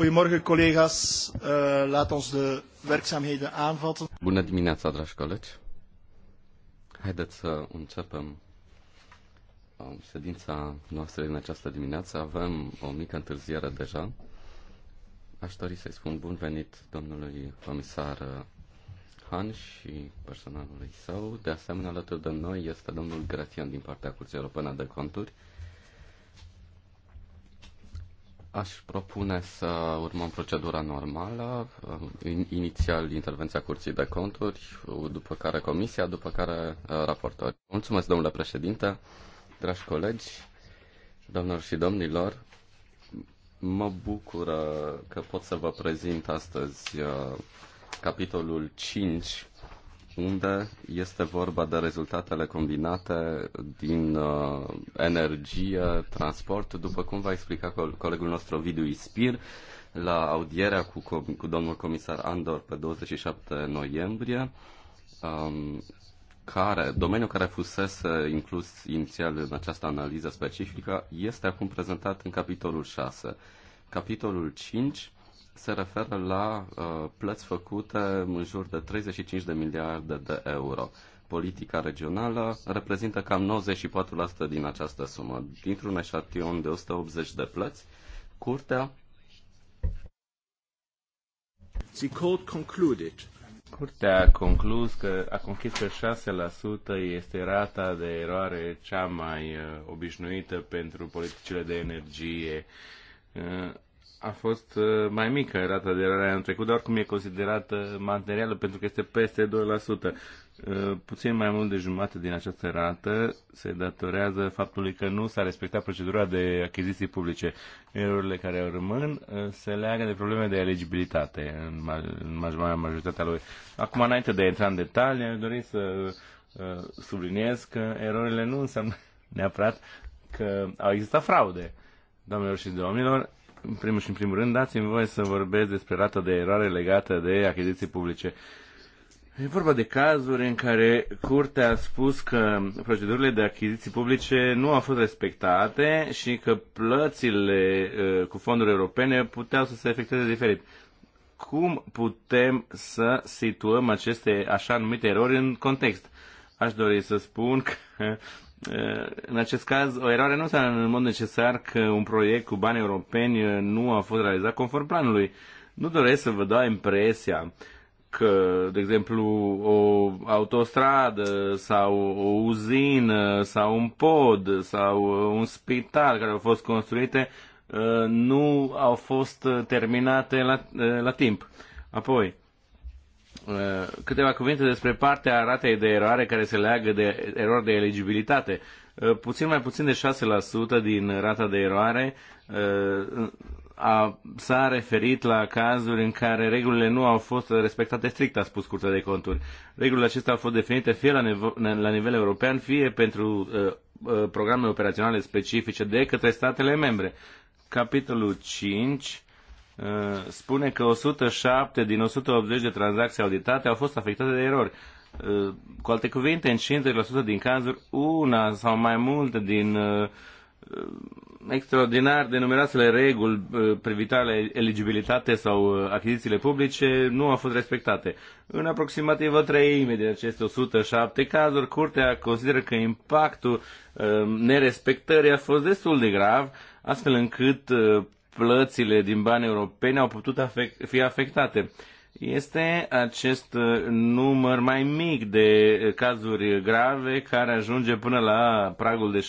Goedemorgen collega's, uh, laat ons de werkzaamheden aanvatten. Bună dimineața, dragi colegi. Haideți să începem um, ședința noastră din această dimineață. Avem o mică întârziere deja. Aș dori să-i spun bun venit domnului comisar uh, Han și personalului său. De asemenea, alături de noi este domnul Grațian din partea Curții Europene de Conturi. Aș propune să urmăm procedura normală, uh, inițial intervenția Curții de Conturi, uh, după care Comisia, după care uh, raportori. Mulțumesc, domnule președinte, dragi colegi, domnilor și domnilor, mă bucură că pot să vă prezint astăzi capitolul 5 unde este vorba de rezultatele combinate din uh, energie, transport, după cum va explica colegul nostru Ovidiu Ispir la audierea cu, cu domnul comisar Andor pe 27 noiembrie, um, care, domeniul care fusese inclus inițial în această analiză specifică este acum prezentat în capitolul 6. Capitolul 5 se referă la uh, plăți făcute în jur de 35 de miliarde de euro. Politica regională reprezintă cam 94% din această sumă. Dintr-un eșantion de 180 de plăți, curtea The court concluded. Curtea a conclus că a conchis că 6% este rata de eroare cea mai uh, obișnuită pentru politicile de energie. Uh, a fost uh, mai mică rata de eroare anul trecut, dar oricum e considerată materială pentru că este peste 2%. Uh, puțin mai mult de jumătate din această rată se datorează faptului că nu s-a respectat procedura de achiziții publice. Erorile care rămân uh, se leagă de probleme de eligibilitate în majoritatea lui. Acum, înainte de a intra în detalii, aș dori să subliniez că erorile nu înseamnă neapărat că au existat fraude. Doamnelor și domnilor, în primul și în primul rând, dați-mi voie să vorbesc despre rata de eroare legată de achiziții publice. E vorba de cazuri în care curtea a spus că procedurile de achiziții publice nu au fost respectate și că plățile cu fonduri europene puteau să se efectueze diferit. Cum putem să situăm aceste așa numite erori în context? Aș dori să spun că Eh, în acest caz, o eroare nu înseamnă în mod necesar că un proiect cu bani europeni eh, nu a fost realizat conform planului. Nu doresc să vă dau impresia că, de exemplu, o autostradă sau o uzină sau un pod sau eh, un spital care au fost construite nu au fost terminate la, la timp. Apoi, Eh, câteva cuvinte despre partea ratei de eroare care se leagă de erori de eligibilitate. Eh, puțin mai puțin de 6% din rata de eroare eh, a, s-a referit la cazuri în care regulile nu au fost respectate strict, a spus Curtea de Conturi. Regulile acestea au fost definite fie la, la nivel european, fie pentru uh, uh, programe operaționale specifice de către statele membre. Capitolul 5 Eh, spune că 107 din 180 de tranzacții auditate au fost afectate de erori. Eh, cu alte cuvinte, în 50% din cazuri, una sau mai multe din eh, extraordinar de numeroasele reguli privitoare la eligibilitate sau achizițiile publice nu au fost respectate. În aproximativ o treime din aceste 107 cazuri, Curtea consideră că impactul nerespectării a fost destul de grav, astfel încât plățile din bani europeni au putut afect, fi afectate. Este acest uh, număr mai mic de cazuri grave care ajunge până la pragul de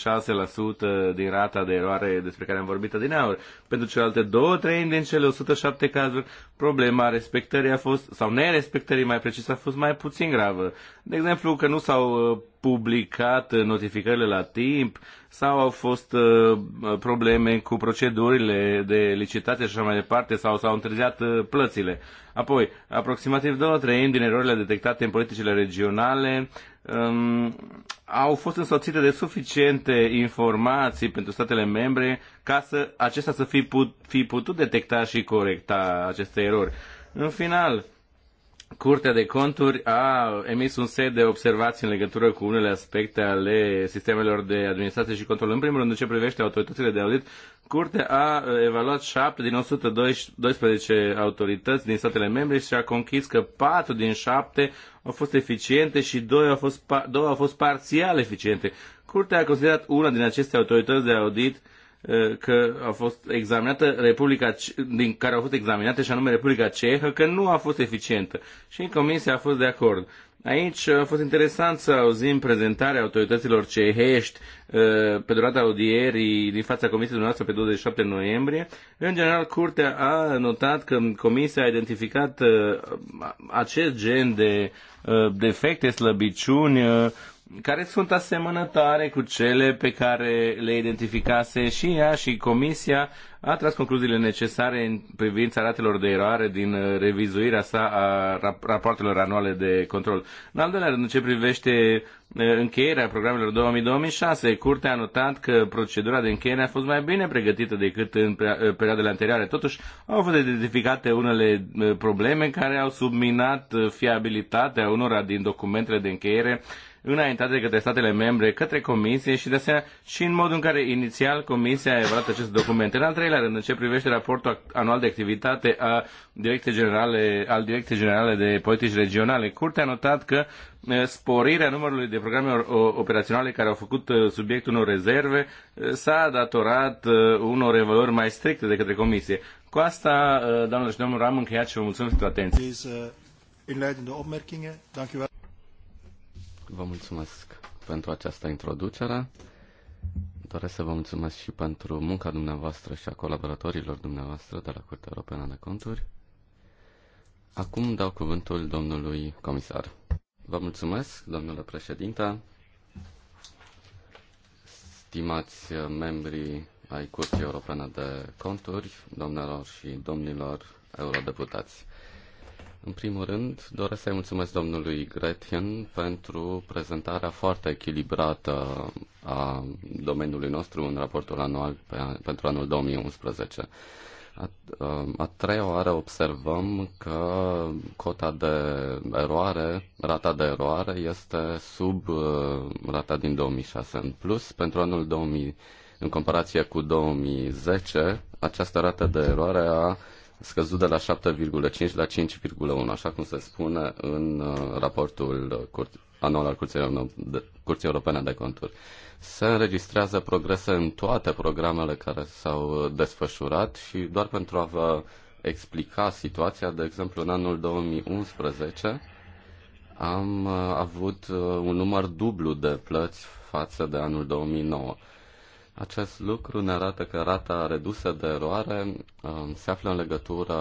6% din rata de eroare despre care am vorbit din aur. Pentru celelalte două treimi din cele 107 cazuri, problema respectării a fost, sau nerespectării mai precis, a fost mai puțin gravă. De exemplu, că nu s-au uh, publicat uh, notificările la timp sau au fost uh, uh, probleme cu procedurile de licitație și așa mai departe sau s-au întârziat plățile. Apoi, aproximativ două treimi din erorile detectate în politicile regionale um, au fost însoțite de suficiente informații pentru statele membre ca să acesta să fi, put, fi putut detecta și corecta aceste erori. În final, Curtea de Conturi a emis un set de observații în legătură cu unele aspecte ale sistemelor de administrație și control. În primul rând, în ce privește autoritățile de audit, Curtea a evaluat 7 din 112 autorități din statele membre și a conchis că 4 din 7 au fost eficiente și 2 au fost, 2 au fost parțial eficiente. Curtea a considerat una din aceste autorități de audit că a fost examinată Republica, din care au fost examinate și anume Republica Cehă, că nu a fost eficientă. Și în comisia a fost de acord. Aici a fost interesant să auzim prezentarea autorităților cehești pe durata audierii din fața comisiei dumneavoastră pe 27 noiembrie. În general, Curtea a notat că comisia a identificat acest gen de defecte, slăbiciuni care sunt asemănătoare cu cele pe care le identificase și ea și Comisia a tras concluziile necesare în privința ratelor de eroare din uh, revizuirea sa a rapoartelor anuale de control. În al doilea rând, în ce privește uh, încheierea programelor 2000-2006, Curtea a notat că procedura de încheiere a fost mai bine pregătită decât în uh, perioadele anterioare. Totuși, au fost identificate unele probleme care au subminat fiabilitatea unora din documentele de încheiere înaintate de către statele membre, către Comisie și de asemenea și în modul în care inițial Comisia a evaluat acest document. În al treilea rând, în ce privește raportul anual de activitate a Direcției Generale, al Direcției Generale de Politici Regionale, Curtea a notat că sporirea numărului de programe operaționale care au făcut subiectul unor rezerve s-a datorat unor evaluări mai stricte de către Comisie. Cu asta, doamnelor și domnilor, am încheiat și vă mulțumesc pentru atenție. Deze uh, inleidende Vă mulțumesc pentru această introducere. Doresc să vă mulțumesc și pentru munca dumneavoastră și a colaboratorilor dumneavoastră de la Curtea Europeană de Conturi. Acum dau cuvântul domnului comisar. Vă mulțumesc, domnule președinte, stimați membrii ai Curții Europene de Conturi, domnilor și domnilor eurodeputați. În primul rând, doresc să-i mulțumesc domnului Gretchen pentru prezentarea foarte echilibrată a domeniului nostru în raportul anual pe, pentru anul 2011. A, a treia oară observăm că cota de eroare, rata de eroare este sub uh, rata din 2006 în plus. Pentru anul 2000, în comparație cu 2010, această rată de eroare a scăzut de la 7,5 la 5,1, așa cum se spune în uh, raportul anual al Curții Europene de Conturi. Se înregistrează progrese în toate programele care s-au uh, desfășurat și doar pentru a vă explica situația, de exemplu, în anul 2011 am uh, avut un număr dublu de plăți față de anul 2009. Acest lucru ne arată că rata redusă de eroare um, se află în legătură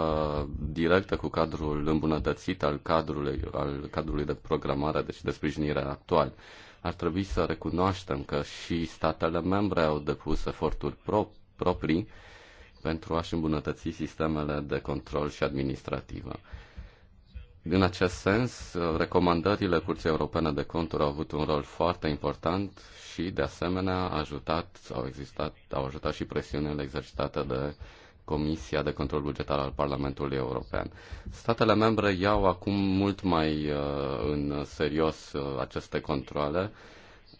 directă cu cadrul îmbunătățit al cadrului, al cadrului de programare, deci de sprijinire actual. Ar trebui să recunoaștem că și statele membre au depus eforturi pro- proprii pentru a-și îmbunătăți sistemele de control și administrativă. În acest sens, recomandările Curții Europene de Conturi au avut un rol foarte important și, de asemenea, a ajutat, au, existat, au ajutat și presiunile exercitate de Comisia de Control Bugetar al Parlamentului European. Statele membre iau acum mult mai uh, în serios uh, aceste controle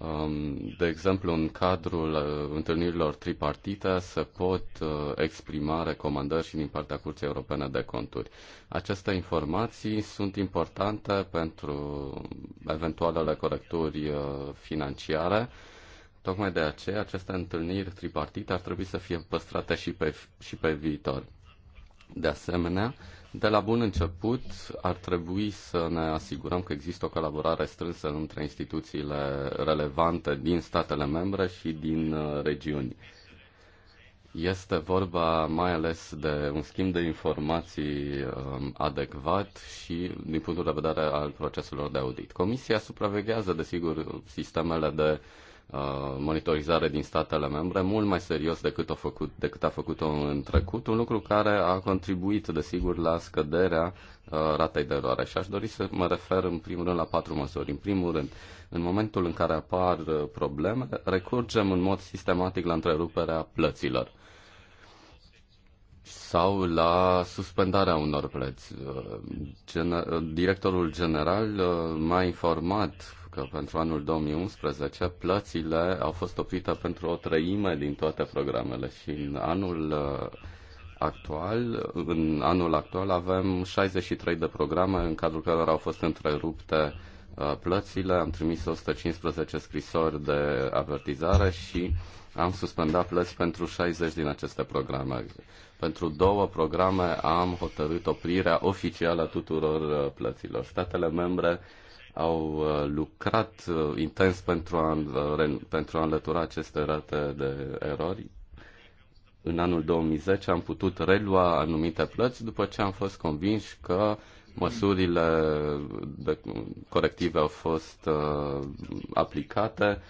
Um, de exemplu, în cadrul uh, întâlnirilor tripartite se pot uh, exprima recomandări și din partea Curții Europene de Conturi. Aceste informații sunt importante pentru eventualele corecturi uh, financiare. Tocmai de aceea, aceste întâlniri tripartite ar trebui să fie păstrate și pe, și pe viitor. De asemenea, de la bun început ar trebui să ne asigurăm că există o colaborare strânsă între instituțiile relevante din statele membre și din uh, regiuni. Este vorba mai ales de un schimb de informații um, adecvat și din punctul de vedere al proceselor de audit. Comisia supraveghează, desigur, sistemele de uh, Uh, monitorizare din statele membre mult mai serios decât, a făcut, decât a făcut-o în trecut, un lucru care a contribuit, desigur, la scăderea uh, ratei de eroare. Și aș dori să mă refer în primul rând la patru măsuri. În primul rând, în momentul în care apar uh, probleme, recurgem în mod sistematic la întreruperea plăților sau la suspendarea unor plăți. Gen- directorul general m-a informat că pentru anul 2011 plățile au fost oprite pentru o treime din toate programele și în anul uh, actual, în anul actual avem 63 de programe în cadrul cărora au fost întrerupte uh, plățile, am trimis 115 scrisori de avertizare și am suspendat plăți pentru 60 din aceste programe. Pentru două programe am hotărât oprirea oficială a tuturor uh, plăților. Statele membre au uh, lucrat uh, intens pentru a, uh, pentru a înlătura aceste rate de erori. În anul 2010 am putut relua anumite plăți după ce am fost convinși că măsurile de corective au fost uh, aplicate.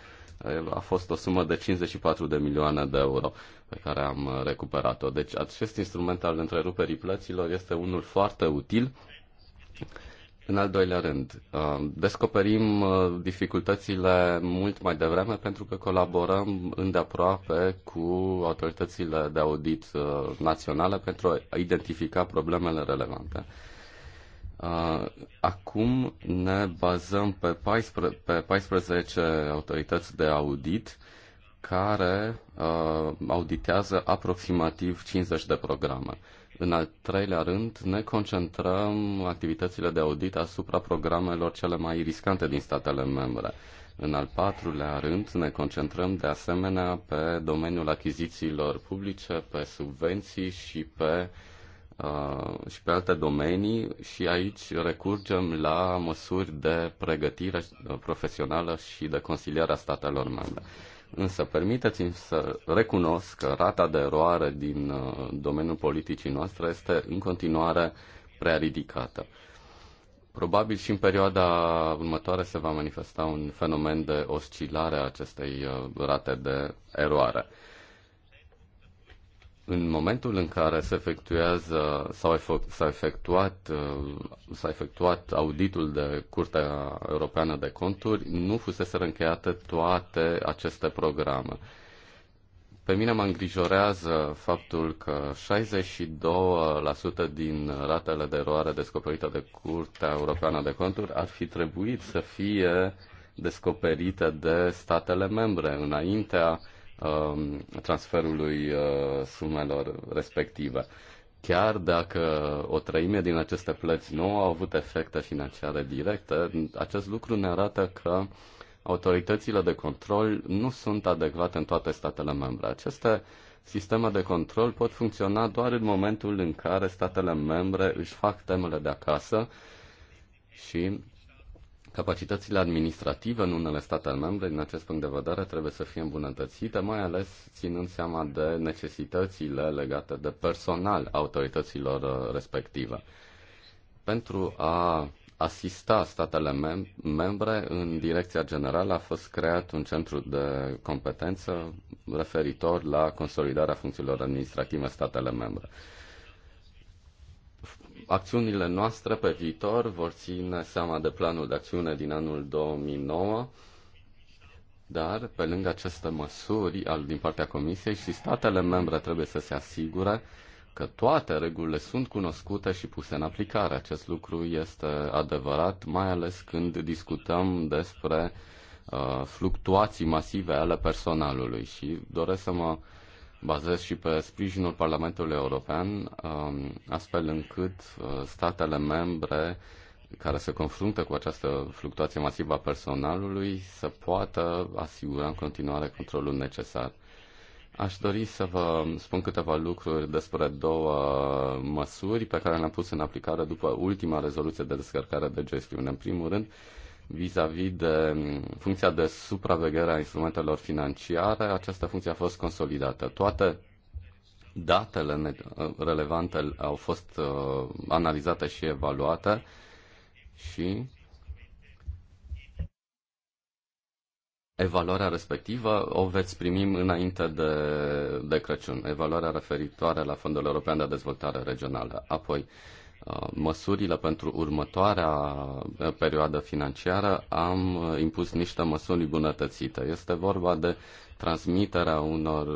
A fost o sumă de 54 de milioane de euro pe care am recuperat-o. Deci acest instrument al întreruperii plăților este unul foarte util în al doilea rând, uh, descoperim uh, dificultățile mult mai devreme pentru că colaborăm îndeaproape cu autoritățile de audit uh, naționale pentru a identifica problemele relevante. Acum ne bazăm pe 14, pe 14 autorități de audit care auditează aproximativ 50 de programe. În al treilea rând, ne concentrăm activitățile de audit asupra programelor cele mai riscante din statele membre. În al patrulea rând, ne concentrăm de asemenea pe domeniul achizițiilor publice, pe subvenții și pe, uh, și pe alte domenii și aici recurgem la măsuri de pregătire profesională și de consiliere a statelor membre. Însă permiteți-mi să recunosc că rata de eroare din uh, domeniul politicii noastre este în continuare prea ridicată. Probabil și în perioada următoare se va manifesta un fenomen de oscilare a acestei uh, rate de eroare în momentul în care se efectuează sau s-a efectuat, uh, s-a efectuat auditul de Curtea Europeană de Conturi, nu fusese încheiate toate aceste programe. Pe mine mă îngrijorează faptul că 62% din ratele de eroare descoperite de Curtea Europeană de Conturi ar fi trebuit să fie descoperite de statele membre înaintea Um, transferului uh, sumelor respective. Chiar dacă o treime din aceste plăți nu au avut efecte financiare directe, acest lucru ne arată că autoritățile de control nu sunt adecvate în toate statele membre. Aceste sisteme de control pot funcționa doar în momentul în care statele membre își fac temele de acasă și Capacitățile administrative în unele state membre, din acest punct de vedere, trebuie să fie îmbunătățite, mai ales ținând seama de necesitățile legate de personal autorităților uh, respective. Pentru a asista statele mem- membre în direcția generală a fost creat un centru de competență referitor la consolidarea funcțiilor administrative statele membre. Acțiunile noastre pe viitor vor ține seama de planul de acțiune din anul 2009, dar pe lângă aceste măsuri din partea Comisiei și statele membre trebuie să se asigure că toate regulile sunt cunoscute și puse în aplicare. Acest lucru este adevărat, mai ales când discutăm despre uh, fluctuații masive ale personalului și doresc să mă uh, bazez și pe sprijinul Parlamentului European, um, astfel încât uh, statele membre care se confruntă cu această fluctuație masivă a personalului să poată asigura în continuare controlul necesar. Aș dori să vă spun câteva lucruri despre două măsuri pe care le-am pus în aplicare după ultima rezoluție de descărcare de gestiune. În primul rând, vis-a-vis -vis de mm, funcția de supraveghere a instrumentelor financiare, această funcție a fost consolidată. Toate datele uh, relevante au fost uh, analizate și evaluate și evaluarea respectivă o veți primi înainte de, de Crăciun, evaluarea referitoare la Fondul European de Dezvoltare Regională. Apoi, uh, Uh, măsurile pentru următoarea uh, perioadă financiară, am uh, impus niște măsuri bunătățite. Este vorba de transmiterea unor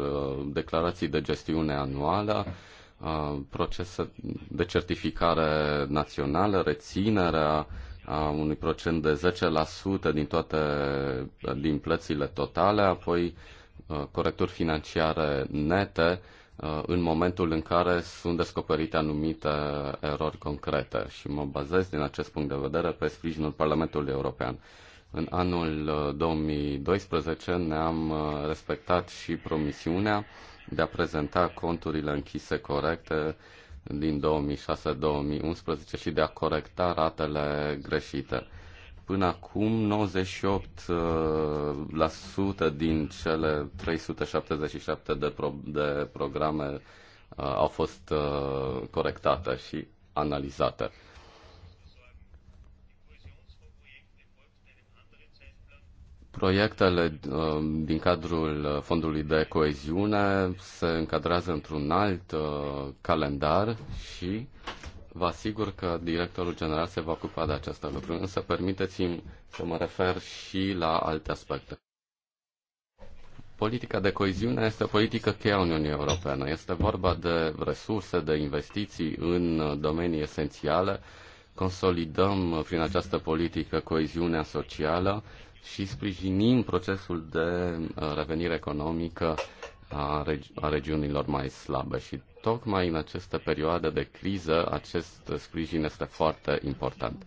declarații de gestiune anuală, procese de certificare națională, reținerea a unui procent de 10% din toate din plățile totale, apoi corecturi financiare nete Uh, în momentul în care sunt descoperite anumite erori concrete și mă bazez din acest punct de vedere pe sprijinul Parlamentului European. În anul 2012 uh, ne-am uh, respectat și promisiunea de a prezenta conturile închise corecte din 2006-2011 și de a corecta ratele greșite. Până acum, 98% uh, din cele 377 de, pro- de programe uh, au fost uh, corectate și analizate. Proiectele uh, din cadrul Fondului de Coeziune se încadrează într-un alt uh, calendar și Vă asigur că directorul general se va ocupa de aceste lucruri, însă permiteți-mi să mă refer și la alte aspecte. Politica de coeziune este o politică cheia a Uniunii Europene. Este vorba de resurse, de investiții în domenii esențiale. Consolidăm prin această politică coeziunea socială și sprijinim procesul de uh, revenire economică a, regi- a regiunilor mai slabe și tocmai în această perioadă de criză acest sprijin este foarte important.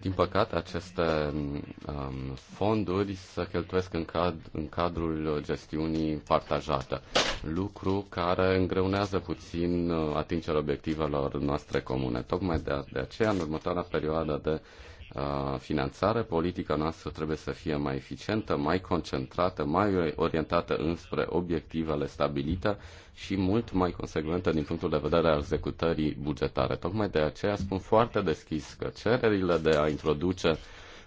Din păcate, aceste um, fonduri se cheltuiesc în, cad- în cadrul gestiunii partajate, lucru care îngreunează puțin uh, atingerea obiectivelor noastre comune. Tocmai de, de aceea, în următoarea perioadă de Uh, finanțare, politica noastră trebuie să fie mai eficientă, mai concentrată, mai orientată înspre obiectivele stabilite și mult mai consecventă din punctul de vedere al executării bugetare. Tocmai de aceea spun foarte deschis că cererile de a introduce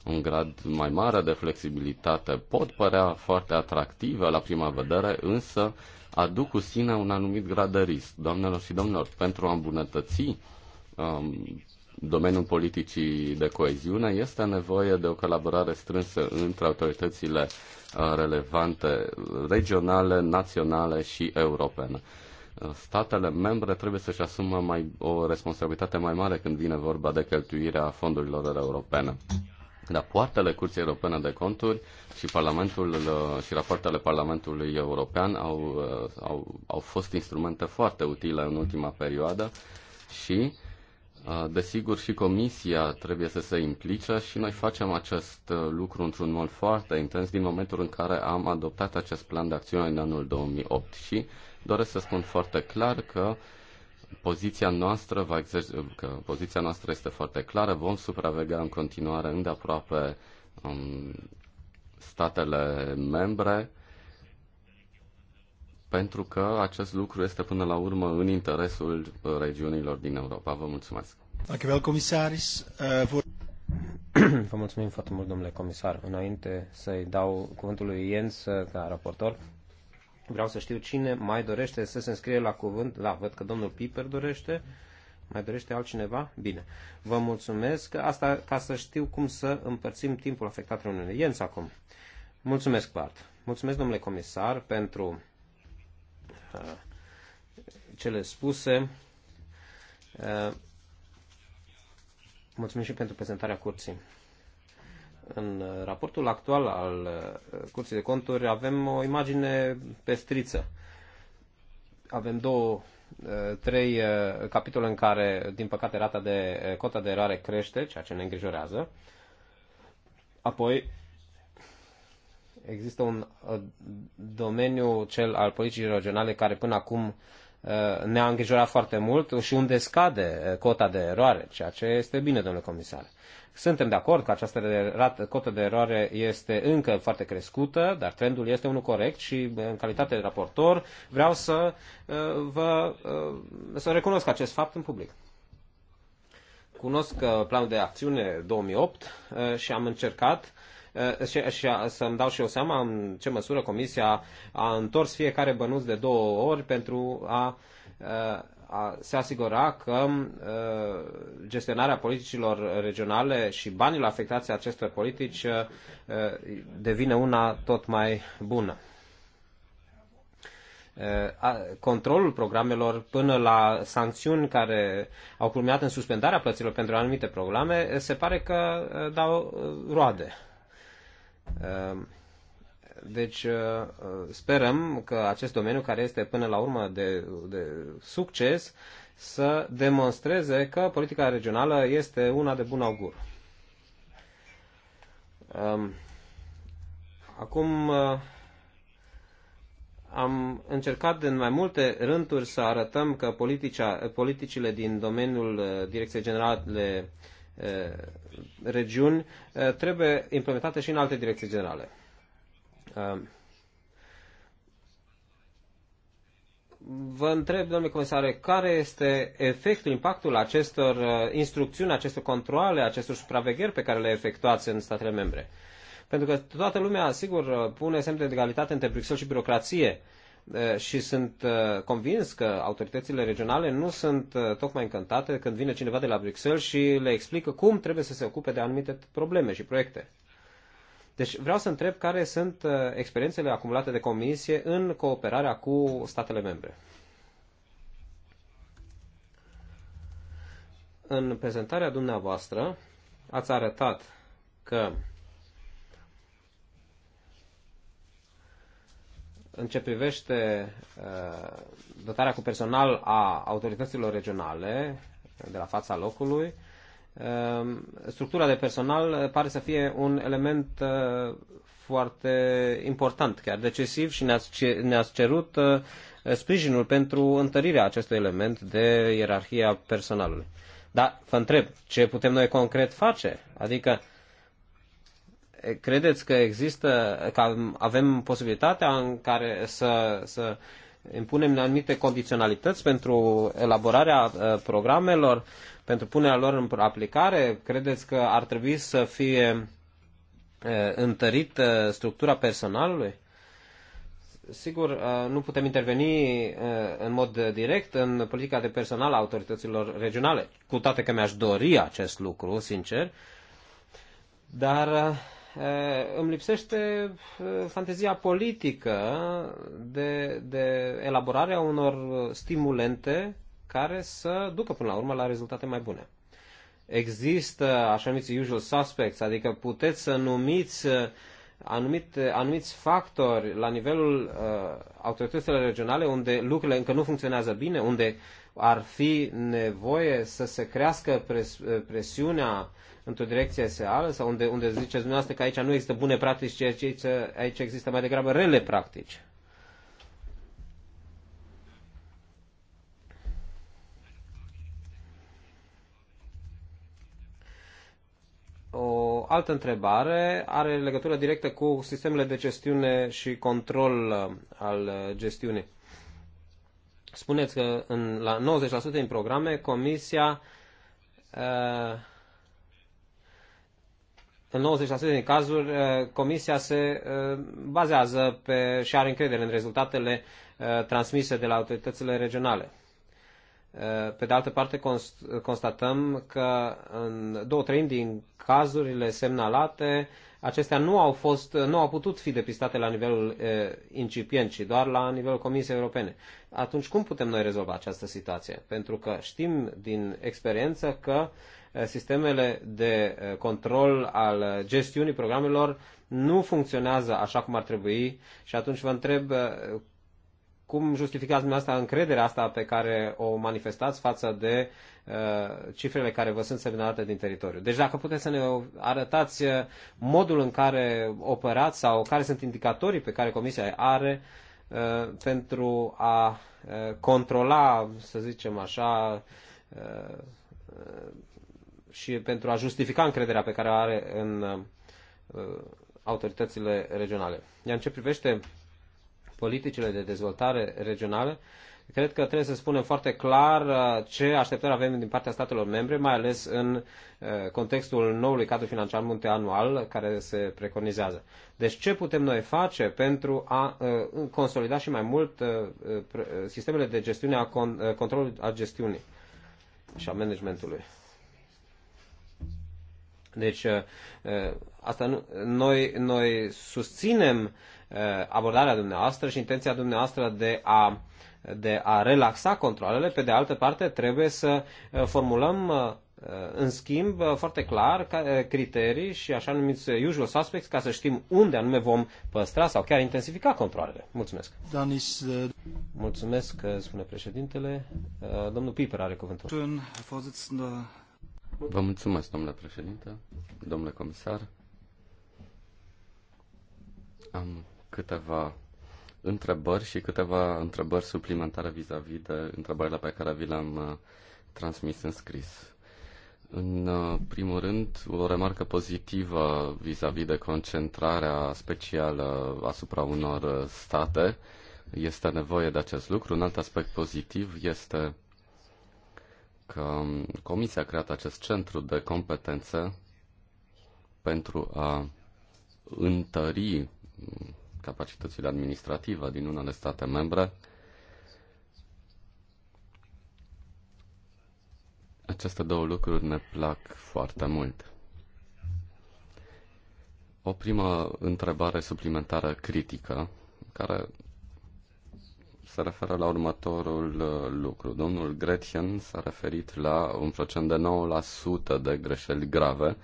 un grad mai mare de flexibilitate pot părea foarte atractive la prima vedere, însă aduc cu sine un anumit grad de risc. Doamnelor și domnilor, pentru a îmbunătăți um, domeniul politicii de coeziune, este nevoie de o colaborare strânsă între autoritățile uh, relevante regionale, naționale și europene. Uh, statele membre trebuie să-și asumă mai, o responsabilitate mai mare când vine vorba de cheltuirea fondurilor europene. poartele Curții Europene de Conturi și, Parlamentul, uh, și rapoartele Parlamentului European au, au, au fost instrumente foarte utile în ultima perioadă și Desigur, și Comisia trebuie să se implice și noi facem acest uh, lucru într-un mod foarte intens din momentul în care am adoptat acest plan de acțiune în anul 2008 și doresc să spun foarte clar că poziția noastră, va exer- că poziția noastră este foarte clară, vom supraveghea în continuare îndeaproape um, statele membre pentru că acest lucru este până la urmă în interesul uh, regiunilor din Europa. Vă mulțumesc. Uh, vă mulțumim foarte mult, domnule comisar. Înainte să-i dau cuvântul lui Jens uh, ca raportor, vreau să știu cine mai dorește să se înscrie la cuvânt. Da, văd că domnul Piper dorește. Mai dorește altcineva? Bine. Vă mulțumesc. Asta ca să știu cum să împărțim timpul afectat reuniunii. Jens acum. Mulțumesc, Bart. Mulțumesc, domnule comisar, pentru cele spuse. Mulțumim și pentru prezentarea curții. În raportul actual al Curții de Conturi avem o imagine pestriță. Avem două, trei capitole în care, din păcate, rata de, cota de eroare crește, ceea ce ne îngrijorează. Apoi, există un uh, domeniu, cel al politicii regionale, care până acum uh, ne-a îngrijorat foarte mult și unde scade uh, cota de eroare, ceea ce este bine, domnule comisar. Suntem de acord că această cotă de eroare este încă foarte crescută, dar trendul este unul corect și în calitate de raportor vreau să vă să recunosc acest fapt în public. Cunosc planul de acțiune 2008 și am încercat Eh, și, și să-mi dau și eu seama în ce măsură Comisia a întors fiecare bănuț de două ori pentru a, eh, a se asigura că eh, gestionarea politicilor regionale și la afectația acestor politici devine una tot mai bună controlul programelor până la sancțiuni care au culminat în suspendarea plăților pentru anumite programe, se pare că dau roade. Ehm, deci eh, eh, sperăm că acest domeniu, care este până la urmă de, de succes, să demonstreze că politica regională este una de bun augur. Ehm, acum eh, am încercat în mai multe rânduri să arătăm că politica, politicile din domeniul Direcției Generale Uh, regiuni uh, trebuie implementate și în alte direcții generale. Uh, vă întreb, domnule comisare, care este efectul, impactul acestor instrucțiuni, acestor controle, acestor supravegheri pe care le efectuați în statele membre? Pentru că toată lumea, sigur, pune semne de egalitate între Bruxelles și birocrație. Uh, și sunt convins că autoritățile regionale nu sunt tocmai încântate când vine cineva de la Bruxelles și le explică cum trebuie să se ocupe de anumite probleme și proiecte. Deci vreau să întreb care sunt experiențele acumulate de comisie în cooperarea cu statele membre. În prezentarea dumneavoastră ați arătat că în ce privește uh, dotarea cu personal a autorităților regionale de la fața locului, um, structura de personal uh, pare să fie un element uh, foarte important, chiar decisiv și ne-ați cerut sprijinul pentru întărirea acestui element de ierarhia personalului. Dar vă întreb, ce putem noi concret face? Adică credeți că există, că avem posibilitatea în care să, să impunem anumite condiționalități pentru elaborarea uh, programelor, pentru punerea lor în aplicare? Credeți că ar trebui să fie uh, întărit uh, structura personalului? Sigur, nu putem interveni în mod direct în politica de personal a autorităților regionale, cu toate că mi-aș dori acest lucru, sincer, dar Eh, îmi lipsește eh, fantezia politică de, de elaborarea unor stimulente care să ducă până la urmă la rezultate mai bune. Există așa numiți usual suspects, adică puteți să numiți eh, anumite, anumiți factori la nivelul uh, autorităților regionale unde lucrurile încă nu funcționează bine, unde ar fi nevoie să se crească pres, presiunea uh, într-o direcție SEALă sau unde, unde ziceți dumneavoastră că aici nu există bune practici, ci aici, aici există mai degrabă rele practici? O altă întrebare are legătură directă cu sistemele de gestiune și control uh, al uh, gestiunii. Spuneți că în, la 90% din programe Comisia uh, în 90% din cazuri, uh, comisia se uh, bazează pe și are încredere în rezultatele uh, transmise de la autoritățile regionale. Pe de altă parte, constatăm că în două treimi din cazurile semnalate, acestea nu au, fost, nu au putut fi depistate la nivelul incipient, ci doar la nivelul Comisiei Europene. Atunci, cum putem noi rezolva această situație? Pentru că știm din experiență că sistemele de eh, control al gestiunii programelor nu funcționează așa cum ar trebui și atunci vă întreb eh, cum justificați dumneavoastră încrederea asta pe care o manifestați față de uh, cifrele care vă sunt semnalate din teritoriu? Deci dacă puteți să ne arătați modul în care operați sau care sunt indicatorii pe care Comisia are uh, pentru a uh, controla, să zicem așa, uh, și pentru a justifica încrederea pe care o are în uh, autoritățile regionale. Iar în ce privește politicile de dezvoltare regională, cred că trebuie să spunem foarte clar uh, ce așteptări avem din partea statelor membre, mai ales în uh, contextul noului cadru financiar multianual care se preconizează. Deci ce putem noi face pentru a consolida și mai mult sistemele de gestiune a controlului a gestiunii și a managementului? Deci, uh, uh, asta nu, noi, noi susținem uh, abordarea dumneavoastră și intenția dumneavoastră de a, de a relaxa controlele. Pe de altă parte, trebuie să formulăm în schimb, foarte clar, criterii și așa numiți usual suspects ca să știm unde anume vom păstra sau chiar intensifica controlele. Mulțumesc. Danis, Mulțumesc, spune președintele. Domnul Piper are cuvântul. Vă mulțumesc, domnule președinte, domnule comisar. Am câteva întrebări și câteva întrebări suplimentare vis-a-vis -vis de întrebările pe care vi le-am uh, transmis în scris. În uh, primul rând, o remarcă pozitivă vis-a-vis -vis de concentrarea specială asupra unor uh, state. Este nevoie de acest lucru. Un alt aspect pozitiv este că Comisia a creat acest centru de competențe pentru a întări capacitățile administrative din unele state membre. Aceste două lucruri ne plac foarte mult. O primă întrebare suplimentară critică, care se referă la următorul uh, lucru. Domnul Gretchen s-a referit la un procent de 9% de greșeli grave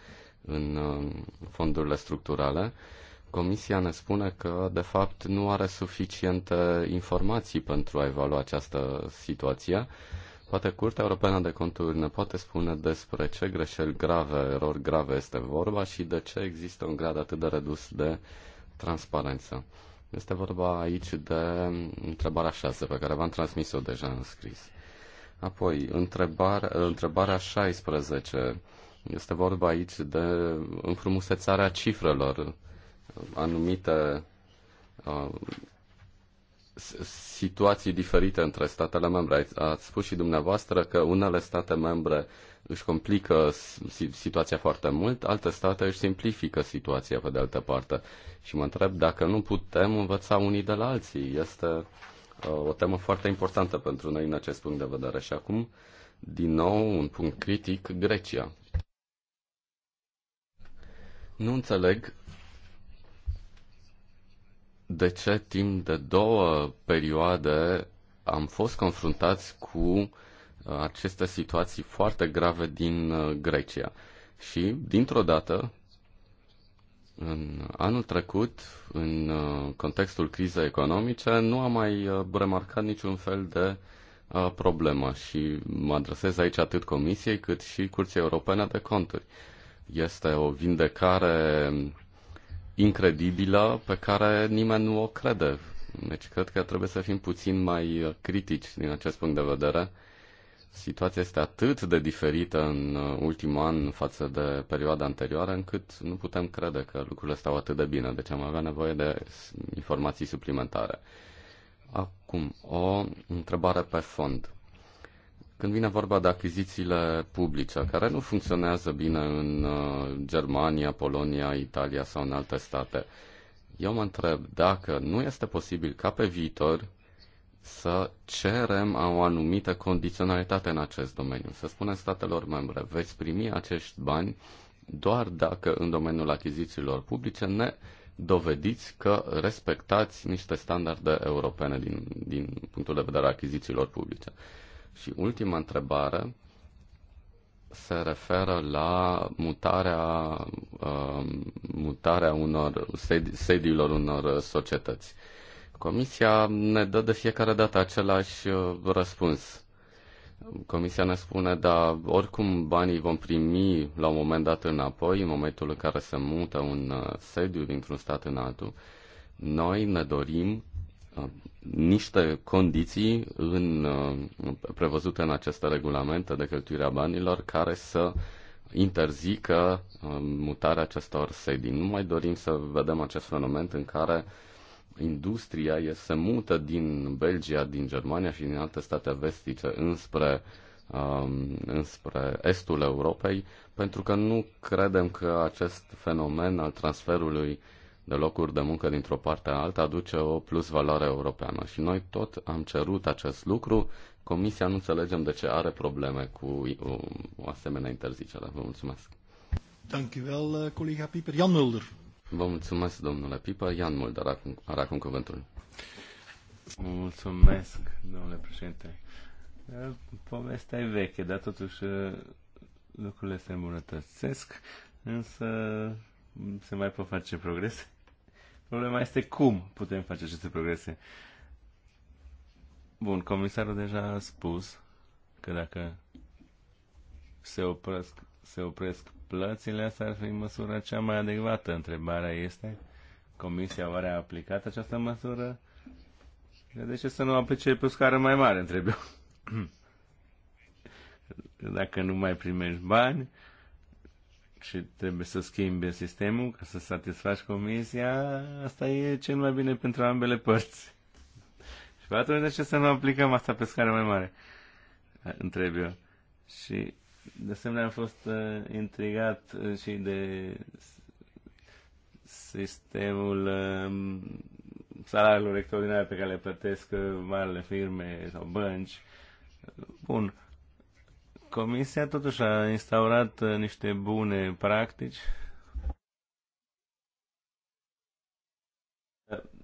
în uh, fondurile structurale. Comisia ne spune că, de fapt, nu are suficiente informații pentru a evalua această situație. Poate Curtea Europeană de Conturi ne poate spune despre ce greșeli grave, erori grave este vorba și de ce există un grad atât de redus de transparență. Este vorba aici de întrebarea 6 pe care v-am transmis-o deja în scris. Apoi, întrebare, întrebarea 16. Este vorba aici de înfrumusețarea cifrelor. Anumite uh, situații diferite între statele membre. Ați spus și dumneavoastră că unele state membre își complică situația foarte mult, alte state își simplifică situația pe de altă parte. Și mă întreb dacă nu putem învăța unii de la alții. Este uh, o temă foarte importantă pentru noi în acest punct de vedere. Și acum, din nou, un punct critic, Grecia. Nu înțeleg de ce timp de două perioade am fost confruntați cu aceste situații foarte grave din uh, Grecia. Și, dintr-o dată, în anul trecut, în uh, contextul crizei economice, nu am mai uh, remarcat niciun fel de problemă și mă adresez aici atât Comisiei cât și Curții Europene de Conturi. Este o vindecare incredibilă pe care nimeni nu o crede. Deci cred că trebuie să fim puțin mai critici din acest punct de vedere situația este atât de diferită în uh, ultimul an față de perioada anterioară, încât nu putem crede că lucrurile stau atât de bine, deci am avea nevoie de informații suplimentare. Acum, o întrebare pe fond. Când vine vorba de achizițiile publice, care nu funcționează bine în uh, Germania, Polonia, Italia sau în alte state, eu mă întreb dacă nu este posibil ca pe viitor să cerem o anumită condiționalitate în acest domeniu. Să spunem statelor membre, veți primi acești bani doar dacă în domeniul achizițiilor publice ne dovediți că respectați niște standarde europene din, din punctul de vedere a achizițiilor publice. Și ultima întrebare se referă la mutarea, uh, mutarea unor sedi, sediilor unor societăți. Uh, Comisia ne dă de fiecare dată același uh, răspuns. Comisia ne spune, da, oricum banii vom primi la un moment dat înapoi, în momentul în care se mută un uh, sediu dintr-un stat în altul. Noi ne dorim uh, niște condiții în, prevăzute în aceste regulamente de cheltuire a banilor care să interzică mutarea acestor sedii. Nu mai dorim să vedem acest fenomen în care uh, industria se mută din Belgia, din Germania și din alte state vestice înspre, um, înspre estul Europei, pentru că nu credem că acest fenomen al transferului de locuri de muncă dintr-o parte în alta aduce o plus valoare europeană. Și noi tot am cerut acest lucru. Comisia nu înțelegem de ce are probleme cu o, um, o asemenea interzicere. Vă mulțumesc. Dank u wel, eh, collega Pieper. Jan Mulder. Vă mulțumesc, domnule Pipa. Ian Mulder are acum, are acum cuvântul. Mulțumesc, domnule președinte. Povestea e veche, dar totuși uh, lucrurile se îmbunătățesc, însă mm, se mai pot face progrese. Problema este cum putem face aceste progrese. Bun, comisarul deja a spus că dacă se opresc, se opresc plățile, asta ar fi măsura cea mai adecvată. Întrebarea este, Comisia oare a aplicat această măsură? De ce să nu aplice pe o scară mai mare, întreb eu. Dacă nu mai primești bani și trebuie să schimbi sistemul ca să satisfaci comisia, asta e cel mai bine pentru ambele părți. Și atunci de ce să nu aplicăm asta pe scară mai mare? Întreb eu. Și de asemenea, am fost uh, intrigat uh, și de sistemul uh, salariilor extraordinare pe care le plătesc uh, marile firme sau bănci. Bun. Comisia totuși a instaurat uh, niște bune practici,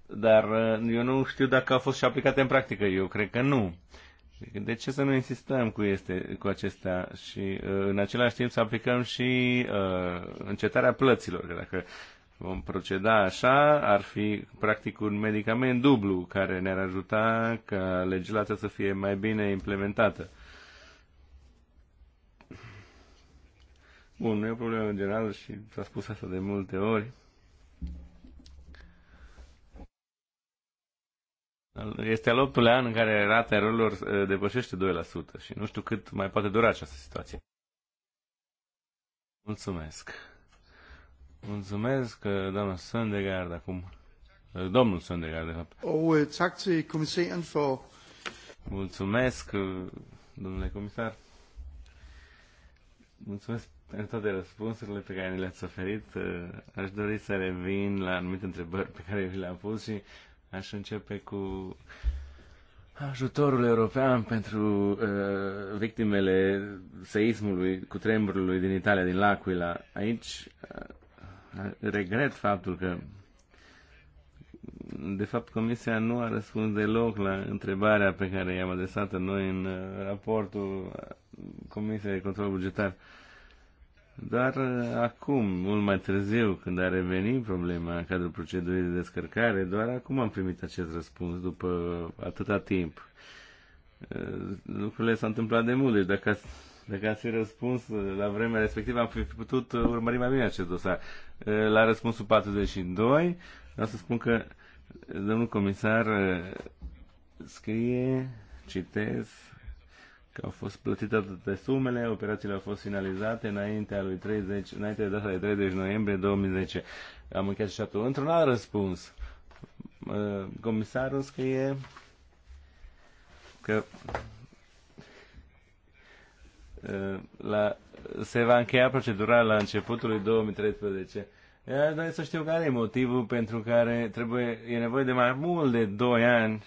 dar uh, eu nu știu dacă au fost și aplicate în practică. Eu cred că nu. Uh, de ce să nu insistăm cu, este, cu acestea și uh, în același timp să aplicăm și uh, încetarea plăților? Că dacă vom proceda așa, ar fi practic un medicament dublu care ne-ar ajuta ca legislația să fie mai bine implementată. Bun, nu e o problemă în general și s-a spus asta de multe ori. Este al optulea an în care rata erorilor uh, depășește 2% și nu știu cât mai poate dura această situație. Mulțumesc. Mulțumesc, uh, doamna Søndergaard, acum. Uh, domnul Søndergaard, de fapt. Oh, tak til comisaren for... Mulțumesc, domnule comisar. Mulțumesc pentru toate răspunsurile pe care ni le-ați oferit. Aș dori să revin la anumite întrebări pe care vi le-am pus și Aș începe cu ajutorul european pentru uh, victimele seismului cu tremurului din Italia, din L'Aquila. Aici uh, regret faptul că de fapt, Comisia nu a răspuns deloc la întrebarea pe care i-am adresat noi în uh, raportul uh, Comisiei de Control Bugetar. Uh, dar uh, acum, mult mai târziu, când a revenit problema în cadrul procedurii de descărcare, doar acum am primit acest răspuns, după atâta timp. Uh, lucrurile s-au întâmplat de mult, deci dacă ați, dacă ați fi răspuns uh, la vremea respectivă, am fi putut urmări mai bine acest dosar. La răspunsul 42, vreau să spun că domnul comisar scrie, citez, că au fost plătite toate sumele, operațiile au fost finalizate înaintea lui 30, înainte de data de 30 noiembrie 2010. Am încheiat și atunci. Într-un alt răspuns, comisarul scrie că ă, la, se va încheia procedura la începutul lui 2013. Ă, dar să știu care e motivul pentru care trebuie, e nevoie de mai mult de 2 ani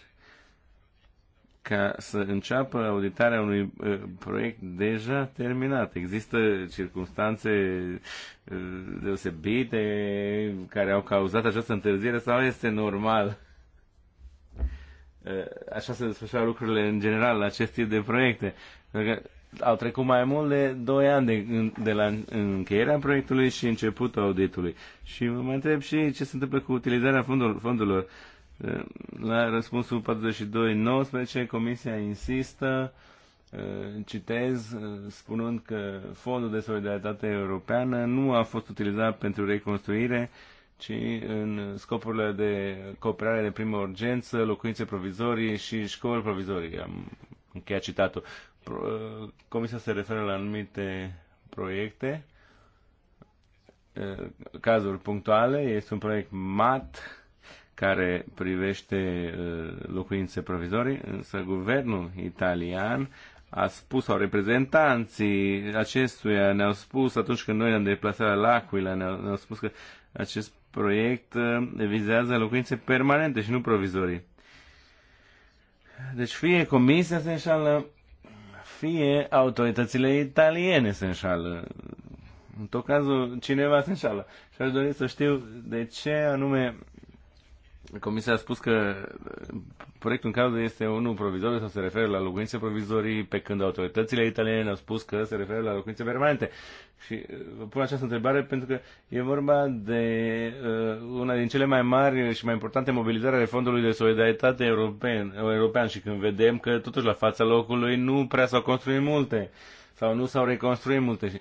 ca să înceapă auditarea unui uh, proiect deja terminat. Există circunstanțe uh, deosebite care au cauzat această întârziere sau este normal? Uh, așa se desfășoară lucrurile în general la acest tip de proiecte. Pentru că au trecut mai mult de 2 ani de, de la încheierea proiectului și începutul auditului. Și mă mai întreb și ce se întâmplă cu utilizarea fondurilor. fondurilor la răspunsul 42.19, Comisia insistă, citez, spunând că Fondul de Solidaritate Europeană nu a fost utilizat pentru reconstruire, ci în scopurile de cooperare de primă urgență, locuințe provizorii și școli provizorii. Am încheiat citatul. Comisia se referă la anumite proiecte, cazuri punctuale. Este un proiect MAT, care privește uh, locuințe provizorii, însă guvernul italian a spus, sau reprezentanții acestuia ne-au spus atunci când noi ne-am deplasat la Aquila, ne-au, ne-au spus că acest proiect uh, vizează locuințe permanente și nu provizorii. Deci fie comisia se înșală, fie autoritățile italiene se înșală. În tot cazul, cineva se înșală. Și aș dori să știu de ce anume Comisia a spus că proiectul în cauză este unul provizoriu sau se referă la locuințe provizorii, pe când autoritățile italiene au spus că se referă la locuințe permanente. Și uh, vă pun această întrebare pentru că e vorba de uh, una din cele mai mari și mai importante mobilizări ale Fondului de Solidaritate European, European și când vedem că totuși la fața locului nu prea s-au construit multe sau nu s-au reconstruit multe. Și,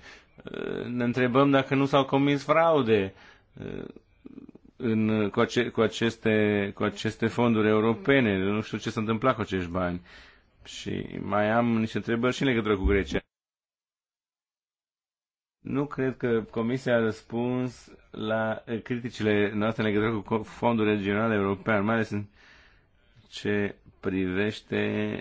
uh, ne întrebăm dacă nu s-au comis fraude. Uh, în, cu, ace, cu, aceste, cu aceste fonduri europene. Nu știu ce s-a întâmplat cu acești bani. Și mai am niște întrebări și în legătură cu Grecia. Nu cred că Comisia a răspuns la criticile noastre în legătură cu fondurile regionale europene. mai ales în ce privește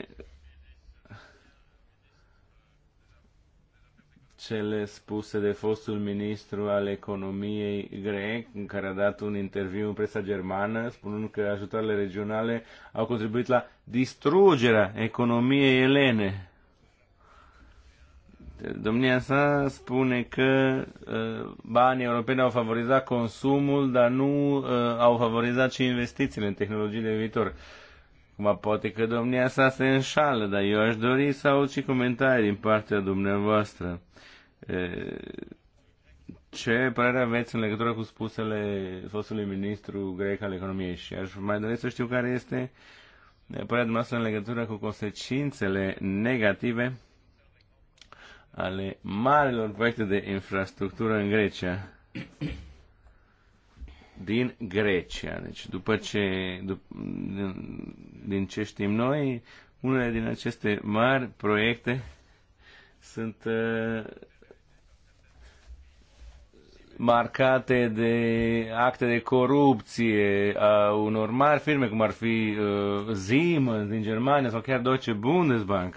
cele spuse de fostul ministru al economiei grec, în care a dat un interviu în presa germană, spunând că ajutoarele regionale au contribuit la distrugerea economiei elene. Domnia sa spune că uh, banii europeni au favorizat consumul, dar nu uh, au favorizat și investițiile în tehnologii de viitor. Cum poate că domnia sa se înșală, dar eu aș dori să aud și comentarii din partea dumneavoastră. Ce părere aveți în legătură cu spusele fostului ministru grec al economiei? Și aș mai dori să știu care este părerea dumneavoastră în legătură cu consecințele negative ale marilor proiecte de infrastructură în Grecia. Din Grecia. Deci, după ce, dup, din, din ce știm noi, unele din aceste mari proiecte sunt uh, marcate de acte de corupție a unor mari firme, cum ar fi uh, Siemens din Germania sau chiar Deutsche Bundesbank.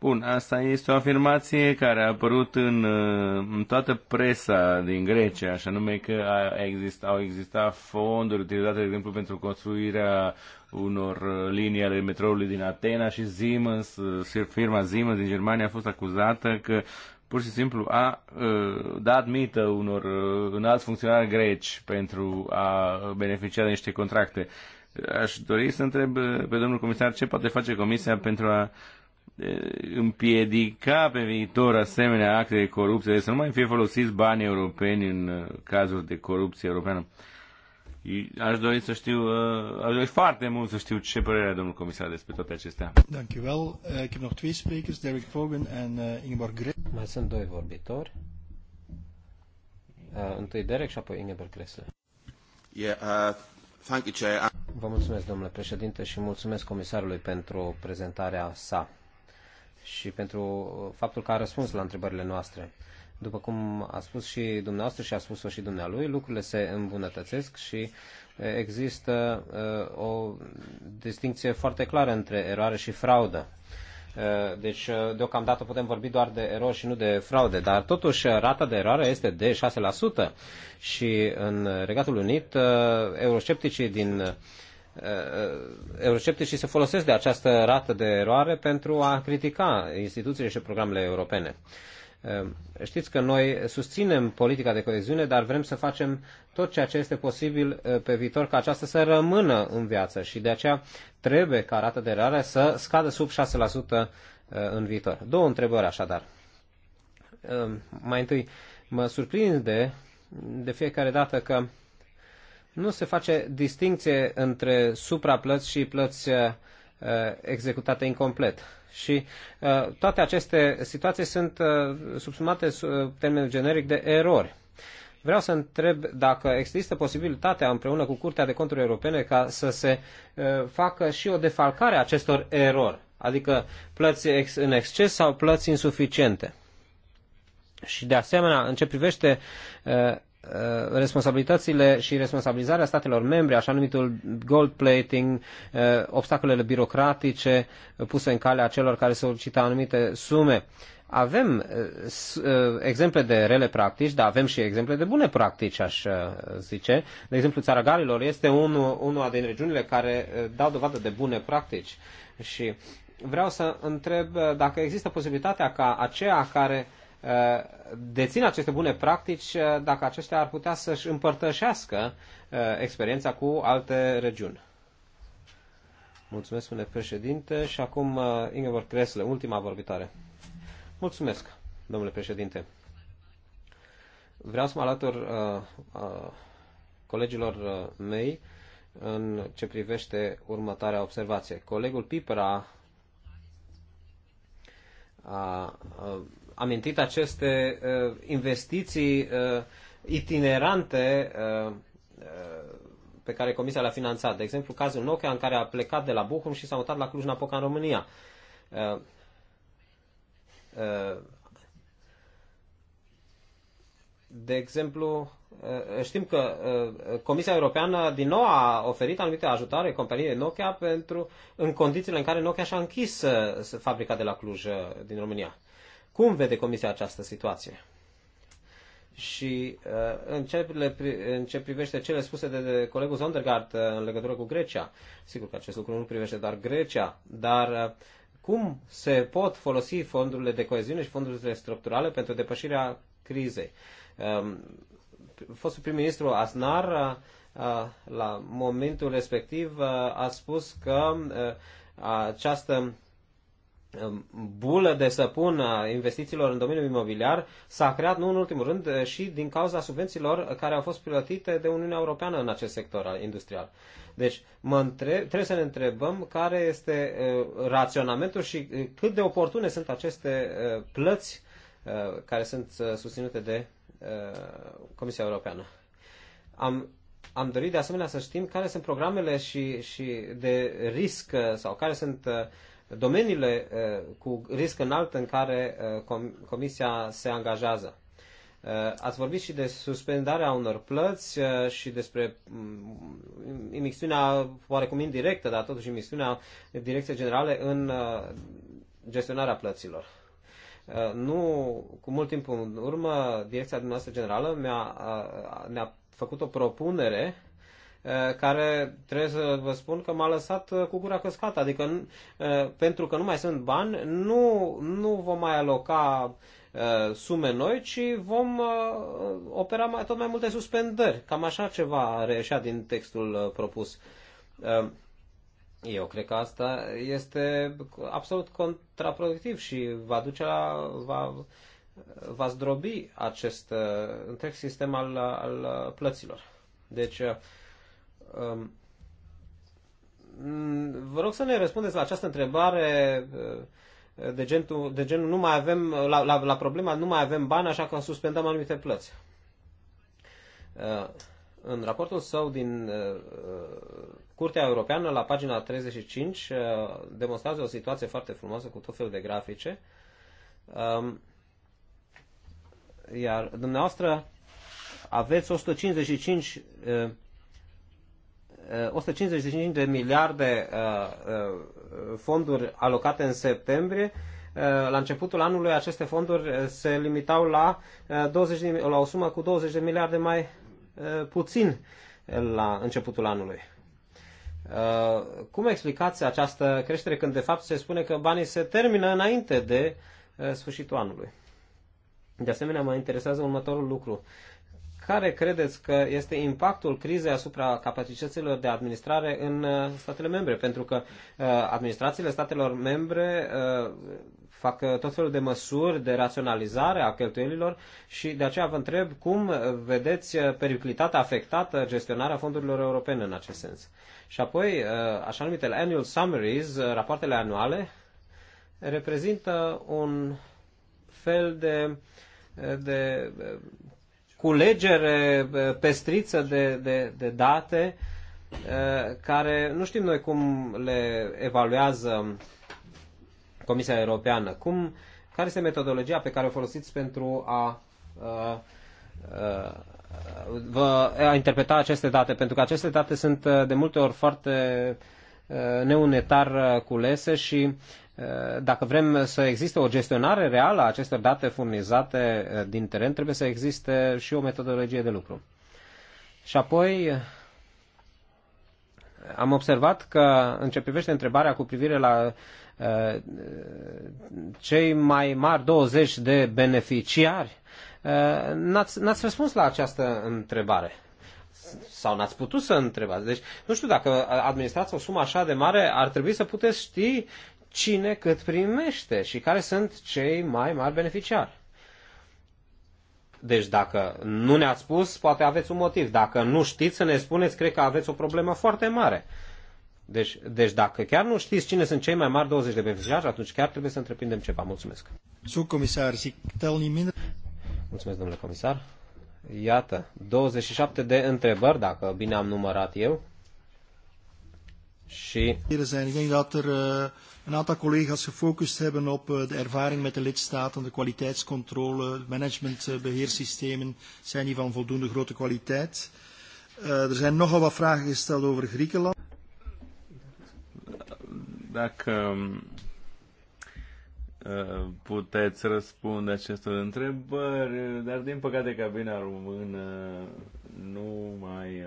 Bun, asta este o afirmație care a apărut în, uh, în toată presa din Grecia, așa nume că a exist, au existat fonduri utilizate, de exemplu, pentru construirea unor uh, linii ale metroului din Atena și Siemens, uh, firma Siemens din Germania a fost acuzată că pur și simplu a uh, dat mită unor uh, înalți funcționari greci pentru a beneficia de niște contracte. Aș dori să întreb uh, pe domnul comisar ce poate face Comisia pentru a împiedica pe viitor asemenea acte de corupție, să nu mai fie folosiți bani europeni în cazuri de corupție europeană. Aș dori să știu, uh, aș dori foarte mult să știu ce părere are domnul comisar despre toate acestea. Dank u wel. Eh, ik heb nog twee eh, Ingeborg Mai sunt doi vorbitori. Eh, întâi Derek și apoi Ingeborg Gressler. Yeah, uh, thank you, Chair. Vă mulțumesc, domnule președinte, și mulțumesc comisarului pentru prezentarea sa și pentru uh, faptul că a răspuns la întrebările noastre. După cum a spus și dumneavoastră și a spus-o și dumnealui, lucrurile se îmbunătățesc și există o distinție foarte clară între eroare și fraudă. Deci, deocamdată putem vorbi doar de erori și nu de fraude, dar totuși rata de eroare este de 6% și în Regatul Unit euroscepticii din euroscepticii se folosesc de această rată de eroare pentru a critica instituțiile și programele europene. Ehm, știți că noi susținem politica de coeziune, dar vrem să facem tot ceea ce este posibil eh, pe viitor ca aceasta să rămână în viață și de aceea trebuie ca rata de rare să scadă sub 6% eh, în viitor. Două întrebări așadar. Ehm, mai întâi, mă surprinde de fiecare dată că nu se face distinție între supraplăți și plăți eh, executate incomplet. Și uh, toate aceste situații sunt uh, subsumate uh, termenul generic de erori. Vreau să întreb dacă există posibilitatea împreună cu Curtea de Conturi Europene ca să se uh, facă și o defalcare a acestor erori, adică plăți ex- în exces sau plăți insuficiente. Și de asemenea, în ce privește uh, Uh, responsabilitățile și responsabilizarea statelor membre, așa numitul gold plating, uh, obstacolele birocratice puse în calea celor care solicită anumite sume. Avem uh, exemple de rele practici, dar avem și exemple de bune practici, aș zice. De exemplu, Țara Galilor este unul, una din regiunile care dau dovadă de bune practici. Și vreau să întreb dacă există posibilitatea ca aceea care Eh, dețin aceste bune practici eh, dacă aceștia ar putea să-și împărtășească eh, experiența cu alte regiuni. Mulțumesc, domnule președinte. Și acum Ingeborg Cresle, ultima vorbitoare. Mulțumesc, domnule președinte. Vreau să mă alătur uh, uh, colegilor uh, mei în ce privește următoarea observație. Colegul Pipera a, a amintit aceste uh, investiții uh, itinerante uh, uh, pe care Comisia le-a finanțat. De exemplu, cazul Nokia în care a plecat de la Bucum și s-a mutat la Cluj-Napoca în România. uh, uh de exemplu, uh, știm că Comisia Europeană din nou a oferit anumite ajutare companiei Nokia pentru, în condițiile în care Nokia și-a închis fabrica de la Cluj din România. Cum vede Comisia această situație? Și uh, în ce, în ce privește cele spuse de, de colegul Zondergaard uh, în legătură cu Grecia, sigur că acest lucru nu privește doar Grecia, dar uh, cum se pot folosi fondurile de coeziune și fondurile structurale pentru depășirea crizei? Um, fostul prim-ministru Aznar la momentul respectiv a spus că această bulă de săpun a investițiilor în domeniul imobiliar s-a creat, nu în ultimul rând, și din cauza subvențiilor care au fost plătite de Uniunea Europeană în acest sector industrial. Deci mă întreb, trebuie să ne întrebăm care este uh, raționamentul și uh, cât de oportune sunt aceste uh, plăți care sunt susținute de Comisia Europeană. Am am dorit de asemenea să știm care sunt programele și, și de risc sau care sunt uh, domeniile eh, cu risc înalt în care eh, Comisia se angajează. Eh, ați vorbit și de suspendarea unor plăți și despre mm, imixtiunea oarecum indirectă, dar totuși imixtiunea Direcției Generale în gestionarea plăților. Nu, cu mult timp în urmă, Direcția dumneavoastră Generală mi-a, ne-a făcut o propunere Eh, care trebuie să vă spun că m-a lăsat eh, cu gura căscată. Adică eh, pentru că nu mai sunt bani, nu, nu vom mai aloca sume noi, ci vom opera tot mai multe suspendări. Cam așa ceva reieșea din textul propus. Eu cred că asta este absolut contraproductiv și va duce la, va, va zdrobi acest întreg sistem al, al plăților. Deci, Um, vă rog să ne răspundeți la această întrebare uh, de genul, de genul nu mai avem, la, la, la problema nu mai avem bani, așa că suspendăm anumite plăți. Uh, în raportul său din uh, Curtea Europeană, la pagina 35, demonstrează o situație foarte frumoasă cu tot felul de grafice. Um, iar dumneavoastră aveți 155 155 de miliarde uh, uh, fonduri alocate în septembrie, uh, la începutul anului aceste fonduri se limitau la, 20 de, la o sumă cu 20 de miliarde mai puțin la începutul anului. Cum explicați această creștere când de fapt se spune că banii se termină înainte de sfârșitul anului? De asemenea, mă interesează următorul lucru care credeți că este impactul crizei asupra capacităților de administrare în uh, statele membre? Pentru că uh, administrațiile statelor membre uh, fac tot felul de măsuri de raționalizare a cheltuielilor și de aceea vă întreb cum vedeți periclitată, afectată gestionarea fondurilor europene în acest sens. Și apoi, așa numitele annual summaries, rapoartele anuale, reprezintă un fel de, de culegere pestriță de, de, de date care nu știm noi cum le evaluează Comisia Europeană. Cum, care este metodologia pe care o folosiți pentru a, a, a vă, a interpreta aceste date, pentru că aceste date sunt de multe ori foarte neunetar culese și Eh, dacă vrem să existe o gestionare reală a acestor date furnizate eh, din teren, trebuie să existe și o metodologie de lucru. Și apoi eh, am observat că în ce privește întrebarea cu privire la cei mai mari 20 de beneficiari, n-ați răspuns la această întrebare sau n-ați putut să întrebați. Deci, nu știu, dacă administrați o sumă așa de mare, ar trebui să puteți ști cine cât primește și care sunt cei mai mari beneficiari. Deci dacă nu ne-ați spus, poate aveți un motiv. Dacă nu știți să ne spuneți, cred că aveți o problemă foarte mare. Deci, deci dacă chiar nu știți cine sunt cei mai mari 20 de beneficiari, atunci chiar trebuie să întreprindem ceva. Mulțumesc. Subcomisar, Mulțumesc, domnule comisar. Iată, 27 de întrebări, dacă bine am numărat eu. Și... Een aantal collega's gefocust hebben op eh, de ervaring met de lidstaten, de kwaliteitscontrole, managementbeheersystemen, eh, zijn die van voldoende grote kwaliteit. Eh, er zijn nogal wat vragen gesteld over Griekenland. Dacă ehm, puteți răspunde acestor întrebări, dar din păcate cabina română nu mai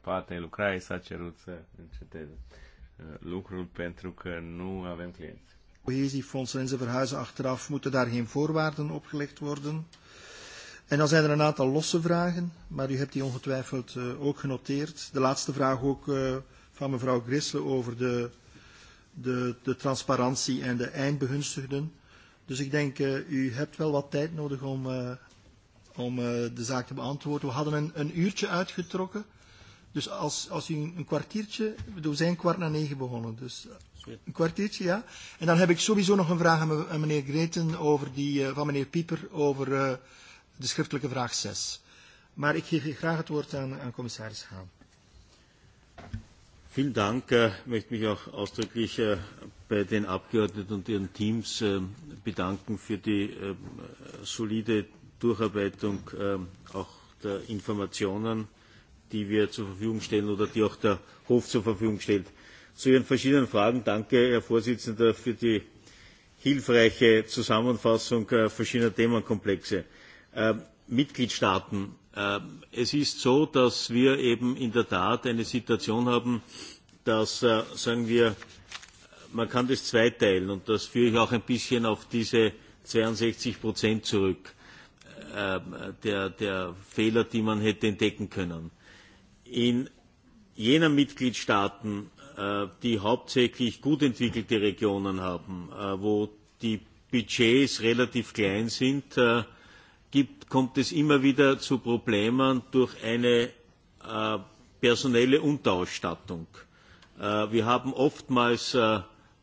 poate lucra, i s-a cerut să înceteze. Eh, lucrul pentru că nu avem clienți. Cohesiefondsen en ze verhuizen achteraf, moeten daar geen voorwaarden opgelegd worden? En dan zijn er een aantal losse vragen, maar u hebt die ongetwijfeld uh, ook genoteerd. De laatste vraag ook uh, van mevrouw Grissle over de, de, de transparantie en de eindbegunstigden. Dus ik denk, uh, u hebt wel wat tijd nodig om, uh, om uh, de zaak te beantwoorden. We hadden een, een uurtje uitgetrokken. Dus als, als u een kwartiertje, we zijn kwart na negen begonnen, dus eh, een kwartiertje, ja. En dan heb ik sowieso nog een vraag aan meneer Greten over die, eh, van meneer Pieper over uh, de schriftelijke vraag 6. Maar ik geef graag het woord aan, aan commissaris Haan. Veel Dank. Ik möchte mich auch ausdrücklich bei den Abgeordneten und ihren Teams bedanken für die solide Durcharbeitung auch der Informationen die wir zur Verfügung stellen oder die auch der Hof zur Verfügung stellt. Zu Ihren verschiedenen Fragen danke, Herr Vorsitzender, für die hilfreiche Zusammenfassung äh, verschiedener Themenkomplexe. Ähm, Mitgliedstaaten. Ähm, es ist so, dass wir eben in der Tat eine Situation haben, dass, äh, sagen wir, man kann das zweiteilen und das führe ich auch ein bisschen auf diese 62 Prozent zurück, äh, der, der Fehler, die man hätte entdecken können in jenen Mitgliedstaaten, äh, die hauptsächlich gut entwickelte Regionen haben, äh, wo die Budgets relativ klein sind, äh, gibt, kommt es immer wieder zu Problemen durch eine personelle Unterausstattung. Wir haben oftmals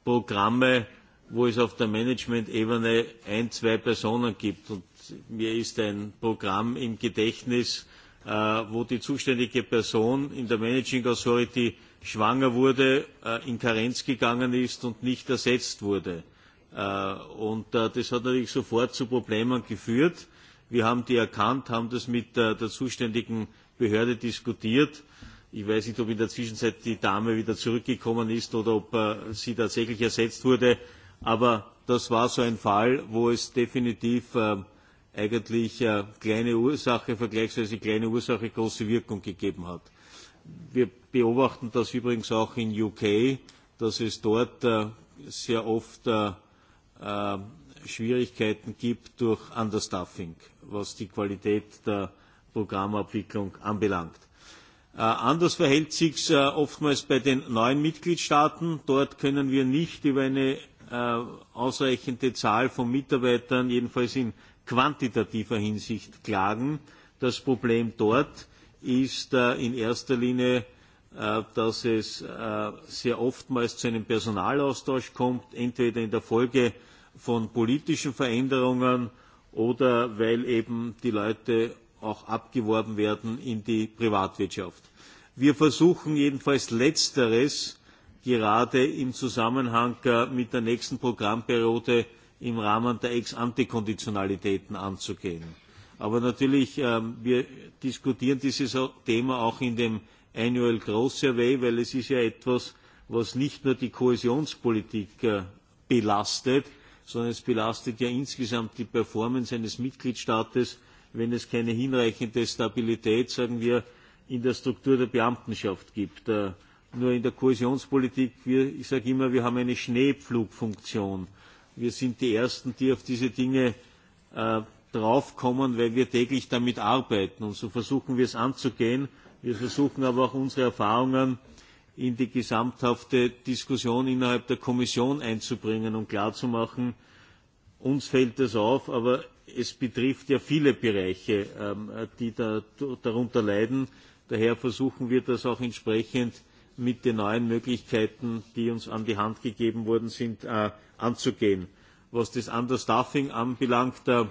Programme, wo es auf der Management-Ebene ein, zwei Personen gibt. Und mir ist ein Programm im Gedächtnis, Äh, wo die zuständige Person in der Managing Authority schwanger wurde, äh, in Karenz gegangen ist und nicht ersetzt wurde. Äh, das hat natürlich sofort zu Problemen geführt. Wir haben die erkannt, haben das mit der, zuständigen Behörde diskutiert. Ich weiß nicht, ob in der Zwischenzeit die Dame wieder zurückgekommen ist oder ob sie tatsächlich ersetzt wurde. Aber das war so ein Fall, wo es definitiv eigentlich äh, kleine Ursache, vergleichsweise kleine Ursache große Wirkung gegeben hat. Wir beobachten das übrigens auch in UK, dass es dort äh, sehr oft äh, äh, Schwierigkeiten gibt durch Understaffing, was die Qualität der Programmabwicklung anbelangt. Äh, anders verhält sich es äh, oftmals bei den neuen Mitgliedstaaten. Dort können wir nicht über eine äh, ausreichende Zahl von Mitarbeitern, jedenfalls in quantitativer Hinsicht klagen. Das Problem dort ist äh, in erster Linie, äh, dass es äh, sehr oftmals zu einem Personalaustausch kommt, entweder in der Folge von politischen Veränderungen oder weil eben die Leute auch abgeworben werden in die Privatwirtschaft. Wir versuchen jedenfalls Letzteres gerade im Zusammenhang äh, mit der nächsten Programmperiode im Rahmen der Ex-Ante-Konditionalitäten anzugehen. Aber natürlich, ähm, wir diskutieren dieses Thema auch in dem Annual Growth Survey, weil es ist ja etwas, was nicht nur die Kohäsionspolitik äh, belastet, sondern es belastet ja insgesamt die Performance eines Mitgliedstaates, wenn es keine hinreichende Stabilität, sagen wir, in der Struktur der Beamtenschaft gibt. Äh, nur in der Kohäsionspolitik, ich sage immer, wir haben eine Schneepflugfunktion. Wir sind die Ersten, die auf diese Dinge äh, draufkommen, weil wir täglich damit arbeiten. Und so versuchen wir es anzugehen. Wir versuchen aber auch unsere Erfahrungen in die gesamthafte Diskussion innerhalb der Kommission einzubringen, und klarzumachen, uns fällt das auf, aber es betrifft ja viele Bereiche, ähm, die da, darunter leiden. Daher versuchen wir das auch entsprechend mit den neuen Möglichkeiten, die uns an die Hand gegeben worden sind, äh, anzugehen. Was das Understaffing anbelangt, äh,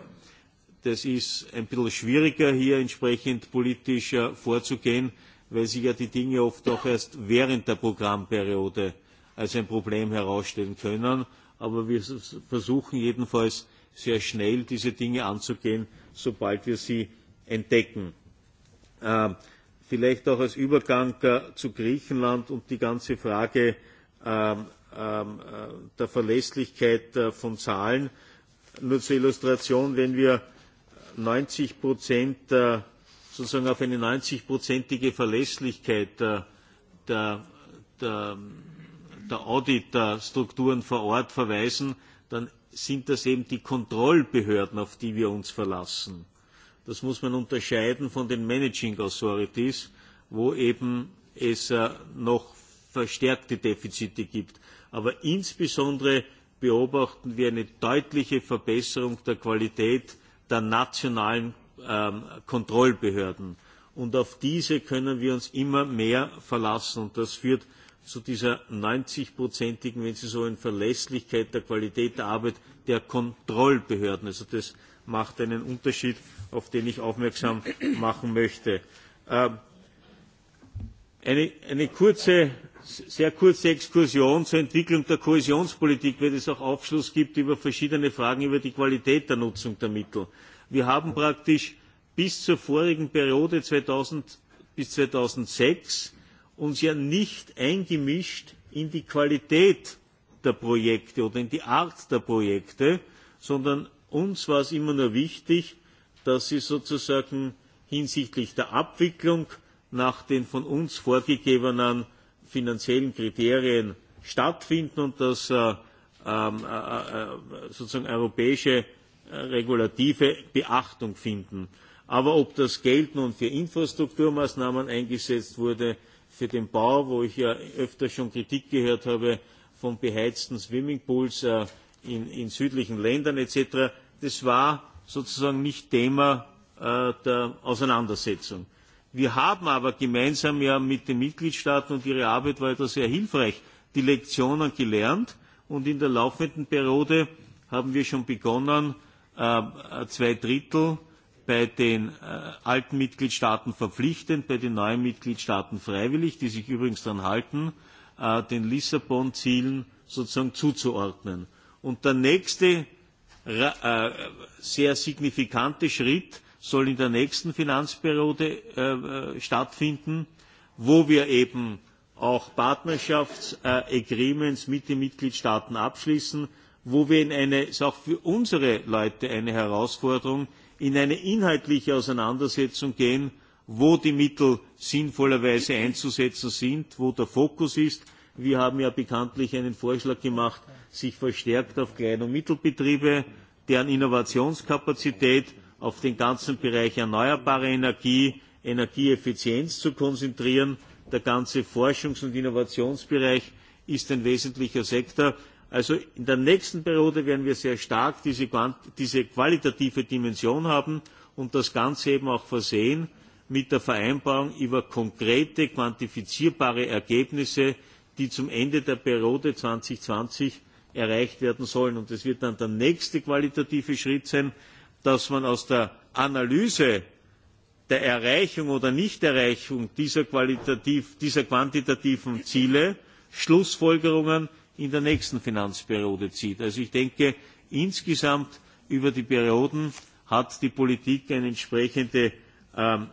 das ist ein bisschen schwieriger, hier entsprechend politisch äh, vorzugehen, weil sich ja die Dinge oft auch erst während der Programmperiode als ein Problem herausstellen können. Aber wir versuchen jedenfalls sehr schnell, diese Dinge anzugehen, sobald wir sie entdecken. Äh, vielleicht auch als Übergang äh, zu Griechenland und die ganze Frage ähm, ähm, äh, der Verlässlichkeit äh, von Zahlen. Nur zur Illustration, wenn wir 90 Prozent sozusagen auf eine 90-prozentige Verlässlichkeit der, der, der Auditstrukturen vor Ort verweisen, dann sind das eben die Kontrollbehörden, auf die wir uns verlassen. Das muss man unterscheiden von den Managing Authorities, wo eben es äh, noch verstärkte Defizite gibt. Aber insbesondere beobachten wir eine deutliche Verbesserung der Qualität der nationalen ähm, Kontrollbehörden. Und auf diese können wir uns immer mehr verlassen. Und das führt zu dieser 90-prozentigen, wenn Sie so in Verlässlichkeit der Qualität der Arbeit der Kontrollbehörden, also des macht einen Unterschied, auf den ich aufmerksam machen möchte. Ähm, eine, eine kurze, sehr kurze Exkursion zur Entwicklung der Kohäsionspolitik, weil es auch Aufschluss gibt über verschiedene Fragen über die Qualität der Nutzung der Mittel. Wir haben praktisch bis zur vorigen Periode 2000 bis 2006 uns ja nicht eingemischt in die Qualität der Projekte oder in die Art der Projekte, sondern Uns war es immer nur wichtig, dass sie sozusagen hinsichtlich der Abwicklung nach den von uns vorgegebenen finanziellen Kriterien stattfinden und dass äh, ähm, äh, äh, sozusagen europäische äh, regulative Beachtung finden. Aber ob das Geld nun für Infrastrukturmaßnahmen eingesetzt wurde, für den Bau, wo ich ja öfter schon Kritik gehört habe von beheizten Swimmingpools äh, in, in südlichen Ländern etc., das war sozusagen nicht Thema äh, der Auseinandersetzung. Wir haben aber gemeinsam ja mit den Mitgliedstaaten und ihre Arbeit war da sehr hilfreich, die Lektionen gelernt und in der laufenden Periode haben wir schon begonnen, äh, zwei Drittel bei den äh, alten Mitgliedstaaten verpflichtend, bei den neuen Mitgliedstaaten freiwillig, die sich übrigens daran halten, den Lissabon-Zielen sozusagen zuzuordnen. Und der nächste Äh, sehr signifikante Schritt soll in der nächsten Finanzperiode äh, äh, stattfinden, wo wir eben auch Partnerschaftsagreements mit den Mitgliedstaaten abschließen, wo wir in eine, ist auch für unsere Leute eine Herausforderung, in eine inhaltliche Auseinandersetzung gehen, wo die Mittel sinnvollerweise einzusetzen sind, wo der Fokus ist. Wir haben ja bekanntlich einen Vorschlag gemacht, sich verstärkt auf Klein- und Mittelbetriebe, deren Innovationskapazität auf den ganzen Bereich erneuerbare Energie, Energieeffizienz zu konzentrieren. Der ganze Forschungs- und Innovationsbereich ist ein wesentlicher Sektor. Also in der nächsten Periode werden wir sehr stark diese, diese qualitative Dimension haben und das Ganze eben auch versehen mit der Vereinbarung über konkrete, quantifizierbare Ergebnisse, die zum Ende der Periode 2020 erreicht werden sollen. Und es wird dann der nächste qualitative Schritt sein, dass man aus der Analyse der Erreichung oder Nichterreichung dieser, qualitativ, dieser quantitativen Ziele Schlussfolgerungen in der nächsten Finanzperiode zieht. Also ich denke, insgesamt über die Perioden hat die Politik eine entsprechende ähm,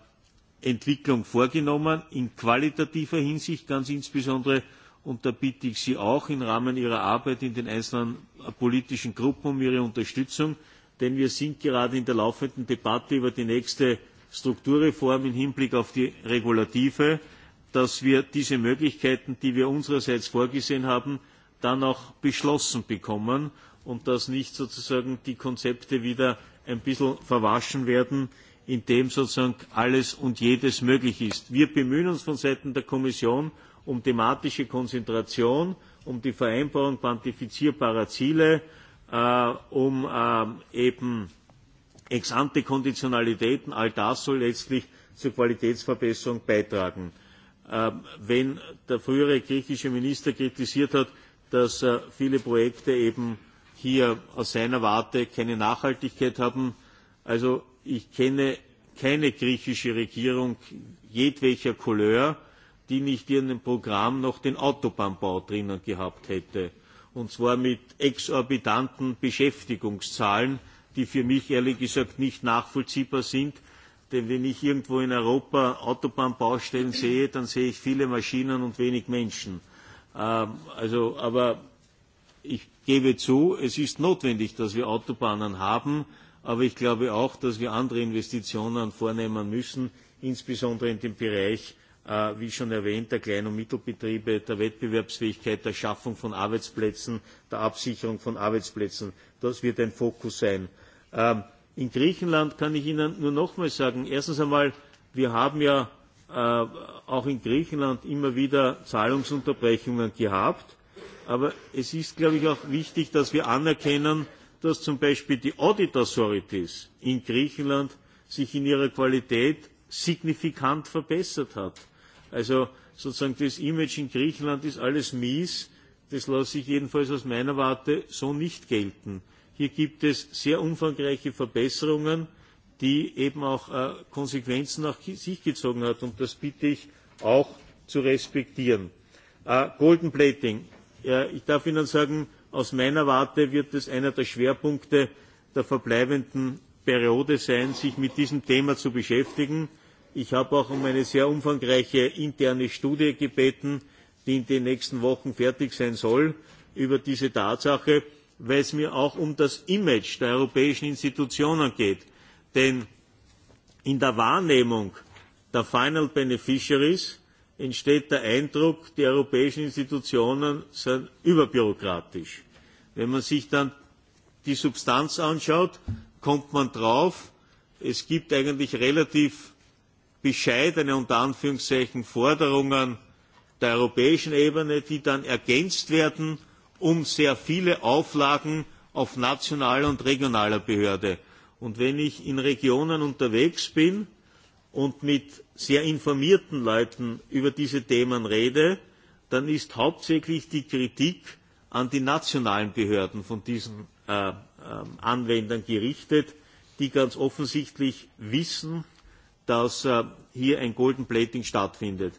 Entwicklung vorgenommen, in qualitativer Hinsicht ganz insbesondere Und da bitte ich Sie auch im Rahmen Ihrer Arbeit in den einzelnen politischen Gruppen um Ihre Unterstützung, denn wir sind gerade in der laufenden Debatte über die nächste Strukturreform im Hinblick auf die Regulative, dass wir diese Möglichkeiten, die wir unsererseits vorgesehen haben, dann auch beschlossen bekommen und dass nicht sozusagen die Konzepte wieder ein bisschen verwaschen werden, indem sozusagen alles und jedes möglich ist. Wir bemühen uns von Seiten der Kommission um thematische Konzentration, um die Vereinbarung quantifizierbarer Ziele, äh, um äh, eben ex ante Konditionalitäten, all das soll letztlich zur Qualitätsverbesserung beitragen. Äh, wenn der frühere griechische Minister kritisiert hat, dass äh, viele Projekte eben hier aus seiner Warte keine Nachhaltigkeit haben, also ich kenne keine griechische Regierung jedwelcher Couleur, die nicht in ihrem Programm noch den Autobahnbau drinnen gehabt hätte. Und zwar mit exorbitanten Beschäftigungszahlen, die für mich ehrlich gesagt nicht nachvollziehbar sind. Denn wenn ich irgendwo in Europa Autobahnbaustellen sehe, dann sehe ich viele Maschinen und wenig Menschen. Ähm, also, aber ich gebe zu, es ist notwendig, dass wir Autobahnen haben. Aber ich glaube auch, dass wir andere Investitionen vornehmen müssen, insbesondere in dem Bereich Äh, wie schon erwähnt der klein und mittelbetriebe der wettbewerbsfähigkeit der schaffung von arbeitsplätzen der absicherung von arbeitsplätzen. das wird ein fokus sein. Ähm, in griechenland kann ich ihnen nur nochmals sagen erstens einmal wir haben ja äh, auch in griechenland immer wieder zahlungsunterbrechungen gehabt aber es ist glaube ich auch wichtig dass wir anerkennen dass zum beispiel die audit authorities in griechenland sich in ihrer qualität signifikant verbessert hat. Also sozusagen das Image in Griechenland ist alles mies. Das lasse ich jedenfalls aus meiner Warte so nicht gelten. Hier gibt es sehr umfangreiche Verbesserungen, die eben auch äh, Konsequenzen nach sich gezogen hat. Und das bitte ich auch zu respektieren. Äh, Golden Plating. Äh, ich darf Ihnen sagen, aus meiner Warte wird es einer der Schwerpunkte der verbleibenden Periode sein, sich mit diesem Thema zu beschäftigen. Ich habe auch um eine sehr umfangreiche interne Studie gebeten, die in den nächsten Wochen fertig sein soll über diese Tatsache, weil es mir auch um das Image der europäischen Institutionen geht. Denn in der Wahrnehmung der Final Beneficiaries entsteht der Eindruck, die europäischen Institutionen seien überbürokratisch. Wenn man sich dann die Substanz anschaut, kommt man drauf, es gibt eigentlich relativ bescheidene unter Anführungszeichen Forderungen der europäischen Ebene, die dann ergänzt werden um sehr viele Auflagen auf nationaler und regionaler Behörde. Und wenn ich in Regionen unterwegs bin und mit sehr informierten Leuten über diese Themen rede, dann ist hauptsächlich die Kritik an die nationalen Behörden von diesen äh, äh, Anwendern gerichtet, die ganz offensichtlich wissen, dass äh, hier ein Golden Plating stattfindet.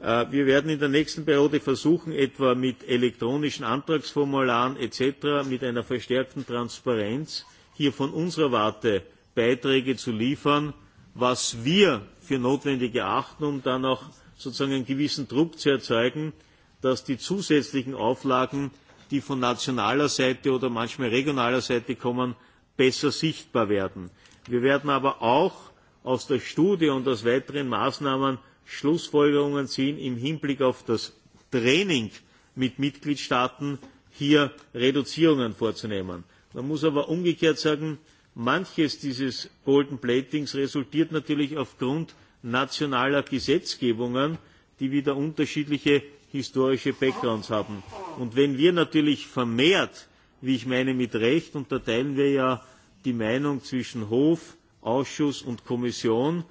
Äh, wir werden in der nächsten Periode versuchen, etwa mit elektronischen Antragsformularen etc., mit einer verstärkten Transparenz, hier von unserer Warte Beiträge zu liefern, was wir für notwendig erachten, um dann auch sozusagen einen gewissen Druck zu erzeugen, dass die zusätzlichen Auflagen, die von nationaler Seite oder manchmal regionaler Seite kommen, besser sichtbar werden. Wir werden aber auch aus der Studie und aus weiteren Maßnahmen Schlussfolgerungen ziehen im Hinblick auf das Training mit Mitgliedstaaten hier Reduzierungen vorzunehmen. Man muss aber umgekehrt sagen, manches dieses Golden Platings resultiert natürlich aufgrund nationaler Gesetzgebungen, die wieder unterschiedliche historische Backgrounds haben. Und wenn wir natürlich vermehrt, wie ich meine, mit Recht, und da teilen wir ja die Meinung zwischen Hof, Ausschuss und Kommission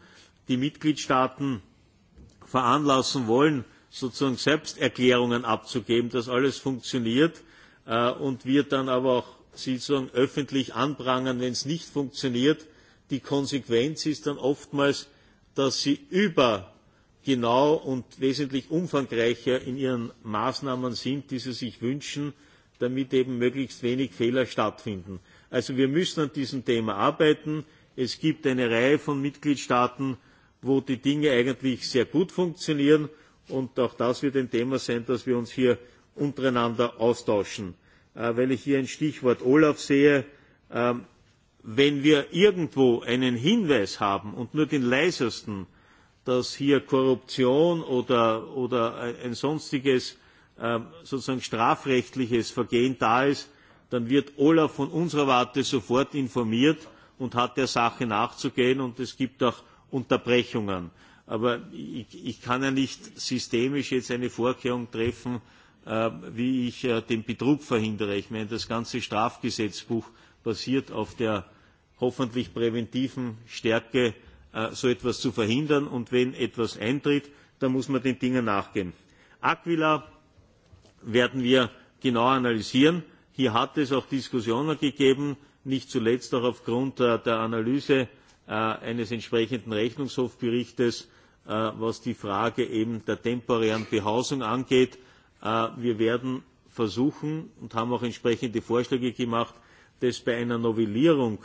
die Mitgliedstaaten veranlassen wollen, sozusagen Selbsterklärungen abzugeben, dass alles funktioniert äh, und wir dann aber auch sozusagen öffentlich anprangern, wenn es nicht funktioniert. Die Konsequenz ist dann oftmals, dass sie über genau und wesentlich umfangreicher in ihren Maßnahmen sind, die sie sich wünschen, damit eben möglichst wenig Fehler stattfinden. Also wir müssen an diesem Thema arbeiten. Es gibt eine Reihe von Mitgliedstaaten, wo die Dinge eigentlich sehr gut funktionieren. Und auch das wird ein Thema sein, dass wir uns hier untereinander austauschen. Äh, weil ich hier ein Stichwort Olaf sehe, äh, wenn wir irgendwo einen Hinweis haben und nur den leisesten, dass hier Korruption oder, oder ein sonstiges äh, sozusagen strafrechtliches Vergehen da ist, dann wird Olaf von unserer Warte sofort informiert und hat der Sache nachzugehen und es gibt auch Unterbrechungen. Aber ich, ich kann ja nicht systemisch jetzt eine Vorkehrung treffen, äh, wie ich äh, den Betrug verhindere. Ich meine, das ganze Strafgesetzbuch basiert auf der hoffentlich präventiven Stärke, äh, so etwas zu verhindern. Und wenn etwas eintritt, dann muss man den Dingen nachgehen. Aquila werden wir genau analysieren. Hier hat es auch Diskussionen gegeben, nicht zuletzt auch aufgrund äh, der Analyse äh, eines entsprechenden rechnungshofberichts äh, was die Frage der temporären Behausung angeht. Wir werden versuchen und haben auch entsprechende Vorschläge gemacht, das bei einer Novellierung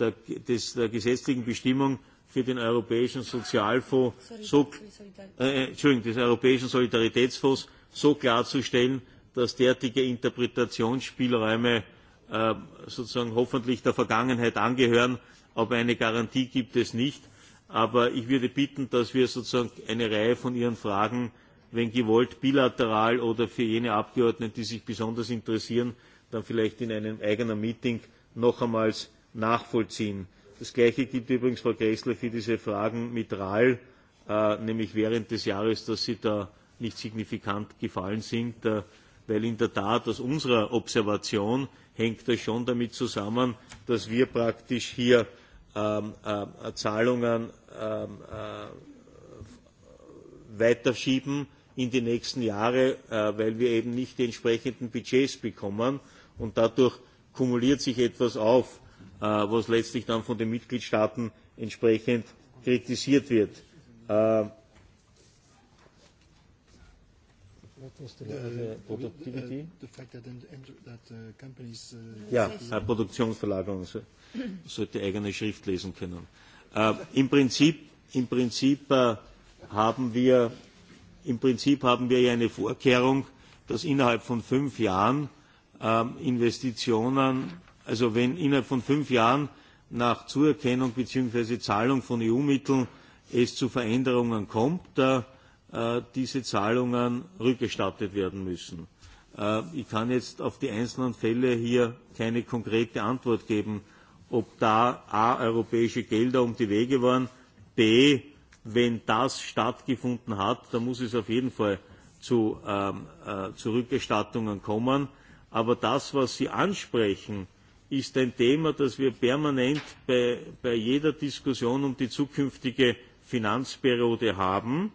der, des, der gesetzlichen Bestimmung für den Europäischen Sozialfonds, so, äh, des Europäischen Solidaritätsfonds so klarzustellen, dass derartige interpretationsspielräume äh, sozusagen hoffentlich der vergangenheit angehören aber eine garantie gibt es nicht. aber ich würde bitten dass wir sozusagen eine reihe von ihren fragen wenn gewollt bilateral oder für jene abgeordneten die sich besonders interessieren dann vielleicht in einem eigenen meeting nochmals nachvollziehen. das gleiche gilt übrigens frau gräßle für diese fragen mit ral äh, nämlich während des jahres dass sie da nicht signifikant gefallen sind. Äh, weil in der Tat aus unserer Observation hängt das schon damit zusammen, dass wir praktisch hier ähm, äh, Zahlungen ähm, äh, weiterschieben in die nächsten Jahre, äh, weil wir eben nicht die entsprechenden Budgets bekommen und dadurch kumuliert sich etwas auf, äh, was letztlich dann von den Mitgliedstaaten entsprechend kritisiert wird. Äh, What uh, the, fact that, that uh, companies... Uh, ja, ein Produktionsverlagerung so, sollte eigene Schrift lesen können. Äh, Im Prinzip, im Prinzip äh, haben wir im Prinzip haben wir ja eine Vorkehrung, dass innerhalb von fünf Jahren äh, Investitionen, also wenn innerhalb von fünf Jahren nach Zuerkennung bzw. Zahlung von EU-Mitteln es zu Veränderungen kommt, äh, Äh, diese Zahlungen rückgestattet werden müssen. Äh, ich kann jetzt auf die einzelnen Fälle hier keine konkrete Antwort geben, ob da a. europäische Gelder um die Wege waren, b. wenn das stattgefunden hat, dann muss es auf jeden Fall zu, ähm, äh, zu Rückerstattungen kommen. Aber das, was Sie ansprechen, ist ein Thema, das wir permanent bei, bei jeder Diskussion um die zukünftige Finanzperiode haben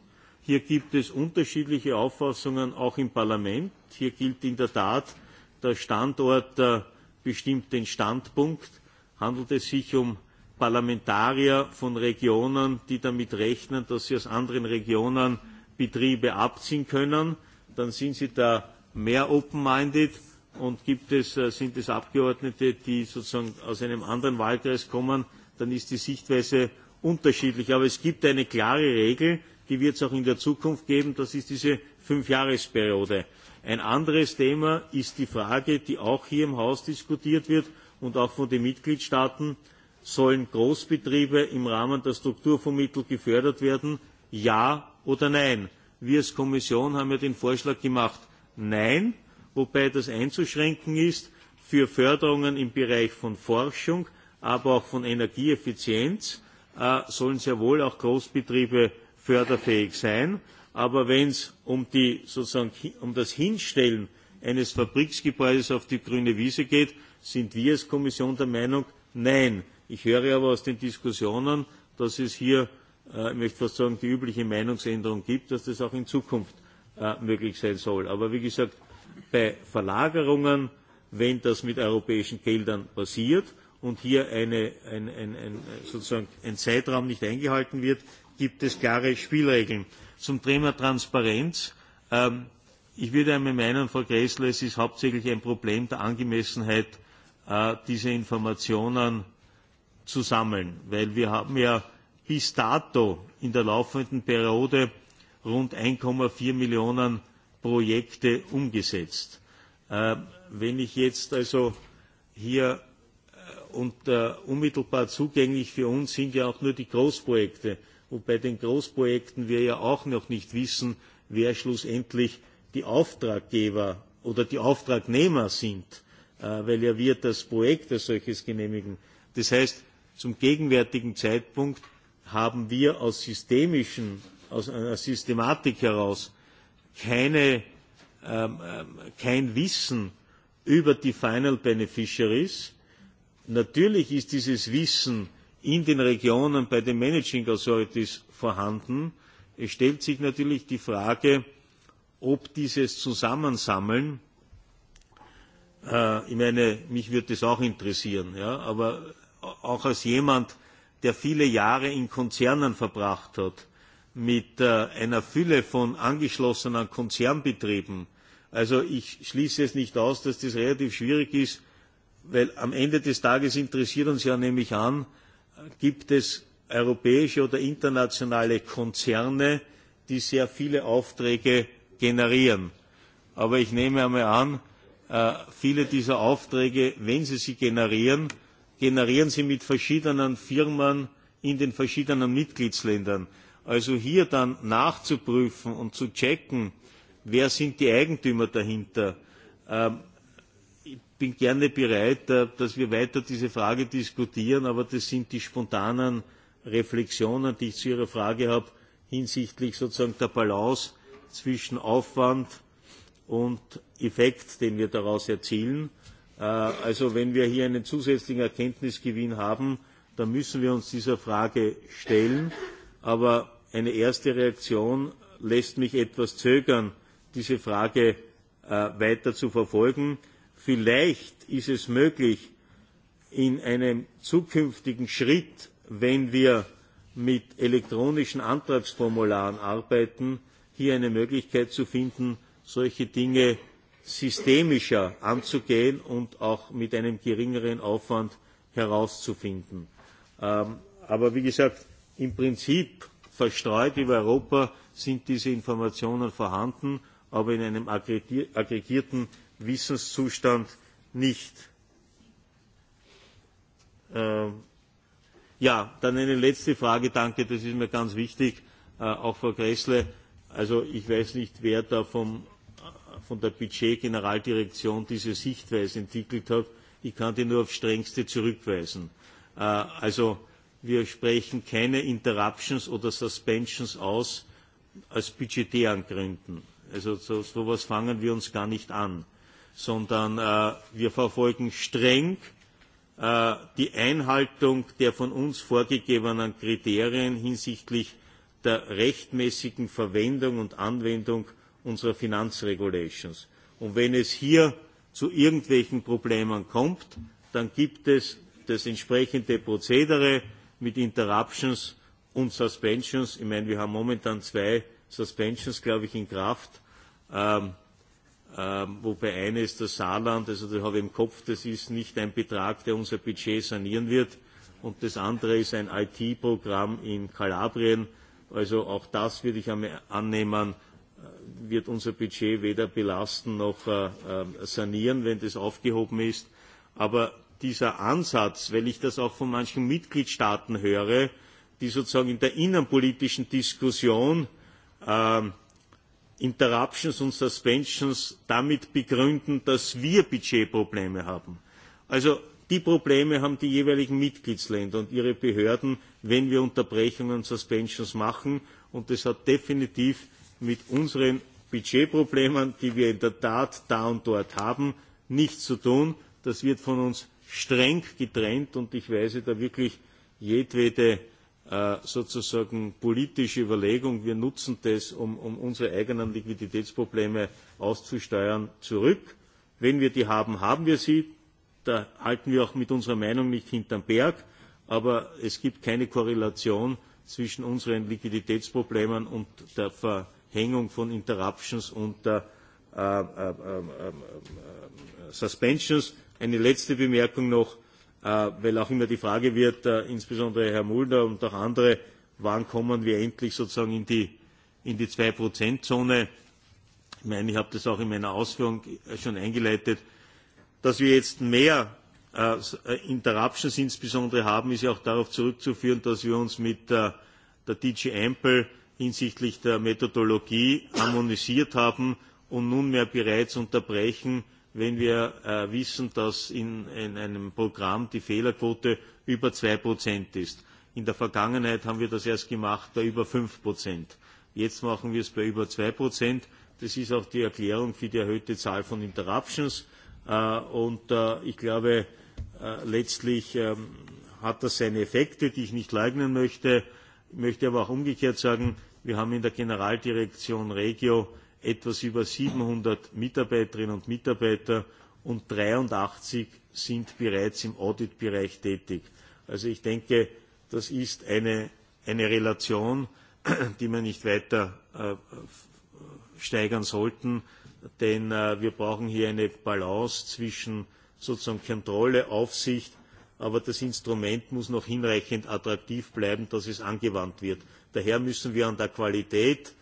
Hier gibt es unterschiedliche Auffassungen auch im Parlament. Hier gilt in der Tat der Standort äh, bestimmt den Standpunkt. Handelt es sich um Parlamentarier von Regionen, die damit rechnen, dass sie aus anderen Regionen Betriebe abziehen können, dann sind sie da mehr open-minded und gibt es, äh, sind es Abgeordnete, die sozusagen aus einem anderen Wahlkreis kommen, dann ist die Sichtweise unterschiedlich. Aber es gibt eine klare Regel, die wird es auch in der Zukunft geben. Das ist diese Fünfjahresperiode. Ein anderes Thema ist die Frage, die auch hier im Haus diskutiert wird und auch von den Mitgliedstaaten, sollen Großbetriebe im Rahmen der Strukturfondsmittel gefördert werden? Ja oder nein? Wir als Kommission haben ja den Vorschlag gemacht, nein, wobei das einzuschränken ist für Förderungen im Bereich von Forschung, aber auch von Energieeffizienz äh, sollen sehr wohl auch Großbetriebe förderfähig sein. Aber wenn es um, sozusagen, um das Hinstellen eines Fabriksgebäudes auf die grüne Wiese geht, sind wir als Kommission der Meinung, nein. Ich höre aber aus den Diskussionen, dass es hier, äh, ich möchte fast sagen, die übliche Meinungsänderung gibt, dass das auch in Zukunft äh, möglich sein soll. Aber wie gesagt, bei Verlagerungen, wenn das mit europäischen Geldern passiert und hier eine, ein, ein, ein, sozusagen ein Zeitraum nicht eingehalten wird, gibt es klare Spielregeln. Zum Thema Transparenz. Ähm, ich würde einmal meinen, Frau Gräßle, es ist hauptsächlich ein Problem der Angemessenheit, äh, diese Informationen zu sammeln. Weil wir haben ja bis dato in der laufenden Periode rund eins vier Millionen Projekte umgesetzt. Äh, wenn ich jetzt also hier äh, und unmittelbar zugänglich für uns sind ja auch nur die Großprojekte und bei den Großprojekten wir ja auch noch nicht wissen, wer schlussendlich die Auftraggeber oder die Auftragnehmer sind, äh, weil ja wir das Projekt als solches genehmigen. Das heißt, zum gegenwärtigen Zeitpunkt haben wir aus systemischen, aus einer äh, Systematik heraus keine, ähm, ähm, kein Wissen über die Final Beneficiaries. Natürlich ist dieses Wissen in den regionen bei den managing authorities vorhanden. es stellt sich natürlich die frage ob dieses zusammensammeln äh, ich meine mich würde das auch interessieren ja, aber auch als jemand der viele jahre in konzernen verbracht hat mit äh, einer fülle von angeschlossenen konzernbetrieben also ich schließe es nicht aus dass das relativ schwierig ist weil am ende des tages interessiert uns ja nämlich an gibt es europäische oder internationale Konzerne, die sehr viele Aufträge generieren. Aber ich nehme einmal an, äh, viele dieser Aufträge, wenn sie sie generieren, generieren sie mit verschiedenen Firmen in den verschiedenen Mitgliedsländern. Also hier dann nachzuprüfen und zu checken, wer sind die Eigentümer dahinter, ähm, bin gerne bereit, äh, dass wir weiter diese Frage diskutieren, aber das sind die spontanen Reflexionen, die ich zu Ihrer Frage habe, hinsichtlich sozusagen der Balance zwischen Aufwand und Effekt, den wir daraus erzielen. Äh, also wenn wir hier einen zusätzlichen Erkenntnisgewinn haben, dann müssen wir uns dieser Frage stellen. Aber eine erste Reaktion lässt mich etwas zögern, diese Frage äh, weiter zu verfolgen vielleicht ist es möglich, in einem zukünftigen Schritt, wenn wir mit elektronischen Antragsformularen arbeiten, hier eine Möglichkeit zu finden, solche Dinge systemischer anzugehen und auch mit einem geringeren Aufwand herauszufinden. Ähm, aber wie gesagt, im Prinzip verstreut über Europa sind diese Informationen vorhanden, aber in einem aggregierten Wissenszustand nicht. Ähm, ja, dann eine letzte Frage, danke, das ist mir ganz wichtig, äh, auch Frau Gressle. Also ich weiß nicht, wer da vom, äh, von der Budgetgeneraldirektion diese Sichtweise entwickelt hat. Ich kann die nur aufs Strengste zurückweisen. Äh, also wir sprechen keine Interruptions oder Suspensions aus aus budgetären Gründen. Also so, so etwas fangen wir uns gar nicht an sondern äh, wir verfolgen streng äh, die Einhaltung der von uns vorgegebenen Kriterien hinsichtlich der rechtmäßigen Verwendung und Anwendung unserer Finanzregulations. Und wenn es hier zu irgendwelchen Problemen kommt, dann gibt es das entsprechende Prozedere mit Interruptions und Suspensions. Ich meine, wir haben momentan zwei Suspensions, glaube ich, in Kraft. Ähm, Ähm, wobei eines das Saarland, also das habe ich im Kopf, das ist nicht ein Betrag, der unser Budget sanieren wird. Und das andere ist ein IT-Programm in Kalabrien. Also auch das würde ich annehmen, äh, wird unser Budget weder belasten noch äh, ähm, sanieren, wenn das aufgehoben ist. Aber dieser Ansatz, weil ich das auch von manchen Mitgliedstaaten höre, die sozusagen in der innenpolitischen Diskussion ähm, Interruptions und Suspensions damit begründen, dass wir Budgetprobleme haben. Also die Probleme haben die jeweiligen Mitgliedsländer und ihre Behörden, wenn wir Unterbrechungen und Suspensions machen. Und das hat definitiv mit unseren Budgetproblemen, die wir in der Tat da und dort haben, nichts zu tun. Das wird von uns streng getrennt und ich weise da wirklich jedwede Äh, sozusagen politische Überlegung, wir nutzen das, um, um unsere eigenen Liquiditätsprobleme auszusteuern, zurück. Wenn wir die haben, haben wir sie. Da halten wir auch mit unserer Meinung nicht hinterm Berg. Aber es gibt keine Korrelation zwischen unseren Liquiditätsproblemen und der Verhängung von Interruptions und der äh, äh, äh, äh, äh Suspensions. Eine letzte Bemerkung noch Äh, weil auch immer die Frage wird, äh, insbesondere Herr Mulder und auch andere, wann kommen wir endlich sozusagen in die, in die 2%-Zone. Ich meine, ich habe das auch in meiner Ausführung schon eingeleitet. Dass wir jetzt mehr äh, äh Interruptions insbesondere haben, ist ja auch darauf zurückzuführen, dass wir uns mit äh, der DG Ample hinsichtlich der Methodologie harmonisiert haben und nunmehr bereits unterbrechen, wenn wir äh, wissen, dass in, einem Programm die Fehlerquote über zwei Prozent ist. In der Vergangenheit haben wir das erst gemacht bei da über fünf Prozent. Jetzt machen wir es bei über zwei Prozent. Das ist auch die Erklärung für die erhöhte Zahl von Interruptions. Äh, und äh, ich glaube, letztlich ähm, hat das seine Effekte, die ich nicht leugnen möchte. Ich möchte aber auch umgekehrt sagen, wir haben in der Generaldirektion Regio etwas über 700 Mitarbeiterinnen und Mitarbeiter und 83 sind bereits im Auditbereich tätig. Also ich denke, das ist eine, eine Relation, die wir nicht weiter äh, steigern sollten, denn äh, wir brauchen hier eine Balance zwischen sozusagen Kontrolle, Aufsicht, aber das Instrument muss noch hinreichend attraktiv bleiben, dass es angewandt wird. Daher müssen wir an der Qualität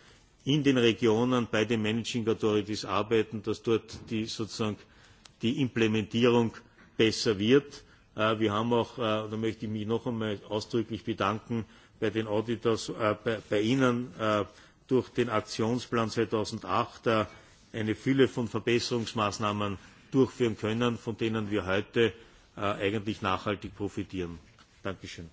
in den regionen bei den managing authorities arbeiten dass dort die, implementierung besser wird. Äh, wir haben auch äh, da möchte ich mich noch einmal ausdrücklich bedanken bei den auditors äh, bei, bei ihnen durch den aktionsplan zweitausendacht eine fülle von verbesserungsmaßnahmen durchführen können von denen wir heute eigentlich nachhaltig profitieren. danke schön.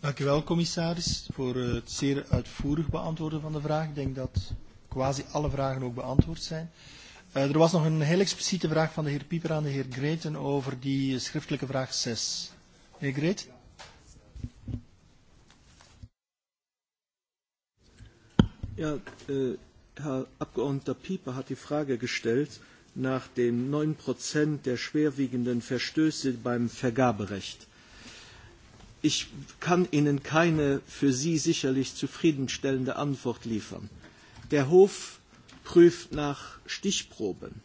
Dank u wel, commissaris, voor het zeer uitvoerig beantwoorden van de vraag. Ik denk dat quasi alle vragen ook beantwoord zijn. Uh, er was nog een heel expliciete vraag van de heer Pieper aan de heer Greten over die schriftelijke vraag 6. Meneer Greten? Ja, äh, Herr Abgeordneter Pieper hat die Frage gestellt nach den 9 Prozent der schwerwiegenden Verstöße beim Vergaberecht. Ich kann Ihnen keine für Sie sicherlich zufriedenstellende Antwort liefern. Der Hof prüft nach Stichproben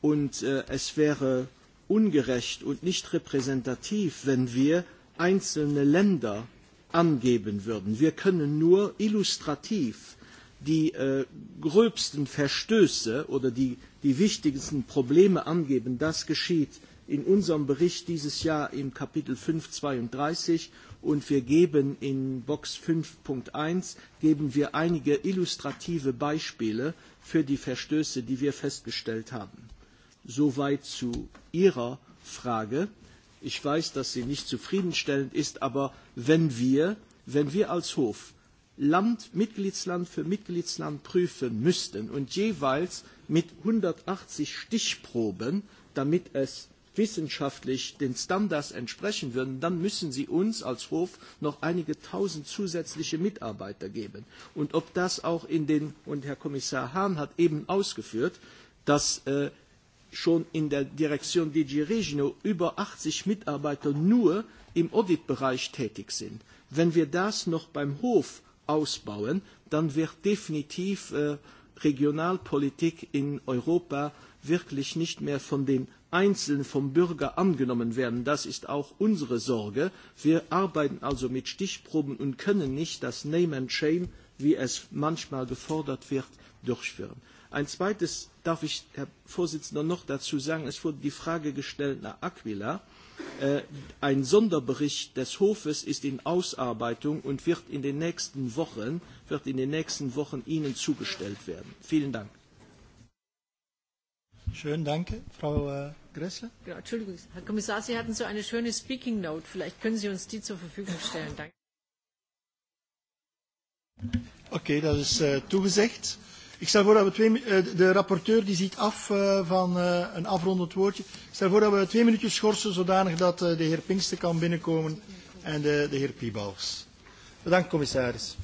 und äh, es wäre ungerecht und nicht repräsentativ, wenn wir einzelne Länder angeben würden. Wir können nur illustrativ die äh, gröbsten Verstöße oder die, die wichtigsten Probleme angeben. Das geschieht in unserem Bericht dieses Jahr im Kapitel 5.32 und wir geben in Box 5.1 geben wir einige illustrative Beispiele für die Verstöße, die wir festgestellt haben. Soweit zu Ihrer Frage. Ich weiß, dass sie nicht zufriedenstellend ist, aber wenn wir, wenn wir als Hof Land, Mitgliedsland für Mitgliedsland prüfen müssten und jeweils mit 180 Stichproben, damit es wissenschaftlich den Standards entsprechen würden, dann müssen sie uns als Hof noch einige tausend zusätzliche Mitarbeiter geben. Und ob das auch in den, und Herr Kommissar Hahn hat eben ausgeführt, dass äh, schon in der Direktion DG Regio über 80 Mitarbeiter nur im Auditbereich tätig sind. Wenn wir das noch beim Hof ausbauen, dann wird definitiv äh, Regionalpolitik in Europa wirklich nicht mehr von den einzeln vom Bürger angenommen werden. Das ist auch unsere Sorge. Wir arbeiten also mit Stichproben und können nicht das Name and Shame, wie es manchmal gefordert wird, durchführen. Ein zweites darf ich, Herr Vorsitzender, noch dazu sagen, es wurde die Frage gestellt nach Aquila. Äh, ein Sonderbericht des Hofes ist in Ausarbeitung und wird in den nächsten Wochen, wird in den nächsten Wochen Ihnen zugestellt werden. Vielen Dank. Schön, danke. Frau äh, Gressler? Genau, Entschuldigung, Herr Kommissar, Sie hatten so eine schöne Speaking Note. Vielleicht können Sie uns die zur Verfügung stellen. Danke. Oké, okay, dat is uh, toegezegd. Ik stel voor dat we twee, uh, de rapporteur die ziet af uh, van uh, een afrondend woordje. Ik stel voor dat we twee minuutjes schorsen zodanig dat uh, de heer Pinkster kan binnenkomen en de, de heer Piebalgs. Bedankt commissaris.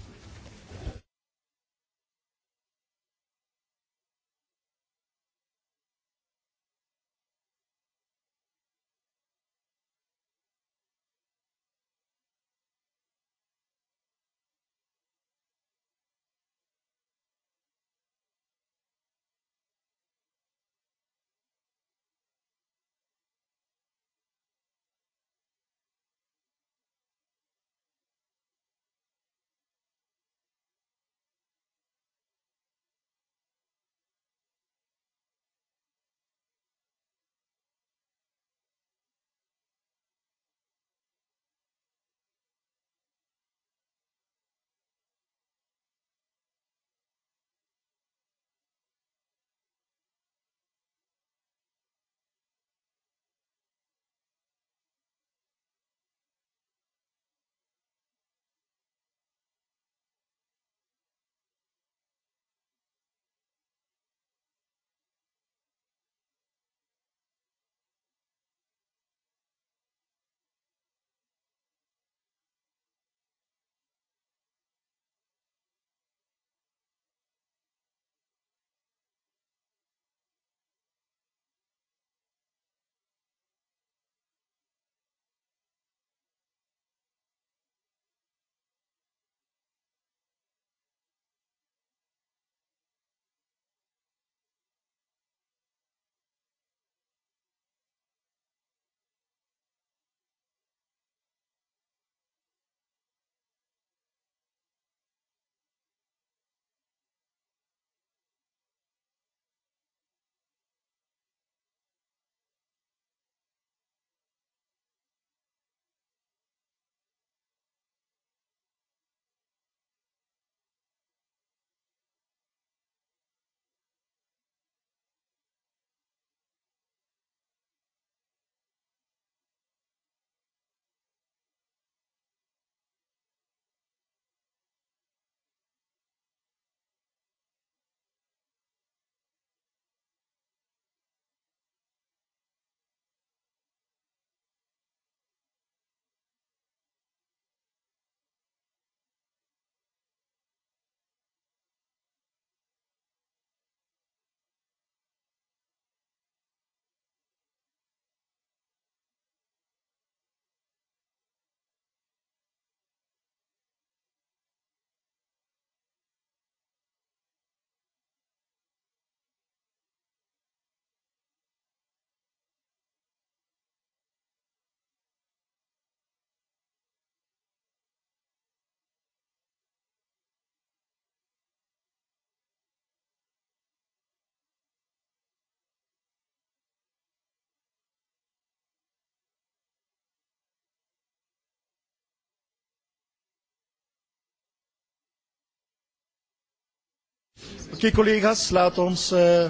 Oké, okay, collega's, laat ons uh,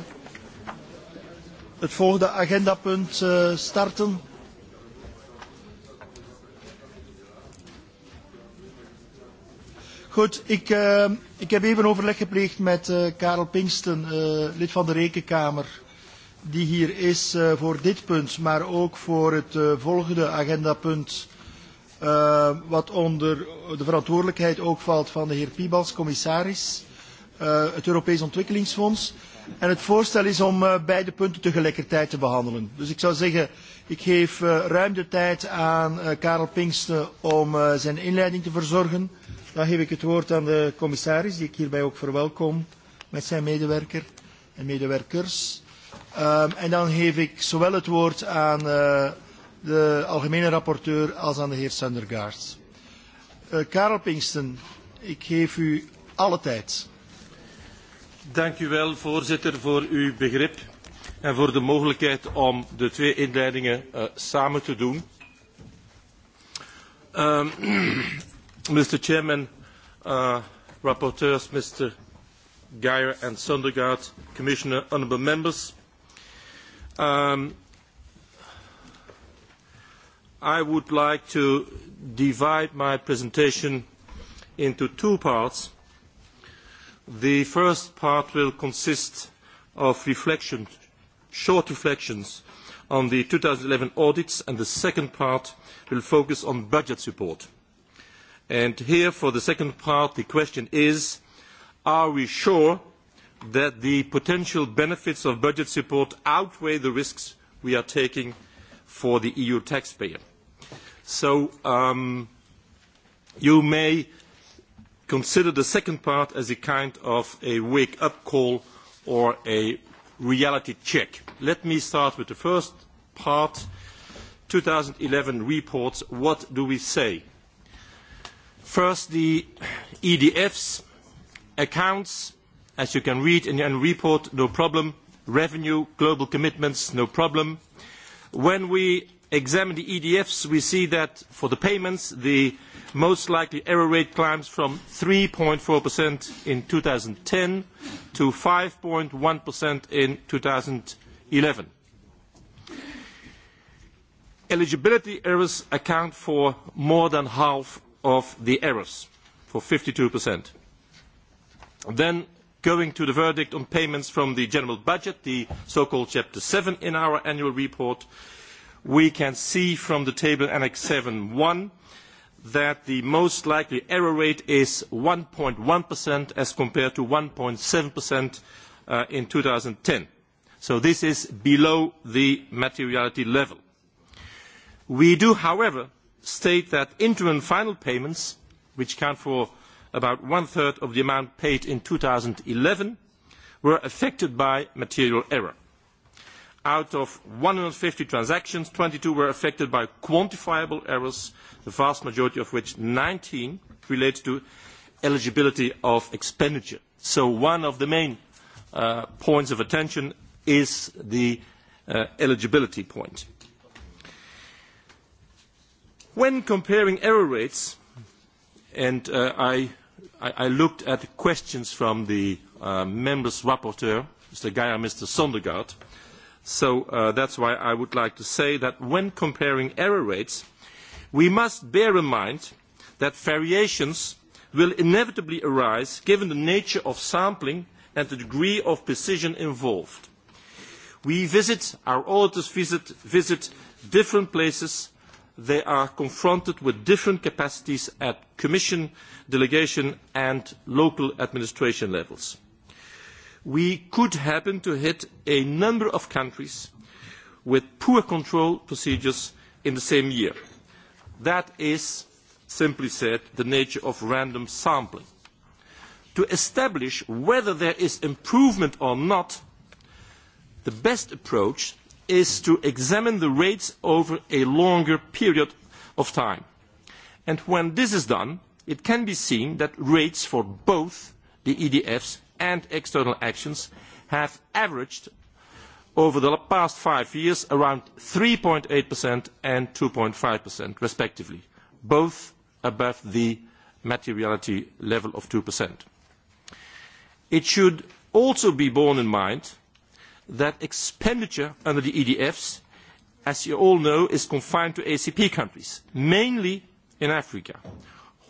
het volgende agendapunt uh, starten. Goed, ik, uh, ik heb even overleg gepleegd met uh, Karel Pinksten, uh, lid van de Rekenkamer, die hier is uh, voor dit punt, maar ook voor het uh, volgende agendapunt, uh, wat onder de verantwoordelijkheid ook valt van de heer Piebals, commissaris. Eh, het Europees Ontwikkelingsfonds. En het voorstel is om eh, beide punten tegelijkertijd te behandelen. Dus ik zou zeggen, ik geef eh, ruim de tijd aan Karel Pinksten om zijn inleiding te verzorgen. Dan geef ik het woord aan de commissaris, die ik hierbij ook verwelkom, met zijn medewerker en medewerkers. Um, en dan geef ik zowel het woord aan uh, de algemene rapporteur als aan de heer Sundergaard. Uh, Karel Pinksten, ik geef u alle tijd. Dank u wel, voorzitter, voor uw begrip en voor de mogelijkheid om de twee inleidingen eh, samen te doen. Mr. Ehm, Chairman, uh, rapporteurs, Mr. Geyer and Sundergaard, Commissioner, honourable members, um, I would like to divide my presentation into two parts The first part will consist of short reflections on the 2011 audits, and the second part will focus on budget support. And here, for the second part, the question is, are we sure that the potential benefits of budget support outweigh the risks we are taking for the EU taxpayer? So um, you may consider the second part as a kind of a wake-up call or a reality check. Let me start with the first part. 2011 reports, what do we say? First, the EDF's accounts, as you can read in the annual report, no problem. Revenue, global commitments, no problem. When we examine the EDFs, we see that for the payments, the most likely error rate climbs from 3.4% in 2010 to 5.1% in 2011. Eligibility errors account for more than half of the errors, for 52%. Then going to the verdict on payments from the general budget, the so-called Chapter 7 in our annual report, we can see from the table Annex 7.1 that the most likely error rate is 1.1% as compared to 1.7% seven uh, in 2010. So this is below the materiality level. We do, however, state that interim and final payments, which account for about one-third of the amount paid in 2011, were affected by material error out of 150 transactions, 22 were affected by quantifiable errors, the vast majority of which, 19, relate to eligibility of expenditure. So one of the main uh, points of attention is the uh, eligibility point. When comparing error rates, and uh, I, looked at questions from the members' rapporteur, Mr. geier and Mr. Sondergaard, So that uh, that's why I would like to say that when comparing error rates, we must bear in mind that variations will inevitably arise given the nature of sampling and the degree of precision involved. We visit, our auditors visit, visit different places. They are confronted with different capacities at Commission, delegation and local administration levels we could happen to hit a number of countries with poor control procedures in the same year. That is, simply said, the nature of random sampling. To establish whether there is improvement or not, the best approach is to examine the rates over a longer period of time. And when this is done, it can be seen that rates for both the EDFs and external actions have averaged over the past five years around. three eight and. two five respectively both above the materiality level of. two it should also be borne in mind that expenditure under the edfs as you all know is confined to acp countries mainly in africa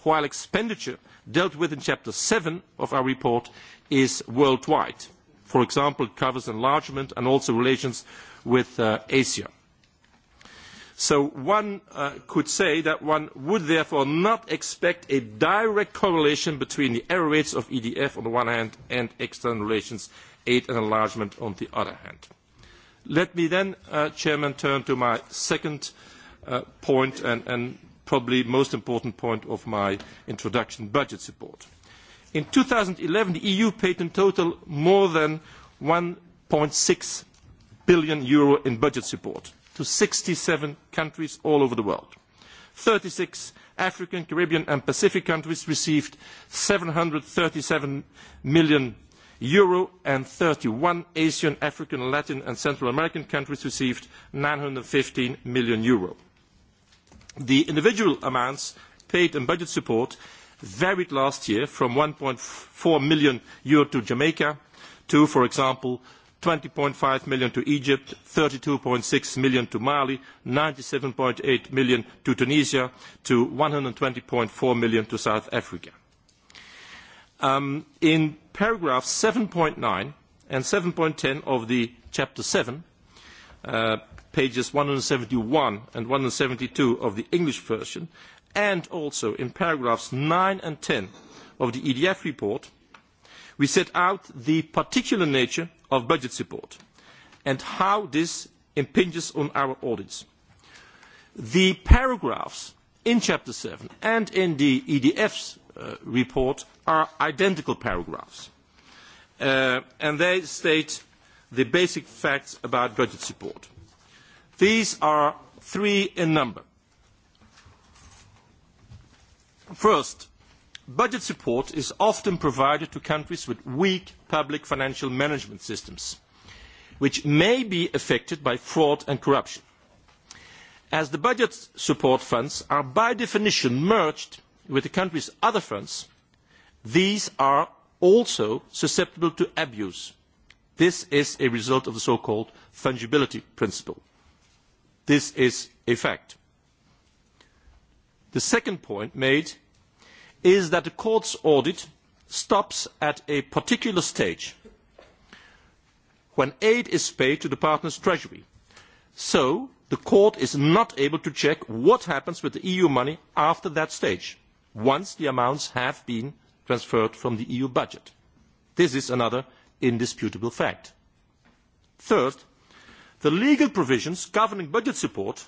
while expenditure dealt with in chapter seven of our report is worldwide. for example it covers enlargement and also relations with uh, asia. so one uh, could say that one would therefore not expect a direct correlation between the error rates of edf on the one hand and external relations aid and enlargement on the other hand. let me then uh, Chairman, turn to my second uh, point and, and probably the most important point of my introduction, budget support. In two thousand and eleven the EU paid in total more than one six billion euro in budget support to sixty seven countries all over the world. Thirty six African, Caribbean and Pacific countries received seven hundred and thirty seven million euro and one Asian, African, Latin and Central American countries received nine hundred and fifteen million euro. The individual amounts paid in budget support varied last year from 1.4 million euro to Jamaica to, for example, 20.5 million to Egypt, 32.6 million to Mali, 97.8 million to Tunisia, to 120.4 million to South Africa. Um, in in seven 7.9 and 7.10 of the Chapter seven. Uh, pages 171 and 172 of the English version, and also in paragraphs 9 and 10 of the EDF report, we set out the particular nature of budget support and how this impinges on our audits. The paragraphs in Chapter 7 and in the EDF's uh, report are identical paragraphs, uh, and they state the basic facts about budget support. These are three in number. First, budget support is often provided to countries with weak public financial management systems, which may be affected by fraud and corruption. As the budget support funds are by definition merged with the country's other funds, these are also susceptible to abuse. This is a result of the so-called fungibility principle. This is a fact. The second point made is that the court's audit stops at a particular stage when aid is paid to the partner's treasury. So the court is not able to check what happens with the EU money after that stage, once the amounts have been transferred from the EU budget. This is another indisputable fact. Third, the legal provisions governing budget support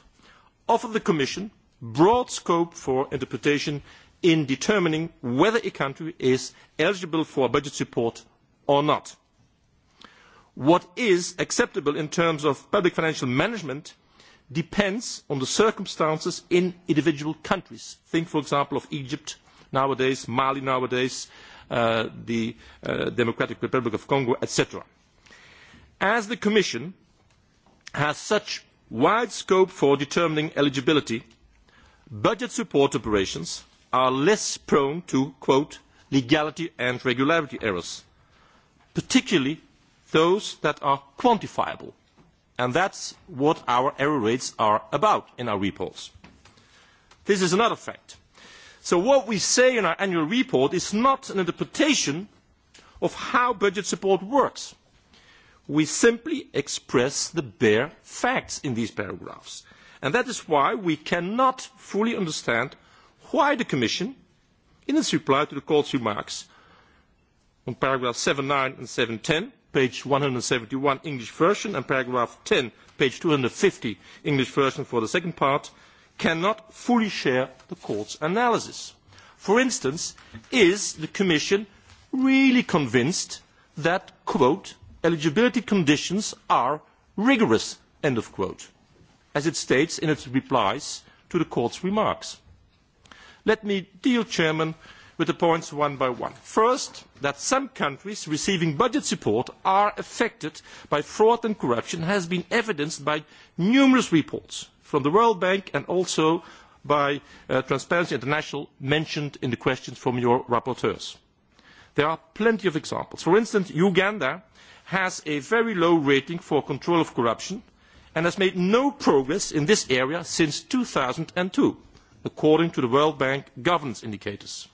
offer the Commission broad scope for interpretation in determining whether a country is eligible for budget support or not. What is acceptable in terms of public financial management depends on the circumstances in individual countries. Think, for example, of Egypt nowadays, Mali nowadays, uh, the uh, Democratic Republic of Congo, etc. As the Commission has such wide scope for determining eligibility, budget support operations are less prone to, legality and regularity errors, particularly those that are quantifiable. And that's what our error rates are about in our reports. This is another fact. So what we say in our annual report is not an interpretation of how budget support works we simply express the bare facts in these paragraphs. And that is why we cannot fully understand why the Commission, in its reply to the Court's remarks on paragraph 7.9 and 7.10, page 171 English version, and paragraph 10, page 250 English version for the second part, cannot fully share the Court's analysis. For instance, is the Commission really convinced that, quote, eligibility conditions are rigorous end of quote as it states in its replies to the court's remarks. let me deal chairman with the points one by one. first that some countries receiving budget support are affected by fraud and corruption has been evidenced by numerous reports from the world bank and also by uh, transparency international mentioned in the questions from your rapporteurs. there are plenty of examples. for instance uganda has a very low rating for control of corruption and has made no progress in this area since two thousand and two according to the world bank governance indicators.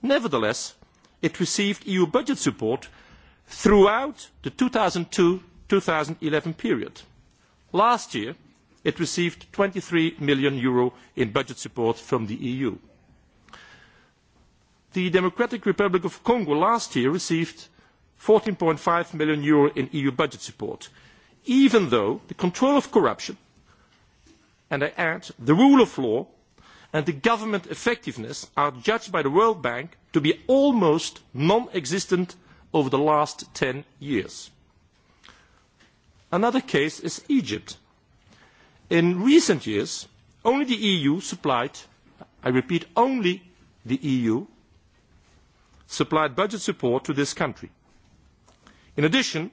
nevertheless it received eu budget support throughout the two thousand and two two thousand and eleven period. last year it received eur twenty three million Euro in budget support from the eu. the democratic republic of congo last year received 14.5 million euro in EU budget support, even though the control of corruption, and I add the rule of law, and the government effectiveness are judged by the World Bank to be almost non-existent over the last 10 years. Another case is Egypt. In recent years, only the EU supplied, I repeat, only the EU supplied budget support to this country in addition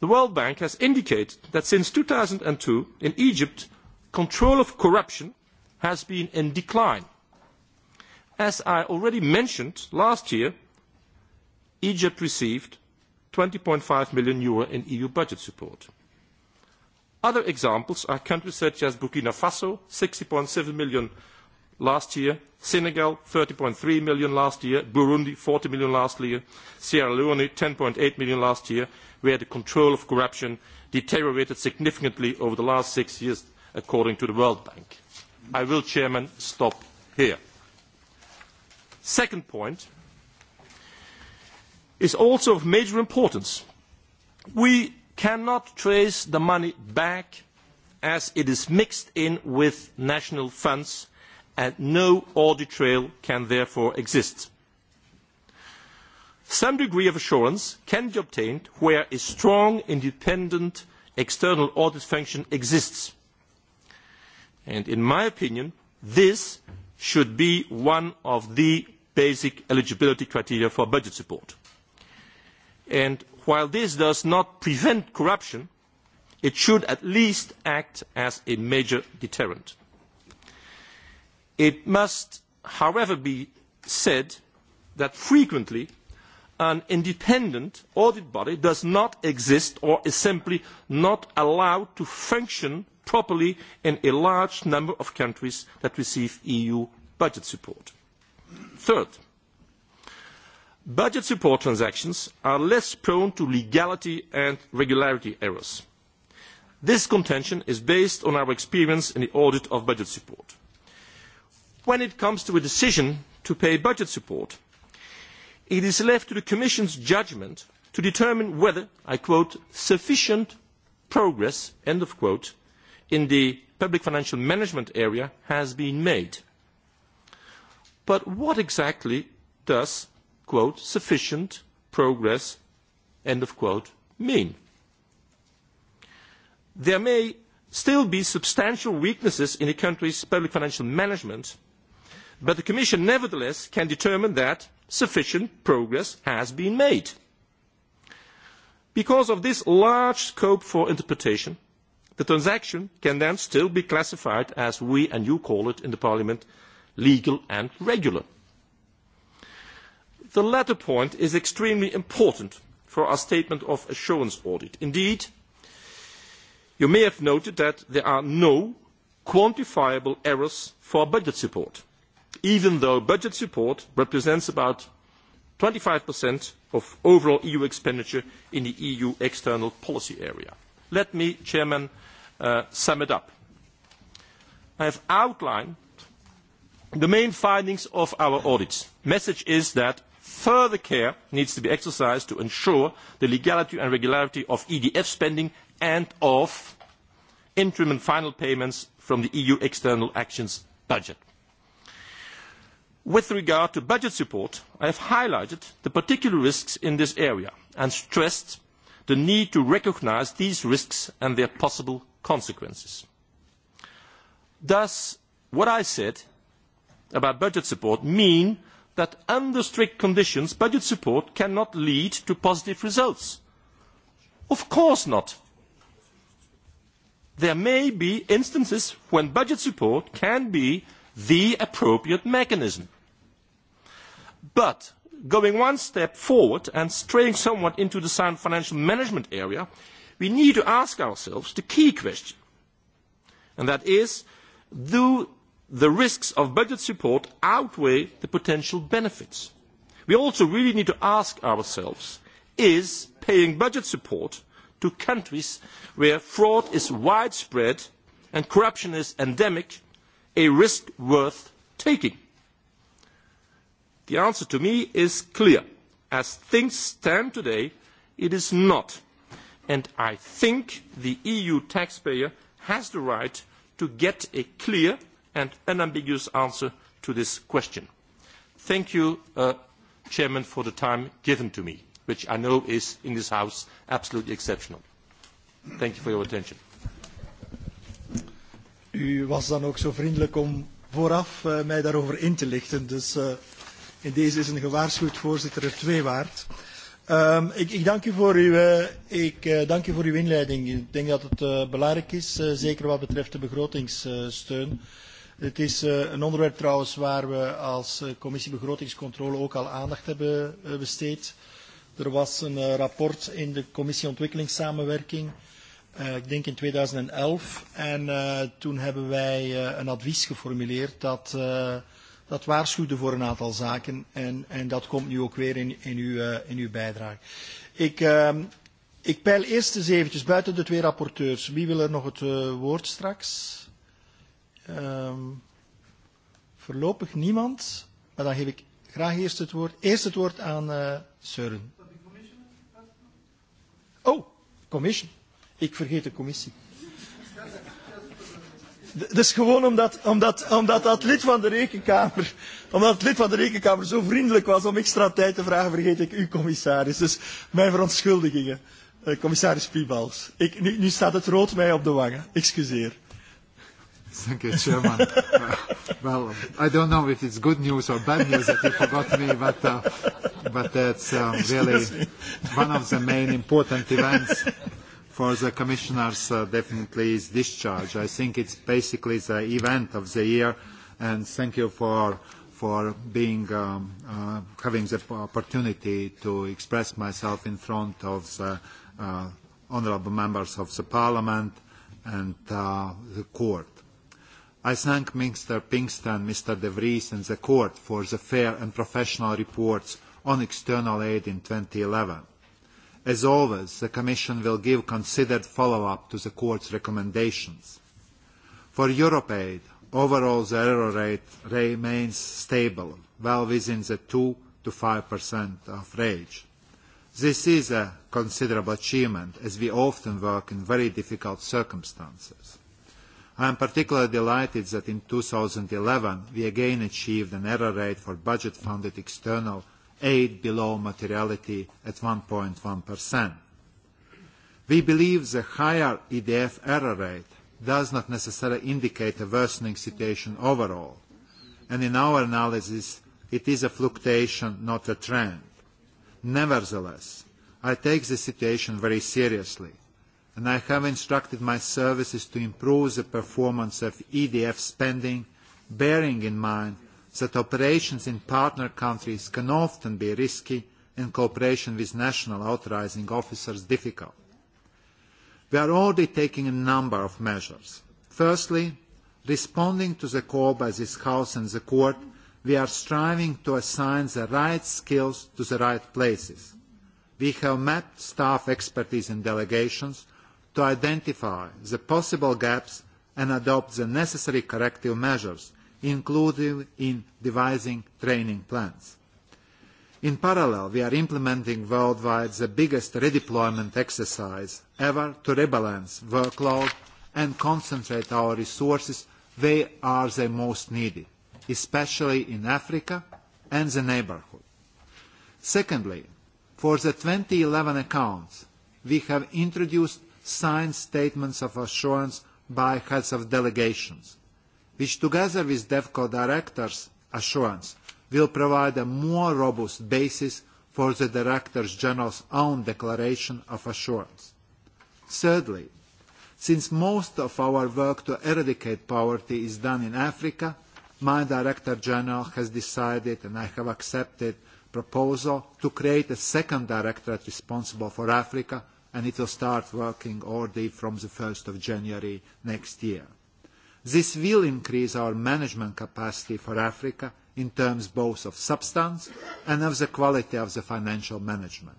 the world bank has indicated that since two thousand and two in egypt control of corruption has been in decline. as i already mentioned last year egypt received eur. twenty five million Euro in eu budget support. other examples are countries such as burkina faso eur. sixty seven million last year, Senegal 30.3 million last year, Burundi 40 million last year, Sierra Leone 10.8 million last year, where the control of corruption deteriorated significantly over the last six years, according to the World Bank. I will, Chairman, stop here. Second point is also of major importance. We cannot trace the money back as it is mixed in with national funds and no audit trail can therefore exist. Some degree of assurance can be obtained where a strong independent external audit function exists. And in my opinion, this should be one of the basic eligibility criteria for budget support. And while this does not prevent corruption, it should at least act as a major deterrent. It must, however, be said that frequently an independent audit body does not exist or is simply not allowed to function properly in a large number of countries that receive EU budget support. Third, budget support transactions are less prone to legality and regularity errors. This contention is based on our experience in the audit of budget support when it comes to a decision to pay budget support it is left to the commission's judgment to determine whether i quote sufficient progress end of quote in the public financial management area has been made but what exactly does quote sufficient progress end of quote mean there may still be substantial weaknesses in a country's public financial management but the commission nevertheless can determine that sufficient progress has been made. because of this large scope for interpretation the transaction can then still be classified as we and you call it in the parliament legal and regular. the latter point is extremely important for our statement of assurance audit. indeed you may have noted that there are no quantifiable errors for budget support even though budget support represents about twenty five of overall eu expenditure in the eu external policy area. let me chairman, uh, sum it up. i have outlined the main findings of our audits. the message is that further care needs to be exercised to ensure the legality and regularity of edf spending and of interim and final payments from the eu external actions budget. With regard to budget support, I have highlighted the particular risks in this area and stressed the need to recognise these risks and their possible consequences. Does what I said about budget support mean that under strict conditions budget support cannot lead to positive results? Of course not. There may be instances when budget support can be the appropriate mechanism But going one step forward and straying somewhat into the sound financial management area, we need to ask ourselves the key question, and that is, do the risks of budget support outweigh the potential benefits? We also really need to ask ourselves, is paying budget support to countries where fraud is widespread and corruption is endemic a risk worth taking? The answer to me is clear. As things stand today, it is not. And I think the EU taxpayer has the right to get a clear and unambiguous answer to this question. Thank you, uh, Chairman, for the time given to me, which I know is in this House absolutely exceptional. Thank you for your attention. U was dan ook zo vriendelijk om vooraf eh, mij daarover in te lichten. Dus eh, En deze is een gewaarschuwd voorzitter er twee waard. Um, ik, ik, dank u voor uw, uh, ik uh, dank u voor uw inleiding. Ik denk dat het uh, belangrijk is, uh, zeker wat betreft de begrotingssteun. Het is uh, een onderwerp trouwens waar we als uh, commissie begrotingscontrole ook al aandacht hebben uh, besteed. Er was een uh, rapport in de commissie ontwikkelingssamenwerking, uh, ik denk in 2011. En uh, toen hebben wij uh, een advies geformuleerd dat... Uh, dat waarschuwde voor een aantal zaken en, en dat komt nu ook weer in, in, uw, uh, in uw bijdrage. Ik, uh, ik peil eerst eens eventjes buiten de twee rapporteurs. Wie wil er nog het uh, woord straks? Um, voorlopig niemand, maar dan geef ik graag eerst het woord, eerst het woord aan uh, Søren. Oh, commission. Ik vergeet de commissie. Dat is gewoon omdat, omdat, omdat dat lid van de rekenkamer, omdat het lid van de rekenkamer zo vriendelijk was om extra tijd te vragen, vergeet ik u commissaris. Dus mijn verontschuldigingen, uh, commissaris Piebals. Ik, nu, nu staat het rood mij op de wangen. Excuseer. Dank u, Chairman. uh, well, I don't know if it's good news or bad news that you forgot me, but, uh, but that's um, really one of the main important events for the commissioners uh, definitely is discharge. I think it's basically the event of the year and thank you for for being um, uh, having the opportunity to express myself in front of the uh, honorable members of the parliament and uh, the court. I thank Mr. Pinkston, Mr. De Vries and the court for the fair and professional reports on external aid in 2011. As always, the Commission will give considered follow-up to the Court's recommendations. For EuropeAid, overall the error rate remains stable, well within the 2 to 5% of range. This is a considerable achievement as we often work in very difficult circumstances. I am particularly delighted that in 2011 we again achieved an error rate for budget-funded external aid below materiality at 1.1%. We believe the higher EDF error rate does not necessarily indicate a worsening situation overall, and in our analysis it is a fluctuation, not a trend. Nevertheless, I take the situation very seriously, and I have instructed my services to improve the performance of EDF spending, bearing in mind that operations in partner countries can often be risky and cooperation with national authorising officers difficult. We are already taking a number of measures. Firstly, responding to the call by this House and the Court, we are striving to assign the right skills to the right places. We have mapped staff expertise in delegations to identify the possible gaps and adopt the necessary corrective measures including in devising training plans. In parallel, we are implementing worldwide the biggest redeployment exercise ever to rebalance workload and concentrate our resources where are they most needed, especially in Africa and the neighbourhood. Secondly, for the 2011 accounts, we have introduced signed statements of assurance by heads of delegations which together with DEVCO directors' assurance will provide a more robust basis for the Directors General's own declaration of assurance. Thirdly, since most of our work to eradicate poverty is done in Africa, my Director General has decided and I have accepted proposal to create a second directorate responsible for Africa and it will start working already from the 1st of January next year. This will increase our management capacity for Africa in terms both of substance and of the quality of the financial management.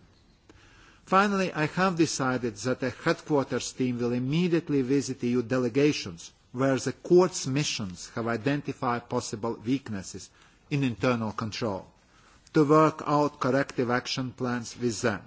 Finally, I have decided that a headquarters team will immediately visit EU delegations where the court's missions have identified possible weaknesses in internal control to work out corrective action plans with them.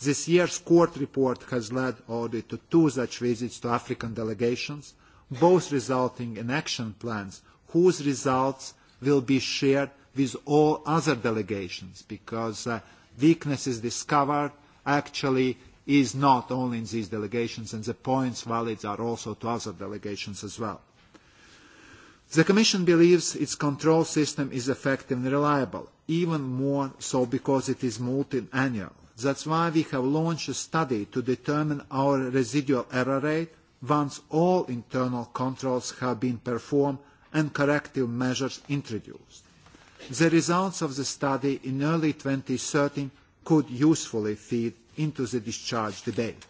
This year's court report has led already to two such visits to African delegations both resulting in action plans whose results will be shared with all other delegations because uh, weaknesses discovered actually is not only in these delegations and the points valid are also to other delegations as well. The Commission believes its control system is effective and reliable, even more so because it is multi-annual. That's why we have launched a study to determine our residual error rate once all internal controls have been performed and corrective measures introduced. The results of the study in early 2013 could usefully feed into the discharge debate.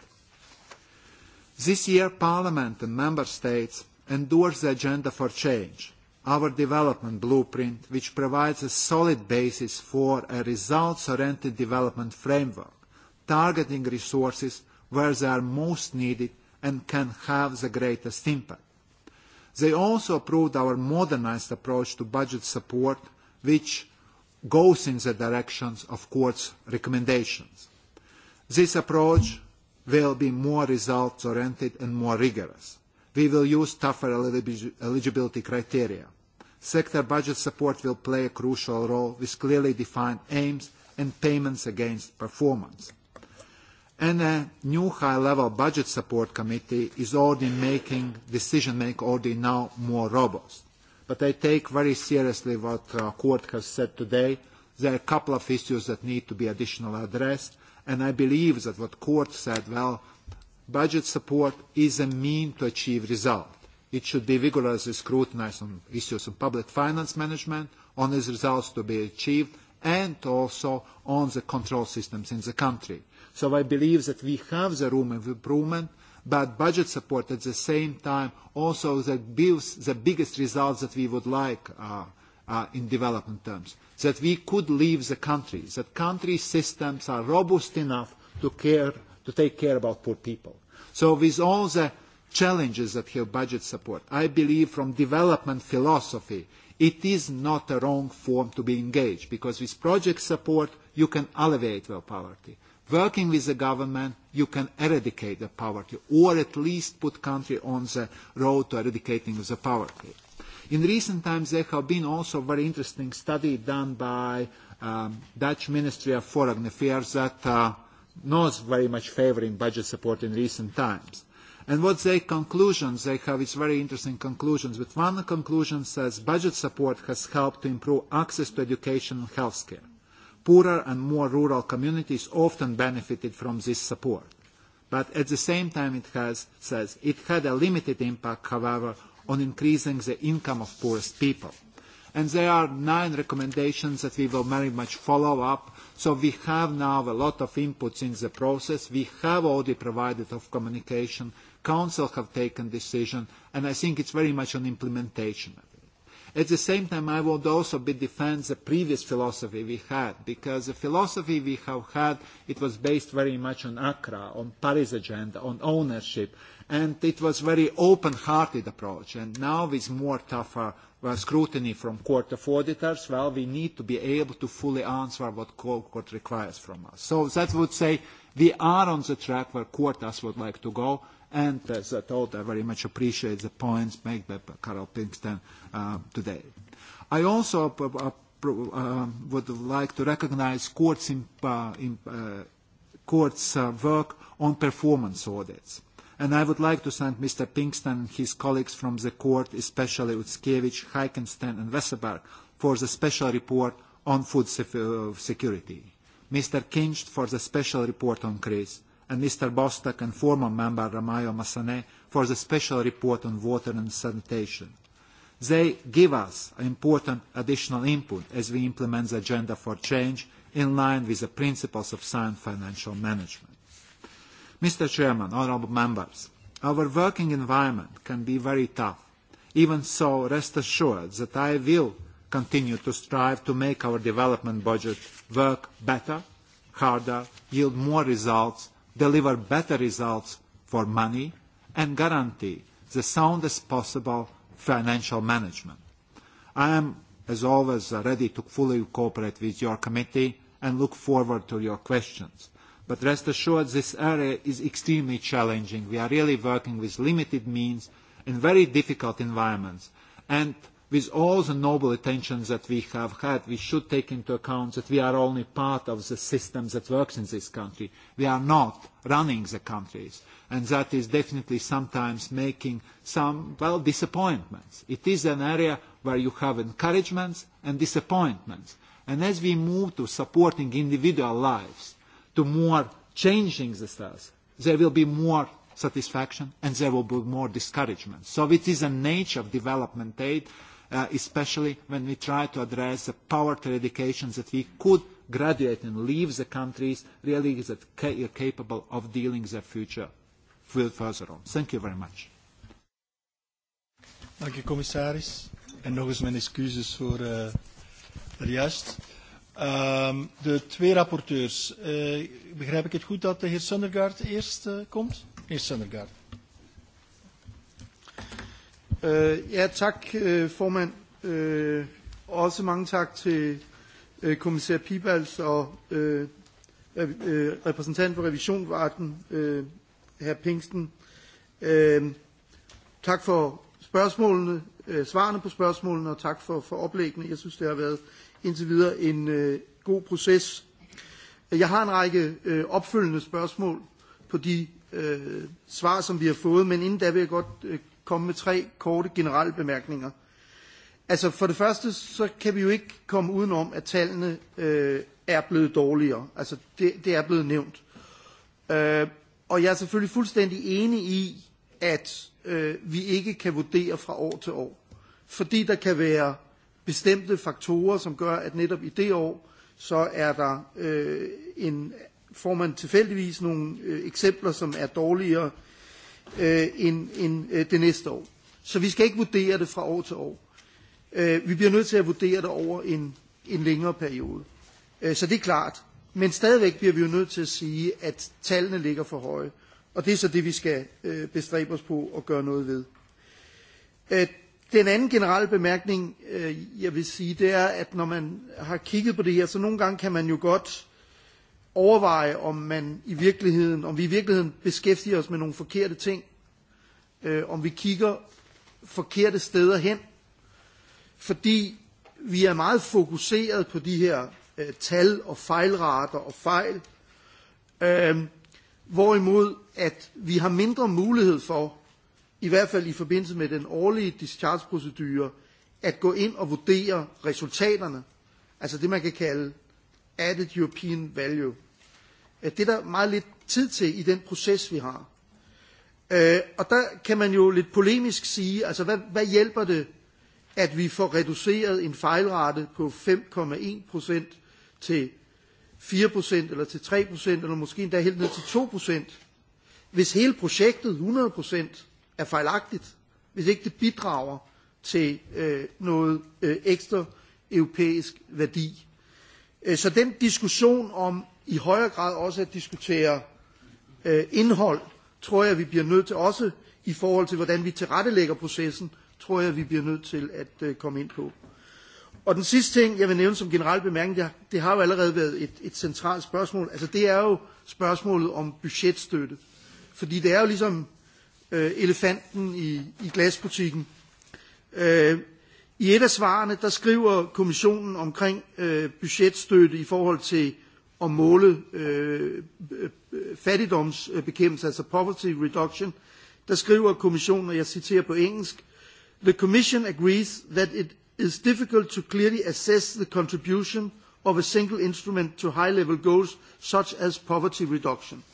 This year, Parliament and Member States endorsed the Agenda for Change, our development blueprint, which provides a solid basis for a results-oriented development framework, targeting resources where they are most needed and can have the greatest impact. They also approved our modernised approach to budget support, which goes in the direction of court's recommendations. This approach will be more results-oriented and more rigorous. We will use tougher eligibility criteria. Sector budget support will play a crucial role with clearly defined aims and payments against performance. And a new high-level budget support committee is already making decision-making already now more robust. But I take very seriously what the uh, court has said today. There are a couple of issues that need to be additionally addressed, and I believe that what court said, well, budget support is a mean to achieve result. It should be vigorously scrutinized on issues of public finance management, on its results to be achieved, and also on the control systems in the country So I believe that we have the room of improvement, but budget support at the same time also that builds the biggest results that we would like uh, uh, in development terms, that we could leave the countries, that country systems are robust enough to, care, to take care about poor people. So with all the challenges that have budget support, I believe from development philosophy, it is not a wrong form to be engaged because with project support you can alleviate well poverty working with the government, you can eradicate the poverty, or at least put country on the road to eradicating the poverty. In recent times, there have been also very interesting study done by um, Dutch Ministry of Foreign Affairs that uh, not very much favouring budget support in recent times. And what their conclusions, they have is very interesting conclusions. But one conclusion says budget support has helped to improve access to education and healthcare. Poorer and more rural communities often benefited from this support. But at the same time, it has, says, it had a limited impact, however, on increasing the income of poorest people. And there are nine recommendations that we will very much follow up. So we have now a lot of inputs in the process. We have already provided of communication. Council have taken decision. And I think it's very much on implementation. At the same time, I would also be defend the previous philosophy we had, because the philosophy we have had, it was based very much on Accra, on Paris agenda, on ownership, and it was very open-hearted approach. And now with more tougher well, uh, scrutiny from court of auditors, well, we need to be able to fully answer what court requires from us. So that would say we are on the track where court us would like to go, And as I told, I very much appreciate the points made by Carol Pinkston uh, today. I also uh, would like to recognize courts, in, uh, in, uh, courts uh, work on performance audits. And I would like to thank Mr. Pinkston and his colleagues from the court, especially Utskevich, Heikenstein and Westerberg, for the special report on food uh, security. Mr. Kinch for the special report on Greece, and Mr. Bostock and former member Ramayo Masane for the special report on water and sanitation. They give us important additional input as we implement the agenda for change in line with the principles of sound financial management. Mr. Chairman, honourable members, our working environment can be very tough. Even so, rest assured that I will continue to strive to make our development budget work better, harder, yield more results deliver better results for money, and guarantee the soundest possible financial management. I am, as always, ready to fully cooperate with your committee and look forward to your questions. But rest assured, this area is extremely challenging. We are really working with limited means in very difficult environments, and with all the noble intentions that we have had, we should take into account that we are only part of the system that works in this country. We are not running the countries. And that is definitely sometimes making some, well, disappointments. It is an area where you have encouragements and disappointments. And as we move to supporting individual lives, to more changing the stars, there will be more satisfaction and there will be more discouragement. So it is a nature of development aid Uh, especially when we try to address the poverty eradication that we could graduate and leave the countries really that ca capable of dealing their future further on. Thank you very much. Dank u commissaris. En nog eens mijn excuses voor uh, juist. Um, de twee rapporteurs. Uh, begrijp ik het goed dat de heer Sundergaard eerst uh, komt? Heer Sundergaard. Øh, ja, tak øh, formand. Øh, også mange tak til øh, kommissær Pibals og øh, øh, repræsentant for revisionsvagten, øh, herr Pingsten. Øh, tak for spørgsmålene, øh, svarene på spørgsmålene, og tak for, for oplæggene. Jeg synes, det har været indtil videre en øh, god proces. Jeg har en række øh, opfølgende spørgsmål på de øh, svar, som vi har fået, men inden da vil jeg godt øh, komme med tre korte generelle bemærkninger. Altså for det første, så kan vi jo ikke komme udenom, at tallene øh, er blevet dårligere. Altså det, det er blevet nævnt. Øh, og jeg er selvfølgelig fuldstændig enig i, at øh, vi ikke kan vurdere fra år til år. Fordi der kan være bestemte faktorer, som gør, at netop i det år, så er der øh, en, får man tilfældigvis nogle øh, eksempler, som er dårligere øh, end, end øh, det næste år. Så vi skal ikke vurdere det fra år til år. Øh, vi bliver nødt til at vurdere det over en, en længere periode. Øh, så det er klart. Men stadigvæk bliver vi jo nødt til at sige, at tallene ligger for høje. Og det er så det, vi skal øh, bestræbe os på at gøre noget ved. Øh, den anden generelle bemærkning, øh, jeg vil sige, det er, at når man har kigget på det her, så nogle gange kan man jo godt overveje, om, man i virkeligheden, om vi i virkeligheden beskæftiger os med nogle forkerte ting, øh, om vi kigger forkerte steder hen, fordi vi er meget fokuseret på de her øh, tal og fejlrater og fejl, øh, hvorimod at vi har mindre mulighed for, i hvert fald i forbindelse med den årlige discharge-procedure, at gå ind og vurdere resultaterne, altså det man kan kalde added European value. Det er der meget lidt tid til i den proces, vi har. Øh, og der kan man jo lidt polemisk sige, altså hvad, hvad hjælper det, at vi får reduceret en fejlrate på 5,1 procent til 4 procent eller til 3 procent, eller måske endda helt ned til 2 procent, hvis hele projektet 100 procent er fejlagtigt, hvis ikke det bidrager til øh, noget øh, ekstra europæisk værdi. Øh, så den diskussion om i højere grad også at diskutere øh, indhold, tror jeg, vi bliver nødt til også i forhold til, hvordan vi tilrettelægger processen, tror jeg, vi bliver nødt til at øh, komme ind på. Og den sidste ting, jeg vil nævne som generelt bemærkning, det har, det har jo allerede været et, et centralt spørgsmål. Altså det er jo spørgsmålet om budgetstøtte. Fordi det er jo ligesom øh, elefanten i, i glasbutikken. Øh, I et af svarene, der skriver kommissionen omkring øh, budgetstøtte i forhold til at måle øh, øh, fattigdomsbekæmpelse, altså poverty reduction, der skriver kommissionen, og jeg citerer på engelsk, The Commission agrees that it is difficult to clearly assess the contribution of a single instrument to high-level goals such as poverty reduction.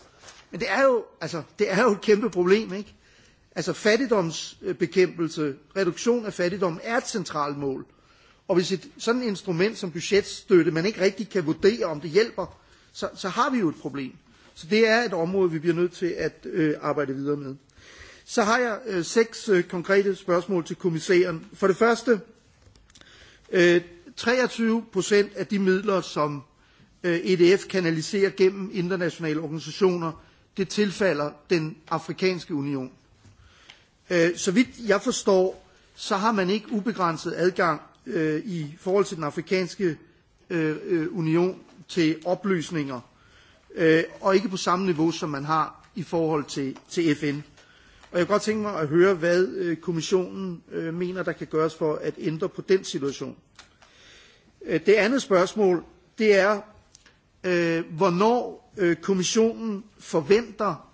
Men det er jo, altså, det er jo et kæmpe problem, ikke? Altså fattigdomsbekæmpelse, reduktion af fattigdom er et centralt mål. Og hvis et sådan et instrument som budgetstøtte, man ikke rigtig kan vurdere, om det hjælper, så, så har vi jo et problem. Så det er et område, vi bliver nødt til at øh, arbejde videre med. Så har jeg øh, seks øh, konkrete spørgsmål til kommissæren. For det første, øh, 23 procent af de midler, som øh, EDF kanaliserer gennem internationale organisationer, det tilfalder den afrikanske union. Øh, så vidt jeg forstår, så har man ikke ubegrænset adgang øh, i forhold til den afrikanske øh, union til oplysninger, og ikke på samme niveau, som man har i forhold til, til FN. Og jeg kunne godt tænke mig at høre, hvad kommissionen mener, der kan gøres for at ændre på den situation. det andet spørgsmål, det er, hvornår kommissionen forventer,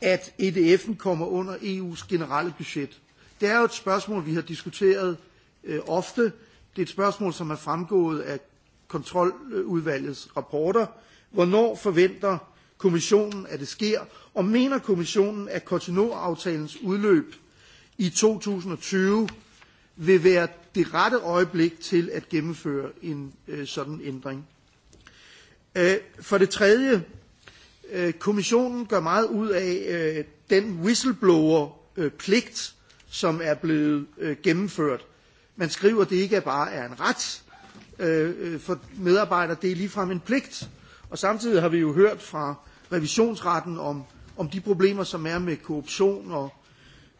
at EDF'en kommer under EU's generelle budget. Det er jo et spørgsmål, vi har diskuteret øh, ofte. Det er et spørgsmål, som er fremgået af kontroludvalgets rapporter. Hvornår forventer kommissionen, at det sker? Og mener kommissionen, at Cotonou-aftalens udløb i 2020 vil være det rette øjeblik til at gennemføre en øh, sådan ændring? Øh, for det tredje Øh, kommissionen gør meget ud af øh, den whistleblower-pligt, som er blevet øh, gennemført. Man skriver, at det ikke bare er en ret øh, øh, for medarbejdere, det er ligefrem en pligt. Og samtidig har vi jo hørt fra revisionsretten om, om de problemer, som er med korruption og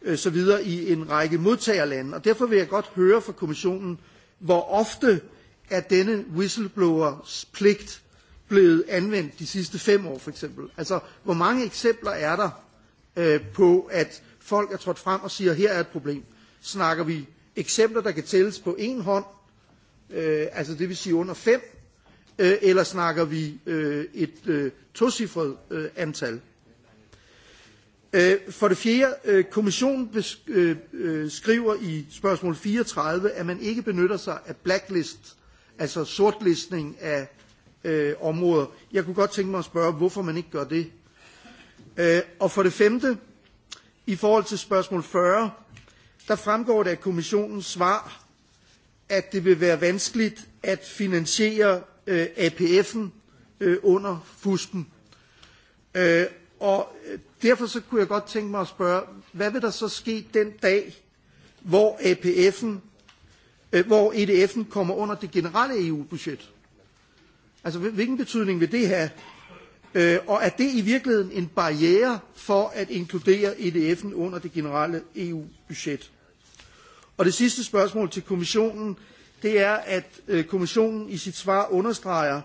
øh, så videre i en række modtagerlande. Og derfor vil jeg godt høre fra kommissionen, hvor ofte er denne whistleblowers pligt blevet anvendt de sidste fem år, for eksempel. Altså, hvor mange eksempler er der øh, på, at folk er trådt frem og siger, her er et problem? Snakker vi eksempler, der kan tælles på en hånd, øh, altså det vil sige under fem, øh, eller snakker vi øh, et øh, tocifret øh, antal? Øh, for det fjerde, øh, kommissionen besk- øh, øh, skriver i spørgsmål 34, at man ikke benytter sig af blacklist, altså sortlistning af øh, områder. Jeg kunne godt tænke mig at spørge, hvorfor man ikke gør det. Øh, og for det femte, i forhold til spørgsmål 40, der fremgår det af kommissionens svar, at det vil være vanskeligt at finansiere øh, APF'en øh, under fusken. Øh, og derfor så kunne jeg godt tænke mig at spørge, hvad vil der så ske den dag, hvor APF'en, øh, hvor EDF'en kommer under det generelle EU-budget? Altså hvilken betydning vil det have? Øh, og er det i virkeligheden en barriere for at inkludere EDF'en under det generelle EU-budget? Og det sidste spørgsmål til kommissionen, det er, at øh, kommissionen i sit svar understreger,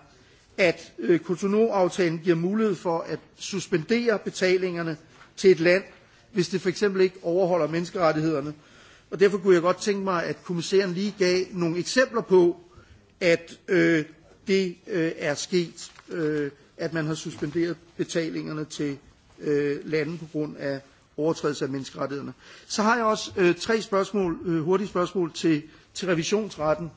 at øh, Cotonou-aftalen giver mulighed for at suspendere betalingerne til et land, hvis det fx ikke overholder menneskerettighederne. Og derfor kunne jeg godt tænke mig, at kommissæren lige gav nogle eksempler på, at øh, det øh, er sket, øh, at man har suspenderet betalingerne til øh, lande på grund af overtrædelse af menneskerettighederne. Så har jeg også tre spørgsmål, hurtige spørgsmål til, til revisionsretten.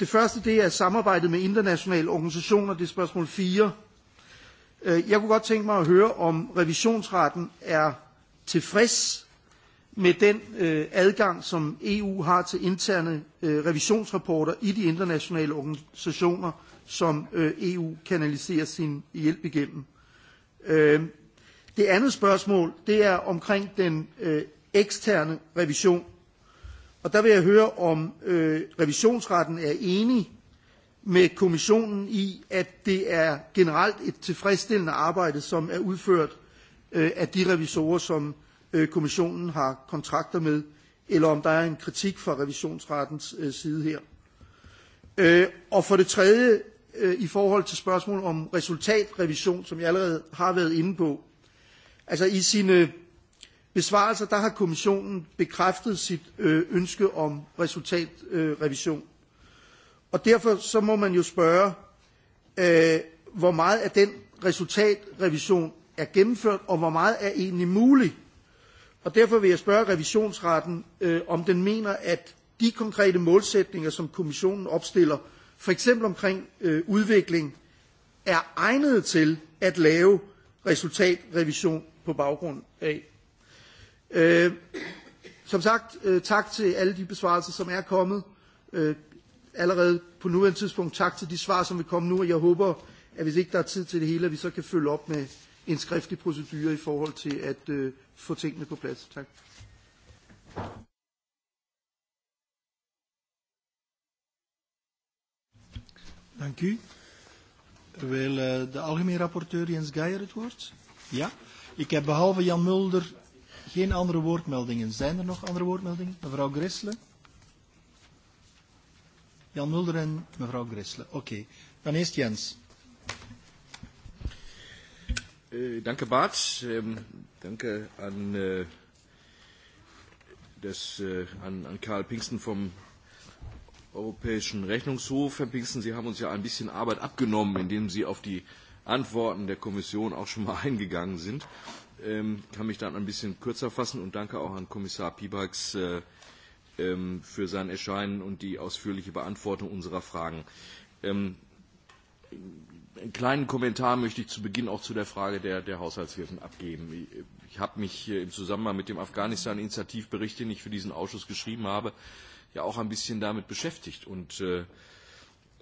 det første det er samarbejdet med internationale organisationer, det er spørgsmål 4. jeg kunne godt tænke mig at høre, om revisionsretten er tilfreds med den øh, adgang, som EU har til interne øh, revisionsrapporter i de internationale organisationer, som øh, EU kanaliserer sin hjælp igennem. Øh, det andet spørgsmål, det er omkring den øh, eksterne revision. Og der vil jeg høre, om øh, revisionsretten er enig med kommissionen i, at det er generelt et tilfredsstillende arbejde, som er udført øh, af de revisorer, som Øh, kommissionen har kontrakter med, eller om der er en kritik fra revisionsrettens øh, side her. Øh, og for det tredje, i forhold til spørgsmålet om resultatrevision, som jeg allerede har været inde på. Altså i sine besvarelser, der har kommissionen bekræftet sit ønske om resultatrevision. og derfor så må man jo spørge, hvor meget af den resultatrevision er gennemført, og hvor meget er egentlig muligt. Og derfor vil jeg spørge revisionsretten, øh, om den mener, at de konkrete målsætninger, som kommissionen opstiller, for eksempel omkring øh, udvikling, er egnet til at lave resultatrevision på baggrund af. Øh, som sagt, øh, tak til alle de besvarelser, som er kommet. Øh, allerede på nuværende tidspunkt tak til de svar, som vil komme nu, og jeg håber, at hvis ikke der er tid til det hele, at vi så kan følge op med en skriftlig procedure i forhold til at øh, få tingene på plads. Tak. Dank u. Wil uh, eh, de algemeen rapporteur Jens Geijer het woord? Ja. Ik heb behalve Jan Mulder geen andere woordmeldingen. Zijn er nog andere woordmeldingen? Mevrouw Grissle? Jan Mulder en mevrouw Grissle. Oké. Okay. Dan eerst Jens. Uh, eh, dank u, Danke, Bart. Ehm, Danke an, äh, das, äh, an, an Karl Pinksten vom Europäischen Rechnungshof. Herr Pinksten, Sie haben uns ja ein bisschen Arbeit abgenommen, indem Sie auf die Antworten der Kommission auch schon mal eingegangen sind. Ähm, kann mich dann ein bisschen kürzer fassen und danke auch an Kommissar Piebalgs äh, ähm, für sein Erscheinen und die ausführliche Beantwortung unserer Fragen. Ähm, einen kleinen Kommentar möchte ich zu Beginn auch zu der Frage der, der Haushaltshilfen abgeben. Ich, habe mich im Zusammenhang mit dem Afghanistan-Initiativbericht, den ich für diesen Ausschuss geschrieben habe, ja auch ein bisschen damit beschäftigt. Und äh,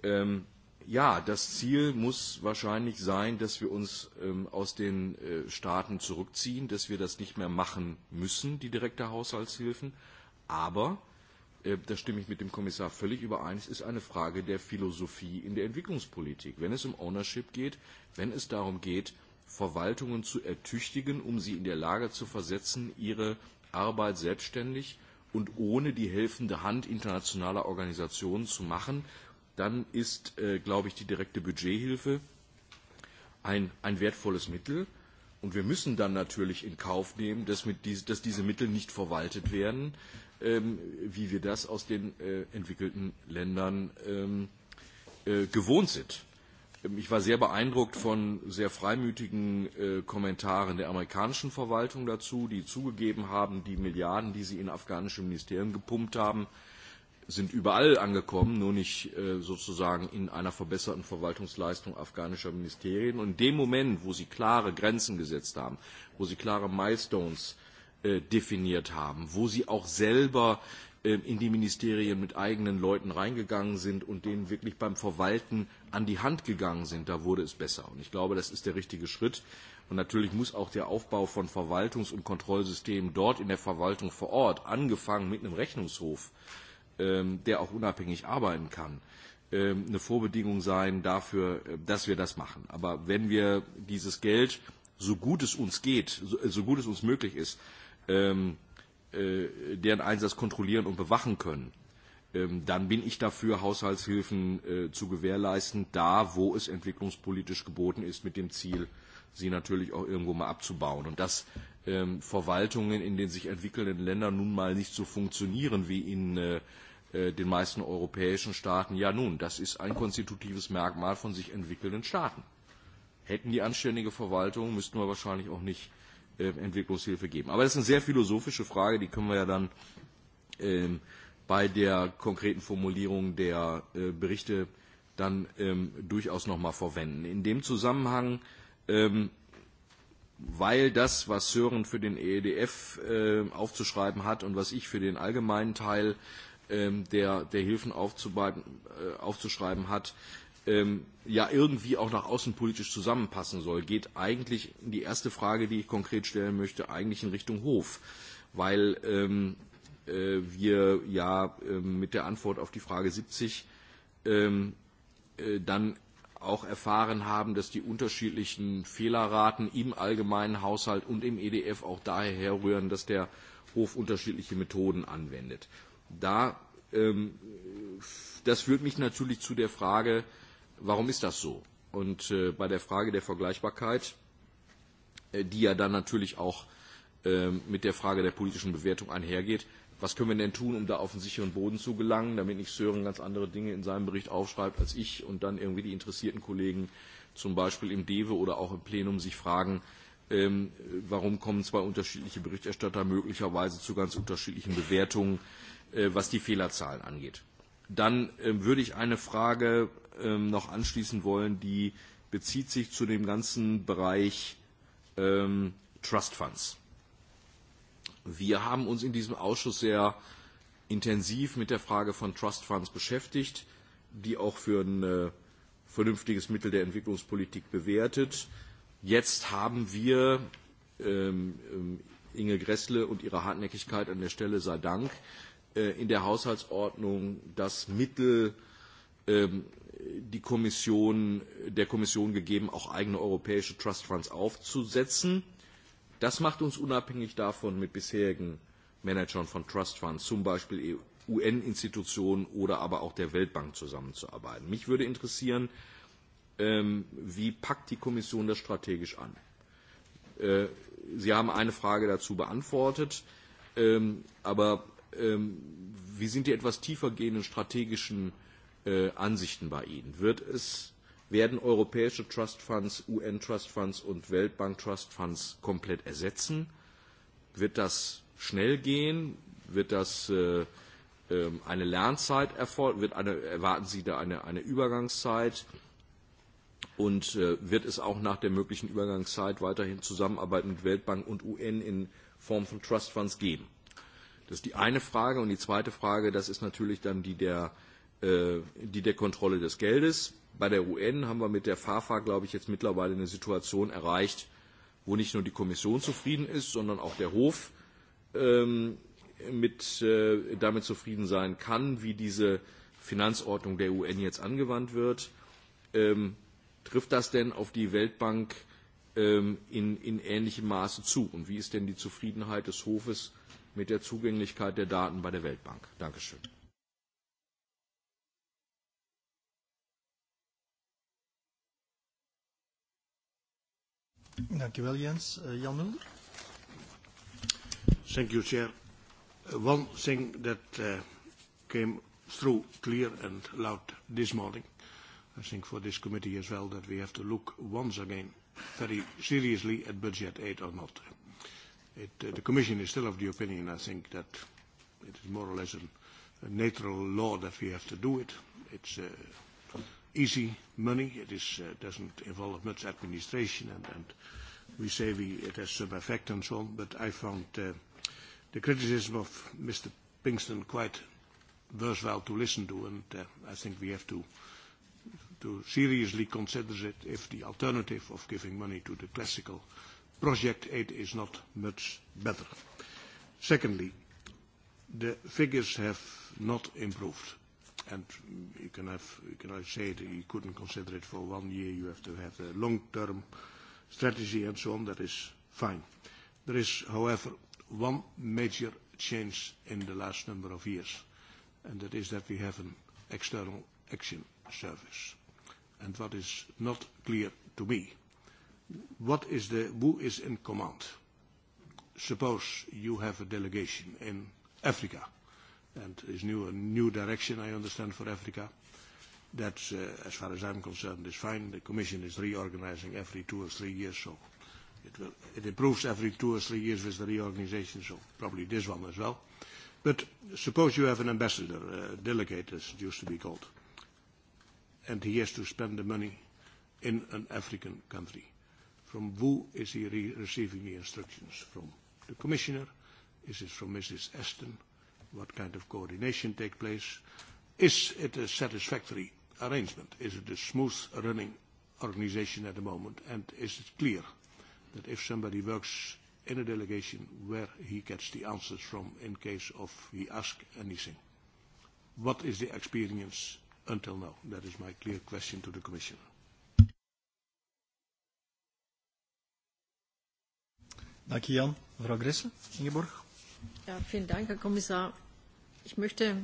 ähm, ja, das Ziel muss wahrscheinlich sein, dass wir uns ähm, aus den äh, Staaten zurückziehen, dass wir das nicht mehr machen müssen, die direkte Haushaltshilfen. Aber Äh, da stimme ich mit dem Kommissar völlig überein, es ist eine Frage der Philosophie in der Entwicklungspolitik. Wenn es um Ownership geht, wenn es darum geht, Verwaltungen zu ertüchtigen, um sie in der Lage zu versetzen, ihre Arbeit selbstständig und ohne die helfende Hand internationaler Organisationen zu machen, dann ist, äh, glaube ich, die direkte Budgethilfe ein, ein wertvolles Mittel. Und wir müssen dann natürlich in Kauf nehmen, dass, mit dies, dass diese Mittel nicht verwaltet werden, äh, ähm, wie wir das aus den äh, entwickelten Ländern ähm, äh, gewohnt sind. Ähm, ich war sehr beeindruckt von sehr freimütigen äh, Kommentaren der amerikanischen Verwaltung dazu, die zugegeben haben, die Milliarden, die sie in afghanische Ministerien gepumpt haben, sind überall angekommen, nur nicht äh, sozusagen in einer verbesserten Verwaltungsleistung afghanischer Ministerien. Und in dem Moment, wo sie klare Grenzen gesetzt haben, wo sie klare Milestones Äh, definiert haben, wo sie auch selber äh, in die Ministerien mit eigenen Leuten reingegangen sind und denen wirklich beim Verwalten an die Hand gegangen sind, da wurde es besser. Und ich glaube, das ist der richtige Schritt. Und natürlich muss auch der Aufbau von Verwaltungs- und Kontrollsystemen dort in der Verwaltung vor Ort, angefangen mit einem Rechnungshof, ähm, der auch unabhängig arbeiten kann, ähm, eine Vorbedingung sein dafür, äh, dass wir das machen. Aber wenn wir dieses Geld, so gut es uns geht, so gut es uns möglich ist, ähm, äh, deren Einsatz kontrollieren und bewachen können, ähm, dann bin ich dafür, Haushaltshilfen äh, zu gewährleisten, da wo es entwicklungspolitisch geboten ist, mit dem Ziel, sie natürlich auch irgendwo mal abzubauen. Und dass ähm, Verwaltungen in den sich entwickelnden Ländern nun mal nicht so funktionieren wie in äh, äh den meisten europäischen Staaten. Ja nun, das ist ein konstitutives Merkmal von sich entwickelnden Staaten. Hätten die anständige Verwaltung, müssten wir wahrscheinlich auch nicht äh, Äh, Entwicklungshilfe geben. Aber das ist eine sehr philosophische Frage, die können wir ja dann ähm, bei der konkreten Formulierung der äh, Berichte dann ähm, durchaus nochmal verwenden. In dem Zusammenhang, ähm, weil das, was Sören für den EDF äh, aufzuschreiben hat und was ich für den allgemeinen Teil äh, der, der Hilfen äh, aufzuschreiben hat, ähm, ja irgendwie auch nach außen politisch zusammenpassen soll, geht eigentlich die erste Frage, die ich konkret stellen möchte, eigentlich in Richtung Hof, weil ähm, äh, wir ja äh, mit der Antwort auf die Frage 70 ähm, äh, dann auch erfahren haben, dass die unterschiedlichen Fehlerraten im allgemeinen Haushalt und im EDF auch daher herrühren, dass der Hof unterschiedliche Methoden anwendet. Da, ähm, das führt mich natürlich zu der Frage, äh, warum ist das so? Und äh, bei der Frage der Vergleichbarkeit, äh, die ja dann natürlich auch äh, mit der Frage der politischen Bewertung einhergeht, was können wir denn tun, um da auf den sicheren Boden zu gelangen, damit nicht Sören ganz andere Dinge in seinem Bericht aufschreibt als ich und dann irgendwie die interessierten Kollegen zum Beispiel im DEWE oder auch im Plenum sich fragen, ähm, warum kommen zwei unterschiedliche Berichterstatter möglicherweise zu ganz unterschiedlichen Bewertungen, äh, was die Fehlerzahlen angeht. Dann äh, würde ich eine Frage ähm, noch anschließen wollen, die bezieht sich zu dem ganzen Bereich ähm, Trust Funds. Wir haben uns in diesem Ausschuss sehr intensiv mit der Frage von Trust Funds beschäftigt, die auch für ein äh, vernünftiges Mittel der Entwicklungspolitik bewertet. Jetzt haben wir ähm, ähm Inge Gressle und ihre Hartnäckigkeit an der Stelle sei Dank äh, in der Haushaltsordnung das Mittel ähm, die Kommission, der Kommission gegeben, auch eigene europäische Trust Funds aufzusetzen. Das macht uns unabhängig davon mit bisherigen Managern von Trust Funds, zum Beispiel UN-Institutionen oder aber auch der Weltbank zusammenzuarbeiten. Mich würde interessieren, ähm, wie packt die Kommission das strategisch an? Äh, Sie haben eine Frage dazu beantwortet, ähm, aber ähm, wie sind die etwas tiefergehenden strategischen äh, äh, Ansichten bei Ihnen. Wird es, werden europäische Trust Funds, UN Trust Funds und Weltbank Trust Funds komplett ersetzen? Wird das schnell gehen? Wird das äh, ähm, eine Lernzeit erfolgen? Wird eine, erwarten Sie da eine, eine Übergangszeit? Und äh, wird es auch nach der möglichen Übergangszeit weiterhin Zusammenarbeit mit Weltbank und UN in Form von Trust Funds geben? Das ist die eine Frage. Und die zweite Frage, das ist natürlich dann die der Äh, die der Kontrolle des Geldes. Bei der UN haben wir mit der FAFA, glaube ich, jetzt mittlerweile eine Situation erreicht, wo nicht nur die Kommission zufrieden ist, sondern auch der Hof ähm, mit, äh, damit zufrieden sein kann, wie diese Finanzordnung der UN jetzt angewandt wird. Ähm, trifft das denn auf die Weltbank ähm, in, in ähnlichem Maße zu? Und wie ist denn die Zufriedenheit des Hofes mit der Zugänglichkeit der Daten bei der Weltbank? Dankeschön. Dank u wel, Jens. Uh, Jan Mulder. Thank you, Chair. Eh, one thing that uh, came through clear and loud this morning, I think for this committee as well, that we have to look once again very seriously at budget aid or not. It, uh, the Commission is still of the opinion, I think, that it is more or less an, a natural law that we have to do it. It's uh, easy money. It is, uh, doesn't involve much administration, and, and we say we, it has some effect and so on. But I found uh, the criticism of Mr. Pinkston quite worthwhile to listen to, and uh, I think we have to to seriously consider it if the alternative of giving money to the classical project aid is not much better. Secondly, the figures have not improved and you can have, you cannot say that you couldn't consider it for one year. You have to have a long-term strategy and so on. That is fine. There is, however, one major change in the last number of years, and that is that we have an external action service. And what is not clear to me, what is the, who is in command? Suppose you have a delegation in Africa and is new a new direction, I understand, for Africa. That, uh, as far as I'm concerned, is fine. The Commission is reorganizing every two or three years, so it, will, it improves every two or three years with the reorganization, so probably this one as well. But suppose you have an ambassador, a uh, delegate as it used to be called, and he has to spend the money in an African country. From who is he re receiving the instructions? From the commissioner? Is it from Mrs. Aston? Uh, what kind of coordination take place. Is it a satisfactory arrangement? Is it a smooth running organization at the moment? And is it clear that if somebody works in a delegation, where he gets the answers from in case of he asks anything? What is the experience until now? That is my clear question to the Commissioner. Dank je, Jan. Mevrouw Grissen, Ingeborg. Ja, vielen Dank, Herr Kommissar. Ich möchte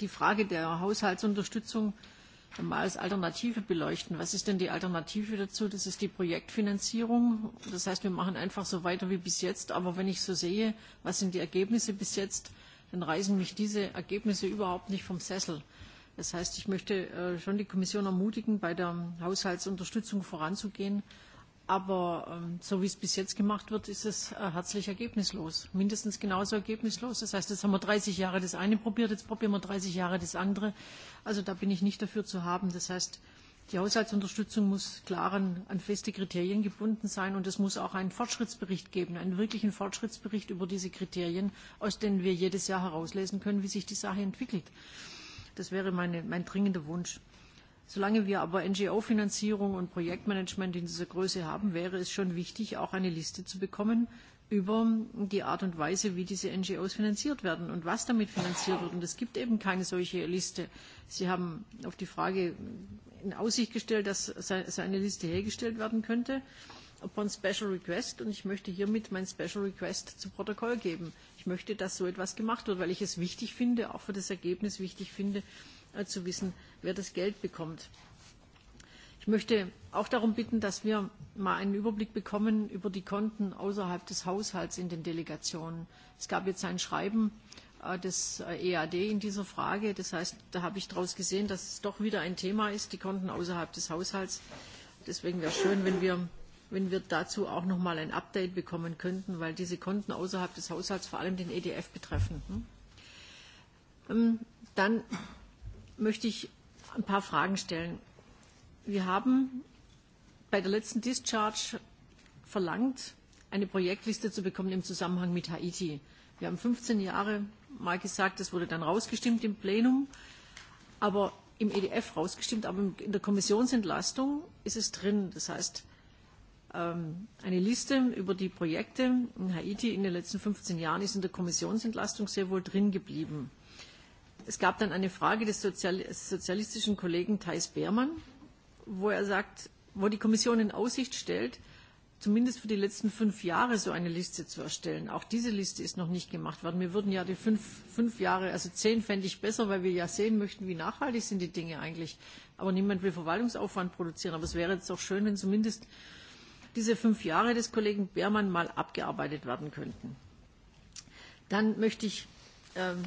die Frage der Haushaltsunterstützung mal als Alternative beleuchten. Was ist denn die Alternative dazu? Das ist die Projektfinanzierung. Das heißt, wir machen einfach so weiter wie bis jetzt. Aber wenn ich so sehe, was sind die Ergebnisse bis jetzt, dann reißen mich diese Ergebnisse überhaupt nicht vom Sessel. Das heißt, ich möchte äh, schon die Kommission ermutigen, bei der Haushaltsunterstützung voranzugehen Aber ähm, so wie es bis jetzt gemacht wird, ist es äh, herzlich ergebnislos. Mindestens genauso ergebnislos. Das heißt, jetzt haben wir 30 Jahre das eine probiert, jetzt probieren wir 30 Jahre das andere. Also da bin ich nicht dafür zu haben. Das heißt, die Haushaltsunterstützung muss klar an, an feste Kriterien gebunden sein und es muss auch einen Fortschrittsbericht geben, einen wirklichen Fortschrittsbericht über diese Kriterien, aus denen wir jedes Jahr herauslesen können, wie sich die Sache entwickelt. Das wäre meine, mein dringender Wunsch. Solange wir aber NGO-Finanzierung und Projektmanagement in dieser Größe haben, wäre es schon wichtig, auch eine Liste zu bekommen über die Art und Weise, wie diese NGOs finanziert werden und was damit finanziert wird. Und es gibt eben keine solche Liste. Sie haben auf die Frage in Aussicht gestellt, dass so eine Liste hergestellt werden könnte upon Special Request und ich möchte hiermit mein Special Request zu Protokoll geben. Ich möchte, dass so etwas gemacht wird, weil ich es wichtig finde, auch für das Ergebnis wichtig finde, zu wissen, wer das Geld bekommt. Ich möchte auch darum bitten, dass wir mal einen Überblick bekommen über die Konten außerhalb des Haushalts in den Delegationen. Es gab jetzt ein Schreiben äh, des äh, EAD in dieser Frage. Das heißt, da habe ich daraus gesehen, dass es doch wieder ein Thema ist, die Konten außerhalb des Haushalts. Deswegen wäre es schön, wenn wir, wenn wir dazu auch noch mal ein Update bekommen könnten, weil diese Konten außerhalb des Haushalts vor allem den EDF betreffen. Hm? Ähm, dann möchte ich ein paar Fragen stellen. Wir haben bei der letzten Discharge verlangt, eine Projektliste zu bekommen im Zusammenhang mit Haiti. Wir haben 15 Jahre mal gesagt, das wurde dann rausgestimmt im Plenum, aber im EDF rausgestimmt, aber in der Kommissionsentlastung ist es drin. Das heißt, ähm, eine Liste über die Projekte in Haiti in den letzten 15 Jahren ist in der Kommissionsentlastung sehr wohl drin geblieben. Es gab dann eine Frage des sozialistischen Kollegen Thijs Beermann, wo er sagt, wo die Kommission in Aussicht stellt, zumindest für die letzten fünf Jahre so eine Liste zu erstellen. Auch diese Liste ist noch nicht gemacht worden. Wir würden ja die fünf, fünf Jahre, also zehn fände ich besser, weil wir ja sehen möchten, wie nachhaltig sind die Dinge eigentlich. Aber niemand will Verwaltungsaufwand produzieren. Aber es wäre jetzt auch schön, wenn zumindest diese fünf Jahre des Kollegen Beermann mal abgearbeitet werden könnten. Dann möchte ich ähm,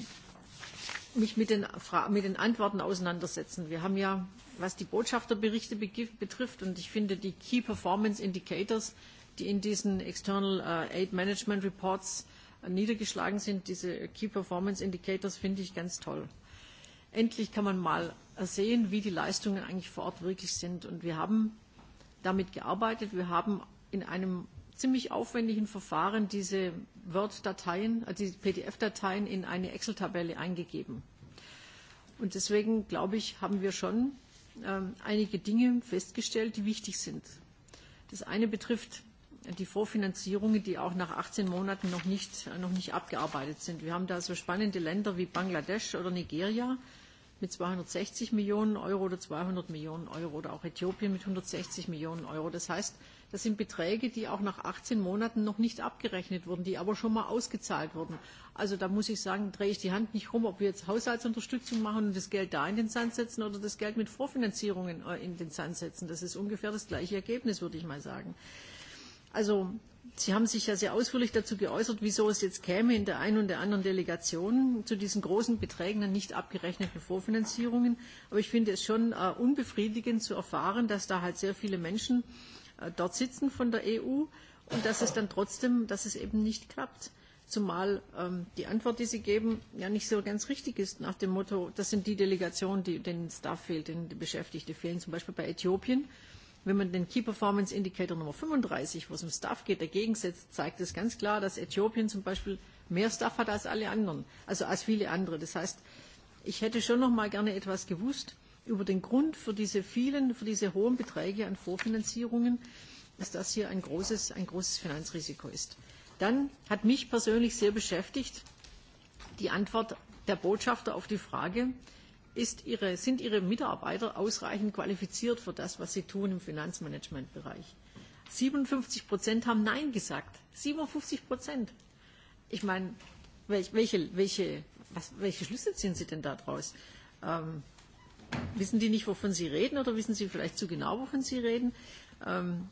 mich mit den, mit den Antworten auseinandersetzen. Wir haben ja, was die Botschafterberichte betrifft, und ich finde die Key Performance Indicators, die in diesen External äh, Aid Management Reports äh, niedergeschlagen sind, diese Key Performance Indicators finde ich ganz toll. Endlich kann man mal äh, sehen, wie die Leistungen eigentlich vor Ort wirklich sind. Und wir haben damit gearbeitet. Wir haben in einem ziemlich aufwendigen Verfahren diese Word-Dateien, also diese PDF-Dateien in eine Excel-Tabelle eingegeben. Und deswegen, glaube ich, haben wir schon ähm, einige Dinge festgestellt, die wichtig sind. Das eine betrifft die Vorfinanzierungen, die auch nach 18 Monaten noch nicht, äh, noch nicht abgearbeitet sind. Wir haben da so spannende Länder wie Bangladesch oder Nigeria mit 260 Millionen Euro oder 200 Millionen Euro oder auch Äthiopien mit 160 Millionen Euro. Das heißt, Das sind Beträge, die auch nach 18 Monaten noch nicht abgerechnet wurden, die aber schon mal ausgezahlt wurden. Also da muss ich sagen, drehe ich die Hand nicht rum, ob wir jetzt Haushaltsunterstützung machen und das Geld da in den Sand setzen oder das Geld mit Vorfinanzierungen äh, in den Sand setzen. Das ist ungefähr das gleiche Ergebnis, würde ich mal sagen. Also Sie haben sich ja sehr ausführlich dazu geäußert, wieso es jetzt käme in der einen und der anderen Delegation zu diesen großen Beträgen an nicht abgerechneten Vorfinanzierungen. Aber ich finde es schon äh, unbefriedigend zu erfahren, dass da halt sehr viele Menschen äh, Äh, dort sitzen von der EU und dass es dann trotzdem, dass es eben nicht klappt. Zumal ähm, die Antwort, die Sie geben, ja nicht so ganz richtig ist, nach dem Motto, das sind die Delegationen, die, denen Staff fehlt, denen die Beschäftigte fehlen. Zum Beispiel bei Äthiopien, wenn man den Key Performance Indicator Nummer 35, wo es um Staff geht, dagegen setzt, zeigt es ganz klar, dass Äthiopien zum Beispiel mehr Staff hat als alle anderen, also als viele andere. Das heißt, ich hätte schon noch mal gerne etwas gewusst, über den Grund für diese vielen, für diese hohen Beträge an Vorfinanzierungen, dass das hier ein großes, ein großes Finanzrisiko ist. Dann hat mich persönlich sehr beschäftigt die Antwort der Botschafter auf die Frage, ist ihre, sind Ihre Mitarbeiter ausreichend qualifiziert für das, was Sie tun im Finanzmanagementbereich? 57 Prozent haben Nein gesagt. 57 Prozent. Ich meine, welche, welche, was, welche Schlüsse ziehen Sie denn daraus? Ähm, Wissen die nicht, wovon sie reden oder wissen sie vielleicht zu genau, wovon sie reden? Ähm,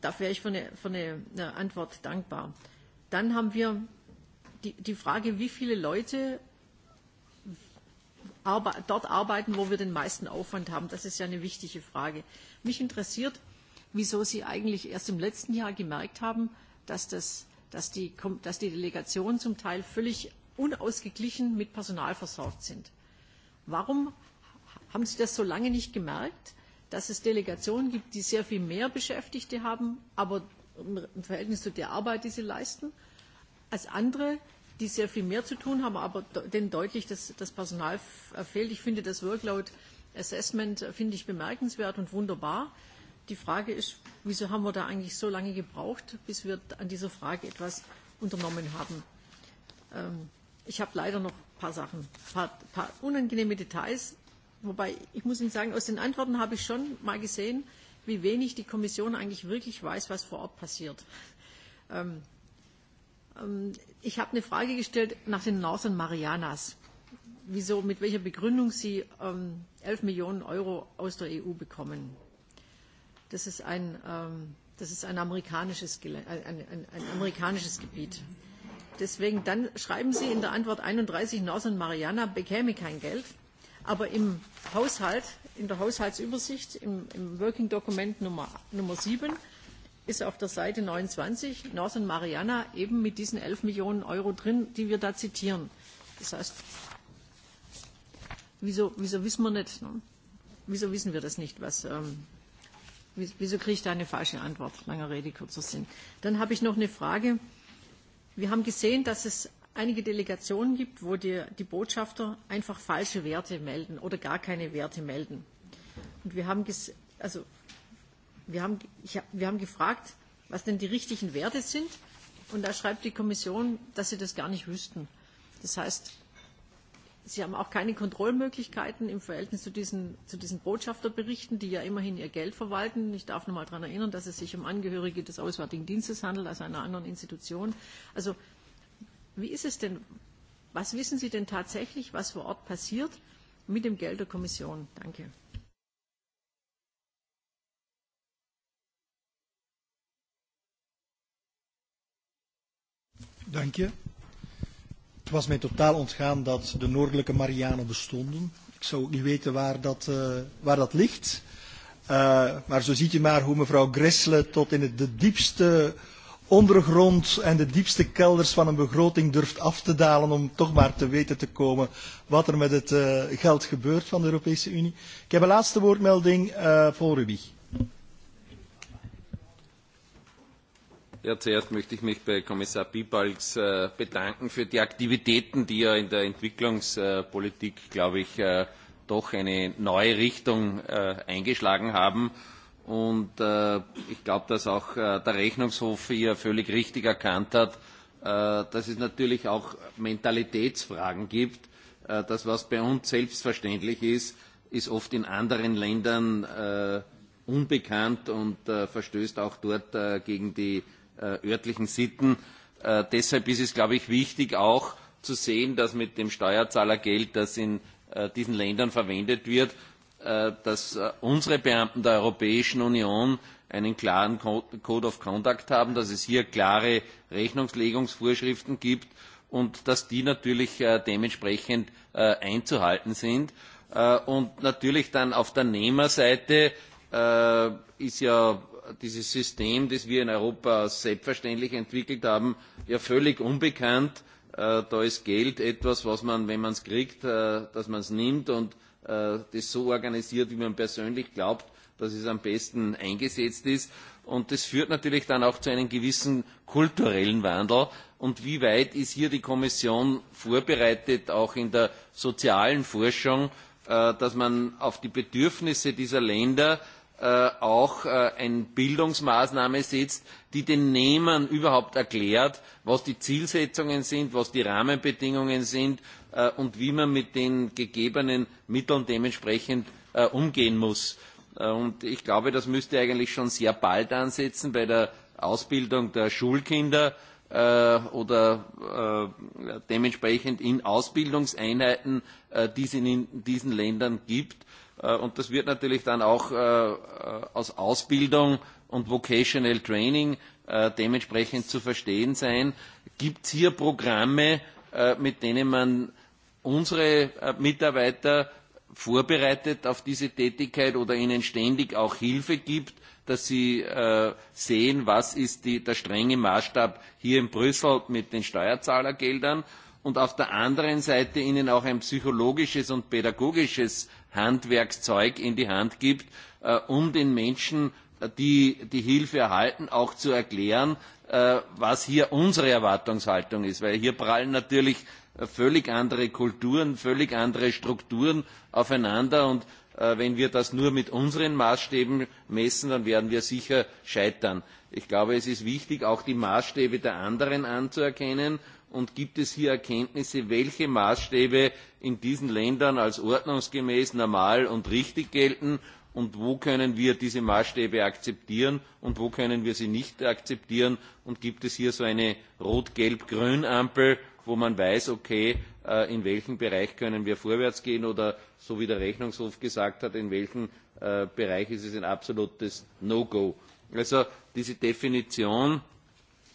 da wäre ich für eine, für eine, eine Antwort dankbar. Dann haben wir die, die Frage, wie viele Leute arbe dort arbeiten, wo wir den meisten Aufwand haben. Das ist ja eine wichtige Frage. Mich interessiert, wieso Sie eigentlich erst im letzten Jahr gemerkt haben, dass, das, dass, die, dass die Delegationen zum Teil völlig unausgeglichen mit Personal versorgt sind. Warum haben Sie das so lange nicht gemerkt, dass es Delegationen gibt, die sehr viel mehr Beschäftigte haben, aber im Verhältnis zu der Arbeit, die sie leisten, als andere, die sehr viel mehr zu tun haben, aber denen deutlich das, das Personal äh, fehlt. Ich finde das Workload Assessment äh, finde ich bemerkenswert und wunderbar. Die Frage ist, wieso haben wir da eigentlich so lange gebraucht, bis wir an dieser Frage etwas unternommen haben? Ähm, ich habe leider noch paar Sachen, paar, paar unangenehme Details. Wobei, ich muss Ihnen sagen, aus den Antworten habe ich schon mal gesehen, wie wenig die Kommission eigentlich wirklich weiß, was vor Ort passiert. Ähm, ähm, ich habe eine Frage gestellt nach den Northern Marianas. Wieso, mit welcher Begründung Sie ähm, 11 Millionen Euro aus der EU bekommen? Das ist ein, ähm, das ist ein, amerikanisches, ein, ein, ein, amerikanisches Gebiet. Deswegen dann schreiben Sie in der Antwort 31 Northern Mariana bekäme kein Geld, aber im Haushalt, in der Haushaltsübersicht, im, im Working Document Nummer, Nummer 7 ist auf der Seite 29 Northern Mariana eben mit diesen 11 Millionen Euro drin, die wir da zitieren. Das heißt, wieso, wieso wissen wir nicht, ne? wieso wissen wir das nicht, was, ähm, wieso kriege ich da eine falsche Antwort? Langer Rede, kurzer Sinn. Dann habe ich noch eine Frage Wir haben gesehen, dass es einige Delegationen gibt, wo die, die Botschafter einfach falsche Werte melden oder gar keine Werte melden. Und wir haben, ges, also, wir haben, ich, wir haben gefragt, was denn die richtigen Werte sind. Und da schreibt die Kommission, dass sie das gar nicht wüssten. Das heißt, Sie haben auch keine Kontrollmöglichkeiten im Verhältnis zu diesen, zu diesen Botschafterberichten, die ja immerhin ihr Geld verwalten. Ich darf noch mal daran erinnern, dass es sich um Angehörige des Auswärtigen Dienstes handelt, also einer anderen Institution. Also wie ist es denn, was wissen Sie denn tatsächlich, was vor Ort passiert mit dem Geld der Kommission? Danke. Danke. Het was mij totaal ontgaan dat de Noordelijke Marianen bestonden. Ik zou ook niet weten waar dat, uh, waar dat ligt. Uh, maar zo ziet u maar hoe mevrouw Gressle tot in het, de diepste ondergrond en de diepste kelders van een begroting durft af te dalen om toch maar te weten te komen wat er met het uh, geld gebeurt van de Europese Unie. Ik heb een laatste woordmelding uh, voor Rubie. Ja, zuerst möchte ich mich bei Kommissar Piebalgs äh, bedanken für die Aktivitäten, die er in der Entwicklungspolitik, äh, glaube ich, äh, doch eine neue Richtung eingeschlagen haben. Und ich glaube, dass auch der Rechnungshof hier völlig richtig erkannt hat, dass es natürlich auch Mentalitätsfragen gibt. das, was bei uns selbstverständlich ist, ist oft in anderen Ländern unbekannt und verstößt auch dort gegen die Äh, örtlichen Sitten. Äh, deshalb ist es, glaube ich, wichtig auch zu sehen, dass mit dem Steuerzahlergeld, das in äh, diesen Ländern verwendet wird, dass unsere Beamten der Europäischen Union einen klaren Code of Conduct haben, dass es hier klare Rechnungslegungsvorschriften gibt und dass die natürlich dementsprechend einzuhalten sind. Und natürlich dann auf der Nehmerseite ist ja dieses System, das wir in Europa selbstverständlich entwickelt haben, ja völlig unbekannt. Äh, da ist Geld etwas, was man, wenn man es kriegt, äh, dass man es nimmt und äh, das so organisiert, wie man persönlich glaubt, dass es am besten eingesetzt ist. Und das führt natürlich dann auch zu einem gewissen kulturellen Wandel. Und wie weit ist hier die Kommission vorbereitet, auch in der sozialen Forschung, dass man auf die Bedürfnisse dieser Länder Äh, auch äh, eine Bildungsmaßnahme setzt, die den Nehmern überhaupt erklärt, was die Zielsetzungen sind, was die Rahmenbedingungen sind äh, und wie man mit den gegebenen Mitteln dementsprechend umgehen muss. Und ich glaube, das müsste eigentlich schon sehr bald ansetzen bei der Ausbildung der Schulkinder oder dementsprechend in Ausbildungseinheiten, die es in diesen Ländern gibt Äh, und das wird natürlich dann auch äh, äh, aus Ausbildung und Vocational Training dementsprechend zu verstehen sein. Gibt es hier Programme, mit denen man unsere Mitarbeiter vorbereitet auf diese Tätigkeit oder ihnen ständig auch Hilfe gibt, dass sie sehen, was ist die, der strenge Maßstab hier in Brüssel mit den Steuerzahlergeldern und auf der anderen Seite ihnen auch ein psychologisches und pädagogisches Handwerkszeug in die Hand gibt, äh, um den Menschen, äh, die die Hilfe erhalten, auch zu erklären, äh, was hier unsere Erwartungshaltung ist. Weil hier prallen natürlich völlig andere Kulturen, völlig andere Strukturen aufeinander und wenn wir das nur mit unseren Maßstäben messen, dann werden wir sicher scheitern. Ich glaube, es ist wichtig, auch die Maßstäbe der anderen anzuerkennen und gibt es hier Erkenntnisse, welche Maßstäbe in diesen Ländern als ordnungsgemäß, normal und richtig gelten und wo können wir diese Maßstäbe akzeptieren und wo können wir sie nicht akzeptieren und gibt es hier so eine Rot-Gelb-Grün-Ampel, wo man weiß, okay, äh, in welchem Bereich können wir vorwärts gehen oder so wie der Rechnungshof gesagt hat, in welchem äh, Bereich ist es ein absolutes No-Go. Also diese Definition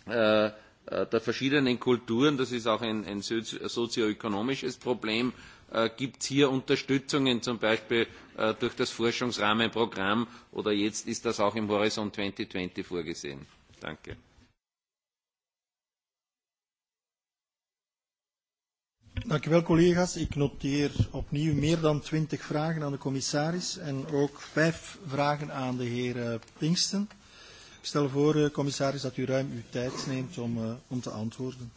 äh, Äh, der verschiedenen Kulturen, das ist auch ein, ein sozioökonomisches Problem, äh, gibt es hier Unterstützungen, zum Beispiel äh, durch das Forschungsrahmenprogramm oder jetzt ist das auch im Horizont 2020 vorgesehen. Danke. Dank u wel, collega's. Ik noteer opnieuw meer dan twintig vragen aan de commissaris en ook vijf vragen aan de heer eh, Pinksten. Ik stel voor, eh, commissaris, dat u ruim uw tijd neemt om, uh, om te antwoorden.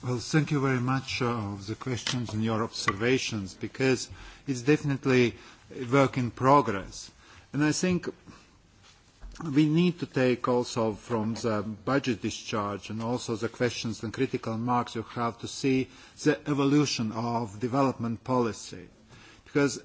Well, thank you very much uh, the questions and your observations, because it's definitely a work in progress. And I think we need to take also from the budget discharge and also the questions and critical marks you have to see the evolution of development policy. Because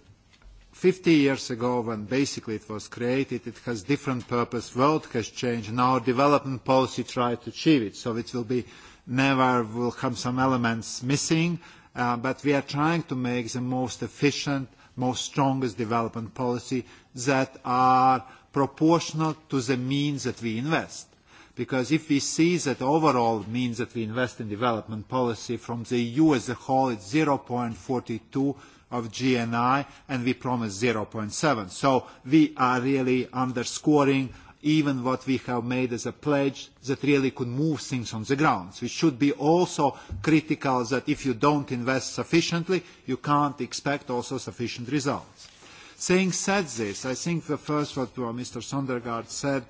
50 years ago when basically it was created, it has different purpose, world has changed, and our development policy tried to achieve it, so it will be never will have some elements missing, uh, but we are trying to make the most efficient, most strongest development policy that are proportional to the means that we invest. Because if we see that overall means that we invest in development policy from the EU as a whole, it's 0.42 of GNI, and we promised 0.7. So we are really underscoring even what we have made as a pledge that really could move things on the ground. We should be also critical that if you don't invest sufficiently, you can't expect also sufficient results. Saying said this, I think the first what uh, Mr. Sondergaard said,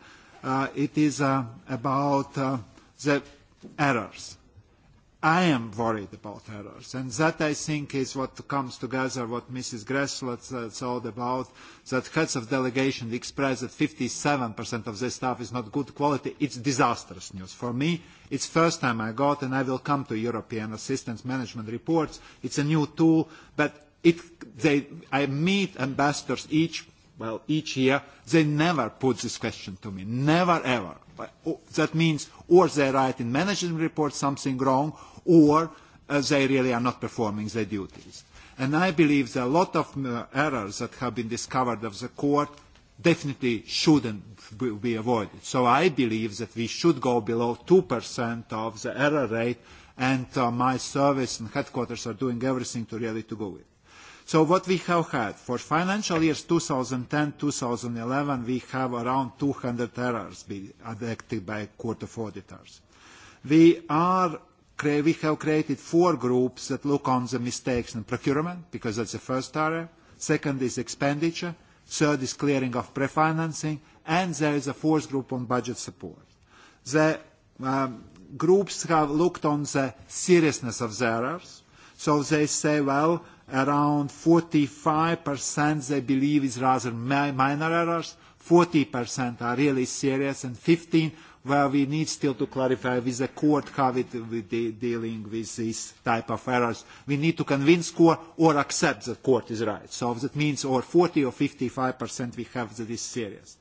uh, it is uh, about uh, the errors. I am worried about errors, and that I think is what comes together what Mrs. Gressler is all about, that heads of delegation express that 57% of their staff is not good quality. It's disastrous news. For me, it's first time I got, and I will come to European assistance management reports. It's a new tool, but it, they, I meet ambassadors each, well, each year. They never put this question to me, never ever. Oh, that means or they write in management reports something wrong, or uh, they really are not performing their duties. And I believe that a lot of uh, errors that have been discovered of the court definitely shouldn't be avoided. So I believe that we should go below 2% of the error rate, and uh, my service and headquarters are doing everything to really to go with. So what we have had for financial years 2010-2011, we have around 200 errors be detected by Court of Auditors. We are we have created four groups that look on the mistakes in procurement, because that's the first area. Second is expenditure. Third is clearing of pre-financing. And there is a fourth group on budget support. The um, groups have looked on the seriousness of the errors. So they say, well, around 45% they believe is rather minor errors, 40% are really serious, and 15 where we need still to clarify with the court how it will de dealing with these type of errors. We need to convince court or accept that court is right. So that means or 40 or 55 percent we have that is serious.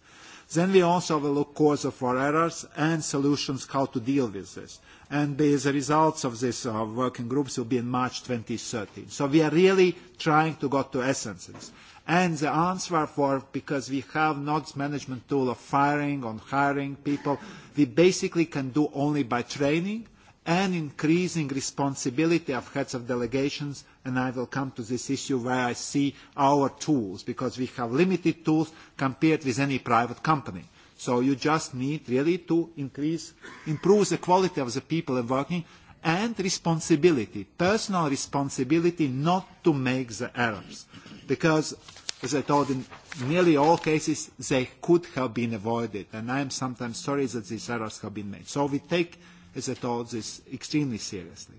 Then we also will look cause our errors and solutions how to deal with this. And the, the results of this uh, working groups will be in March 2013. So we are really trying to go to essences. And the answer for, because we have not management tool of firing on hiring people, we basically can do only by training and increasing responsibility of heads of delegations, and I will come to this issue where I see our tools, because we have limited tools compared with any private company. So you just need really to increase, improve the quality of the people working and responsibility, personal responsibility not to make the errors. Because, as I told, in nearly all cases, they could have been avoided. And I am sometimes sorry that these errors have been made. So we take, as I told, this extremely seriously.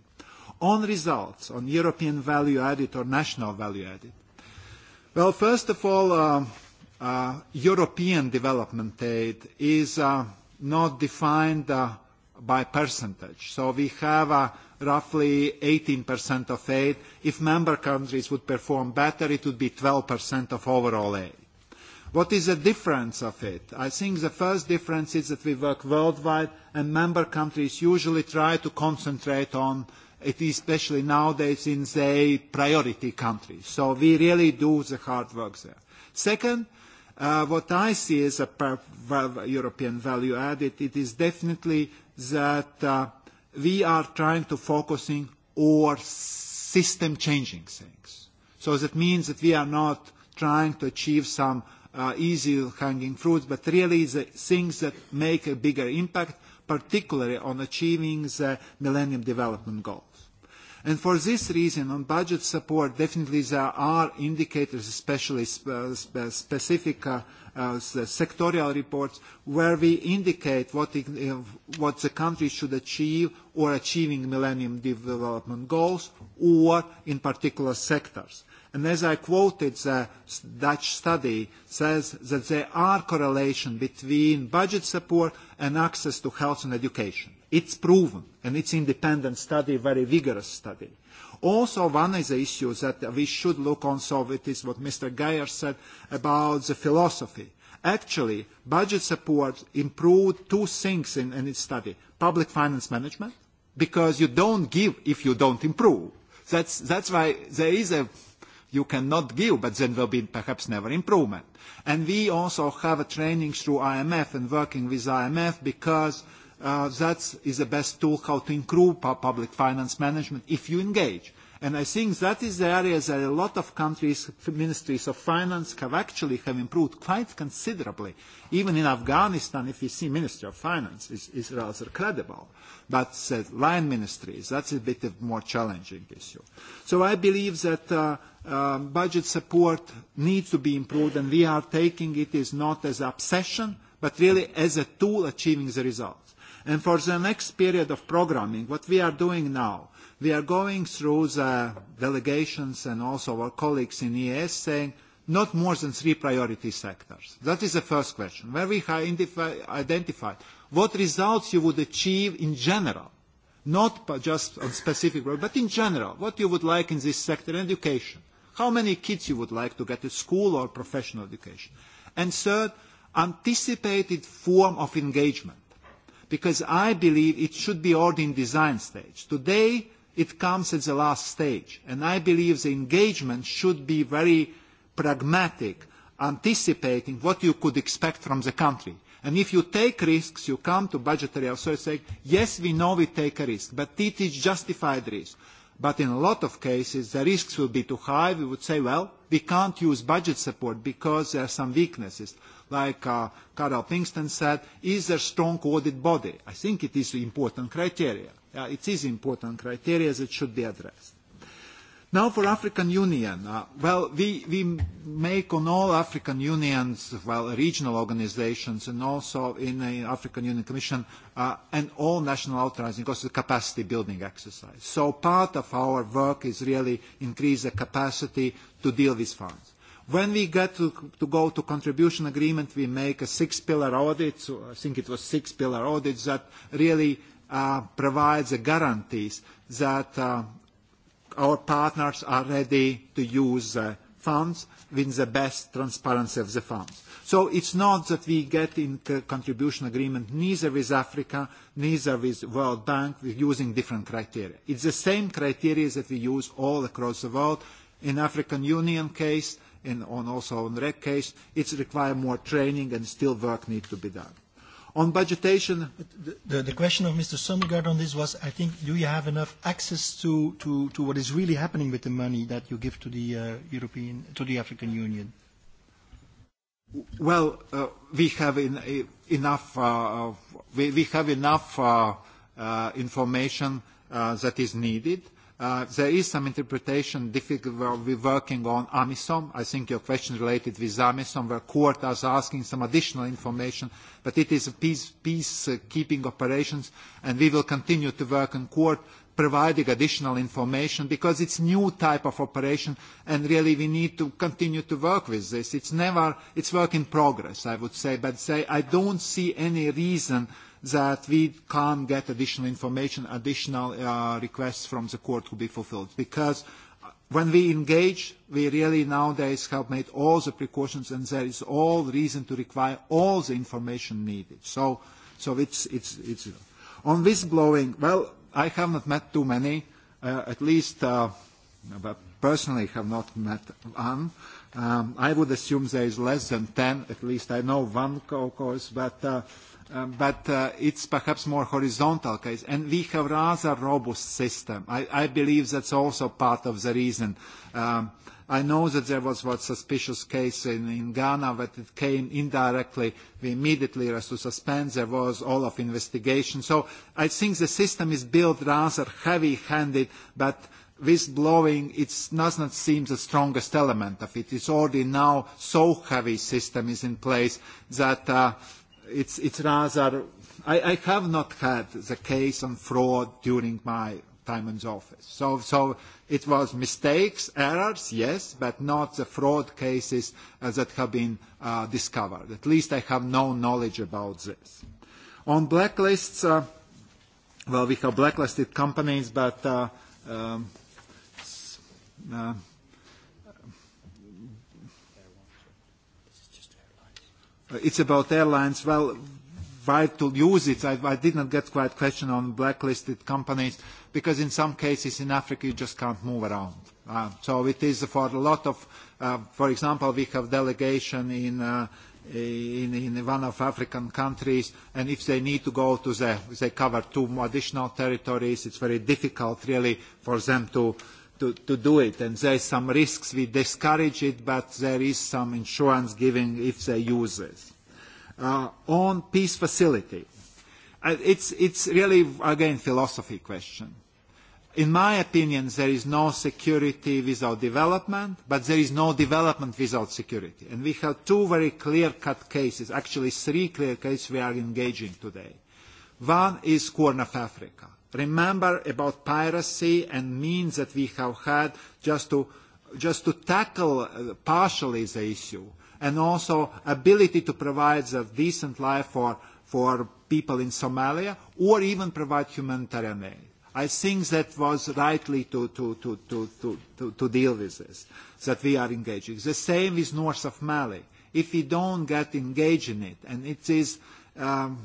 On results, on European value added or national value added. Well, first of all, uh, uh, European development aid is uh, not defined uh, by percentage. So we have uh, roughly 18% of aid. If member countries would perform better, it would be 12% of overall aid. What is the difference of it? I think the first difference is that we work worldwide and member countries usually try to concentrate on it especially nowadays in the priority countries. So we really do the hard work there. Second, uh, what I see as a European value added, it is definitely that uh, we are trying to focusing or system changing things. So that means that we are not trying to achieve some uh, easy hanging fruits, but really the things that make a bigger impact, particularly on achieving the Millennium Development Goals. And for this reason, on budget support, definitely there are indicators, especially specific uh, Uh, sectorial reports where we indicate what, it, uh, what the country should achieve or achieving Millennium Development Goals or in particular sectors. And as I quoted, the Dutch study says that there are correlation between budget support and access to health and education. It's proven, and it's independent study, very vigorous study. Also, one is the issue that we should look on, so it is what Mr. Geyer said about the philosophy. Actually, budget support improved two things in, in its study. Public finance management, because you don't give if you don't improve. That's, that's why there is a you cannot give, but then will be perhaps never improvement. And we also have a training through IMF and working with IMF because uh, that is the best tool how to improve public finance management if you engage. And I think that is the area that a lot of countries, ministries of finance have actually have improved quite considerably. Even in Afghanistan, if you see Ministry of Finance, is, is rather credible. But the line ministries, that's a bit of more challenging issue. So I believe that uh, uh, budget support needs to be improved, and we are taking it is not as obsession, but really as a tool achieving the results. And for the next period of programming, what we are doing now, we are going through the delegations and also our colleagues in ES, saying not more than three priority sectors. That is the first question, where we have identified what results you would achieve in general, not just on specific, but in general, what you would like in this sector, education, how many kids you would like to get a school or professional education. And third, anticipated form of engagement because I believe it should be already in design stage. Today, it comes at the last stage, and I believe the engagement should be very pragmatic, anticipating what you could expect from the country. And if you take risks, you come to budgetary authority say, yes, we know we take a risk, but it is justified risk. But in a lot of cases, the risks will be too high. We would say, well, we can't use budget support because there are some weaknesses like uh, Carol Pinkston said, is there strong audit body? I think it is important criteria. Uh, it is important criteria that should be addressed. Now for African Union, uh, well, we, we make on all African unions, well, regional organizations and also in the African Union Commission uh, and all national authorizing of the capacity building exercise. So part of our work is really increase the capacity to deal with funds. When we get to, to go to contribution agreement, we make a six-pillar audit. So I think it was six-pillar audit that really uh, provides the guarantees that uh, our partners are ready to use the funds with the best transparency of the funds. So it's not that we get in contribution agreement neither with Africa, neither with World Bank, we're using different criteria. It's the same criteria that we use all across the world. In African Union case, and on also on REC case, it requires more training and still work needs to be done. On budgetation... The, the, the question of Mr. Summergaard on this was, I think, do you have enough access to, to, to what is really happening with the money that you give to the uh, European, to the African Union? Well, uh, we have in, uh, enough, uh, we, we have enough uh, uh, information that is needed. Uh, there is some interpretation difficulty working on AMISOM. I think your question related with AMISOM, where court is asking some additional information, but it is a peace, peacekeeping uh, operations, and we will continue to work in court providing additional information because it's new type of operation and really we need to continue to work with this. It's never, it's work in progress, I would say, but say I don't see any reason that we can't get additional information, additional uh, requests from the court to be fulfilled because uh, when we engage, we really nowadays have made all the precautions and there is all reason to require all the information needed. So, so it's, it's, it's, on whistleblowing, well, I have not met too many, uh, at least uh, personally have not met one. Um, I would assume there is less than 10, at least I know one of course but, uh, uh, but uh, it's perhaps more horizontal case. And we have rather robust system. I, I believe that's also part of the reason. Um, I know that there was one suspicious case in, in Ghana that it came indirectly. We immediately had to suspend. There was all of investigation. So I think the system is built rather heavy-handed, but this blowing, it does not seem the strongest element of it. It's already now so heavy system is in place that uh, it's, it's rather... I, I have not had the case on fraud during my Timon's office. So, so it was mistakes, errors, yes, but not the fraud cases uh, that have been uh, discovered. At least I have no knowledge about this. On blacklists, uh, well, we have blacklisted companies, but uh, um, uh, it's about airlines. Well, why to use it? I, I did not get quite question on blacklisted companies. Uh, because in some cases in Africa you just can't move around. Uh, so it is for a lot of, uh, for example, we have delegation in, uh, in, in one of African countries, and if they need to go to the, they cover two additional territories, it's very difficult really for them to, to, to do it. And there are some risks, we discourage it, but there is some insurance giving if they use this. Uh, on peace facility, uh, it's, it's really, again, philosophy question in my opinion, there is no security without development, but there is no development without security. And we have two very clear-cut cases, actually three clear cases we are engaging today. One is Corn of Africa. Remember about piracy and means that we have had just to, just to tackle uh, partially the issue, and also ability to provide a decent life for, for people in Somalia, or even provide humanitarian aid. I think that was rightly to, to, to, to, deal with this, that we are engaging. The same is north of Mali. If we don't get engaged in it, and it is um,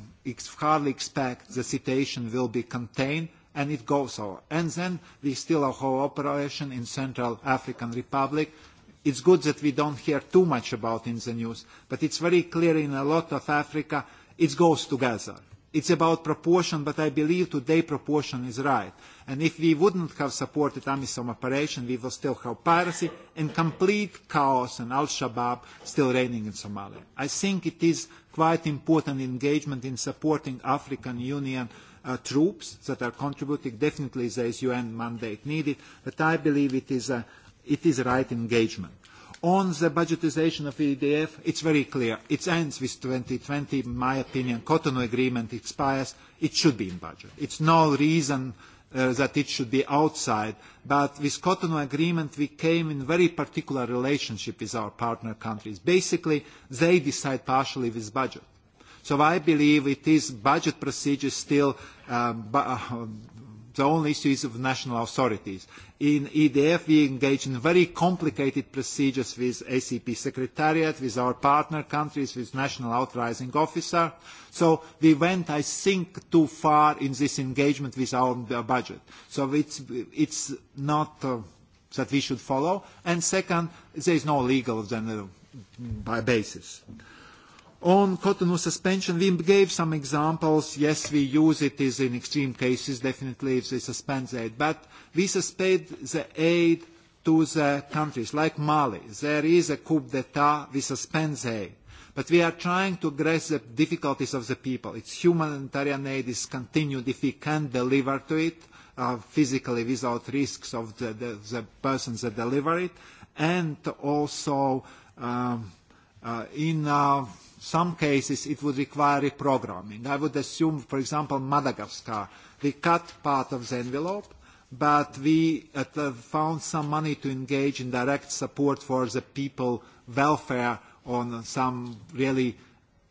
hardly expect the situation will be contained, and it goes on. And then we still have our operation in Central African Republic. It's good that we don't hear too much about in the news, but it's very clear in a lot of Africa, it goes together It's about proportion, but I believe today proportion is right. And if we wouldn't have supported AMISOM operation, we would still have piracy and complete chaos and Al-Shabaab still reigning in Somalia. I think it is quite important engagement in supporting African Union uh, troops that are contributing. Definitely there is UN mandate needed, but I believe it is, a, it is right engagement. On the budgetisation of EDF, it's very clear. It ends with 2020, in my opinion. Cotonou Agreement expires. It should be in budget. It's no reason uh, that it should be outside. But with Cotonou Agreement, we came in very particular relationship with our partner countries. Basically, they decide partially with budget. So I believe it is budget procedure still uh, uh, the only issues of national authorities. In EDF, we engage in very complicated procedures with ACP Secretariat, with our partner countries, with National Authorizing Officer. So we went, I think, too far in this engagement with our budget. So it's, it's not uh, that we should follow. And second, there is no legal then, uh, basis. Uh, On Cotonou suspension, we gave some examples. Yes, we use it is in extreme cases, definitely, if they suspend the aid. But we suspend the aid to the countries, like Mali. There is a coup d'etat, we suspend the aid. But we are trying to address the difficulties of the people. It's humanitarian aid is continued if we can deliver to it uh, physically without risks of the, the, the persons that deliver it. And also um, uh, in... Uh, some cases it would require reprogramming. I would assume, for example, Madagascar, we cut part of the envelope, but we uh, uh found some money to engage in direct support for the people welfare on some really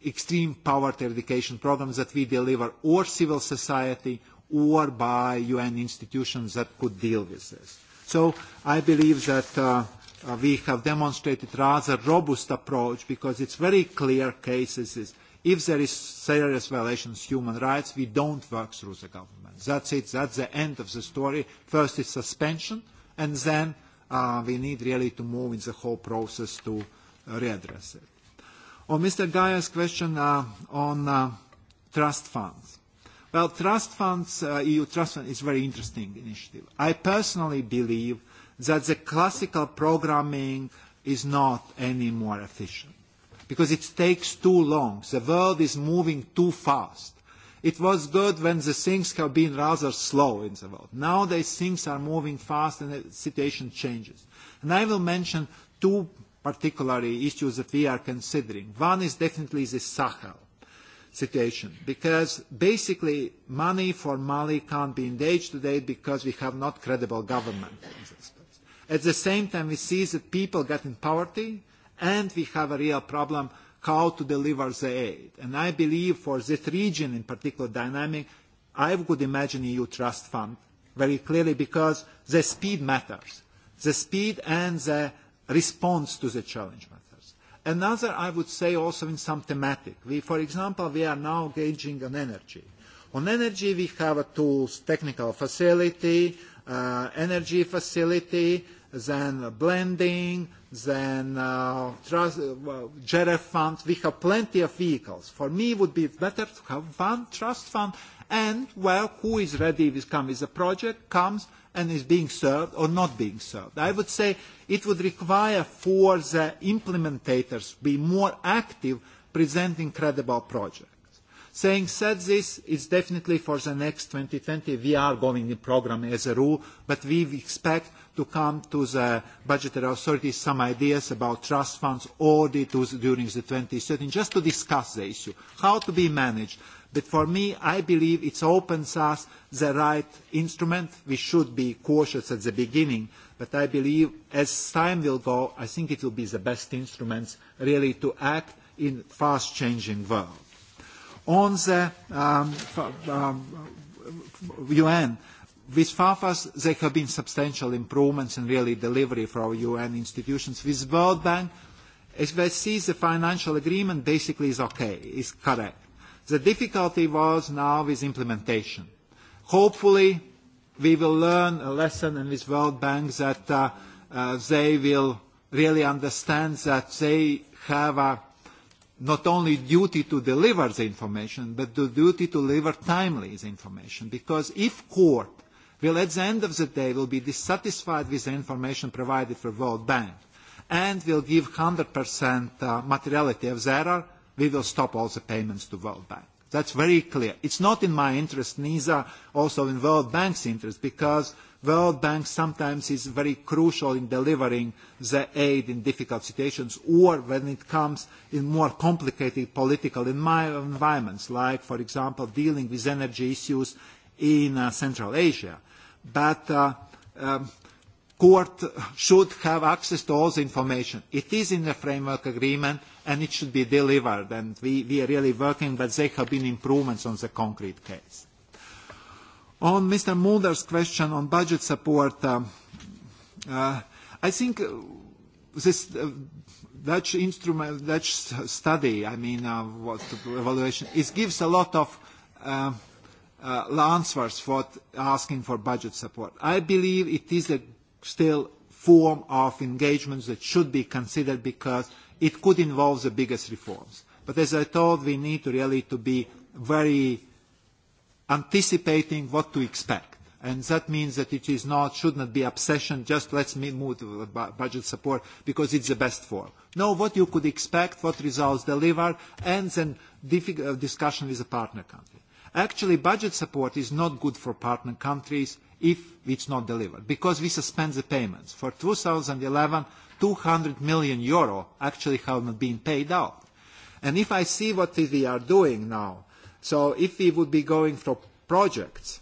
extreme poverty eradication programs that we deliver or civil society or by UN institutions that could deal with this. So I believe that uh, uh, we have demonstrated rather robust approach because it's very clear cases is if there is serious violations of human rights, we don't work through the government. That's it. That's the end of the story. First is suspension, and then uh, we need really to move in the whole process to readdress it. On Mr. Gaia's question uh, on uh, trust funds. Well, trust funds, uh, EU trust fund is a very interesting initiative. I personally believe – that the classical programming is not any more efficient because it takes too long. The world is moving too fast. It was good when the things have been rather slow in the world. Nowadays things are moving fast and the situation changes. And I will mention two particular issues that we are considering. One is definitely the Sahel situation because basically money for Mali can't be engaged today because we have not credible government. In this. At the same time, we see that people get in poverty, and we have a real problem how to deliver the aid. And I believe for this region in particular dynamic, I would imagine EU Trust Fund very clearly because the speed matters. The speed and the response to the challenge matters. Another, I would say, also in some thematic. We, for example, we are now engaging on energy. On energy, we have a tools, technical facility, uh, energy facility, then blending, then uh, trust, uh, GRF fund. We have plenty of vehicles. For me, it would be better to have one trust fund and, well, who is ready to come with a project comes and is being served or not being served. I would say it would require for the implementators be more active presenting credible projects. Saying said this, it's definitely for the next 2020. We are going in program as a rule, but we expect to come to the budgetary authorities some ideas about trust funds audit during the 2013, just to discuss the issue, how to be managed. But for me, I believe it opens us the right instrument. We should be cautious at the beginning, but I believe as time will go, I think it will be the best instruments really to act in fast-changing world. On the um, um, UN, um, With FAFAs, there have been substantial improvements in really delivery for our UN institutions. With World Bank, as see, the financial agreement basically is okay, is correct. The difficulty was now with implementation. Hopefully, we will learn a lesson in this World Bank that uh, uh, they will really understand that they have a not only duty to deliver the information, but the duty to deliver timely the information. Because if court will at the end of the day will be dissatisfied with the information provided for World Bank and will give 100% uh, materiality of the error, we will stop all the payments to World Bank. That's very clear. It's not in my interest, neither also in World Bank's interest, because World Bank sometimes is very crucial in delivering the aid in difficult situations or when it comes in more complicated political environments, like, for example, dealing with energy issues in uh, Central Asia but uh, um, court should have access to all the information. It is in the framework agreement and it should be delivered and we, we are really working but there have been improvements on the concrete case. On Mr. Mulder's question on budget support, um, uh, I think uh, this uh, Dutch instrument, Dutch study, I mean, uh, what evaluation, it gives a lot of um, uh, answers for asking for budget support. I believe it is a still form of engagement that should be considered because it could involve the biggest reforms. But as I told, we need to really to be very anticipating what to expect. And that means that it is not, should not be obsession, just let's move to budget support because it's the best form. Know what you could expect, what results deliver, and then uh, discussion with the partner countries. Actually, budget support is not good for partner countries if it's not delivered, because we suspend the payments. For 2011, 200 million euro actually have not been paid out. And if I see what we are doing now, so if we would be going for projects,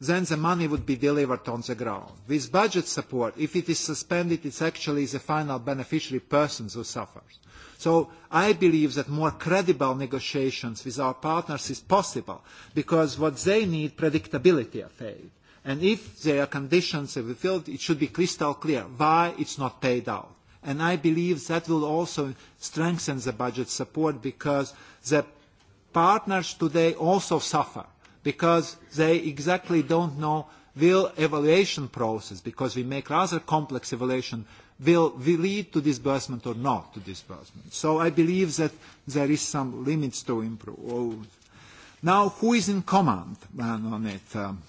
then the money would be delivered on the ground. With budget support, if it is suspended, it's actually the final beneficiary persons who suffers. So I believe that more credible negotiations with our partners is possible because what they need predictability of aid. And if there are conditions are fulfilled, it should be crystal clear why it's not paid out. And I believe that will also strengthen the budget support because the partners today also suffer because they exactly don't know will evaluation process because we make rather complex evaluation will, will lead to disbursement or not to disbursement. So I believe that there is some limits to improve. Now, who is in command on it? Um,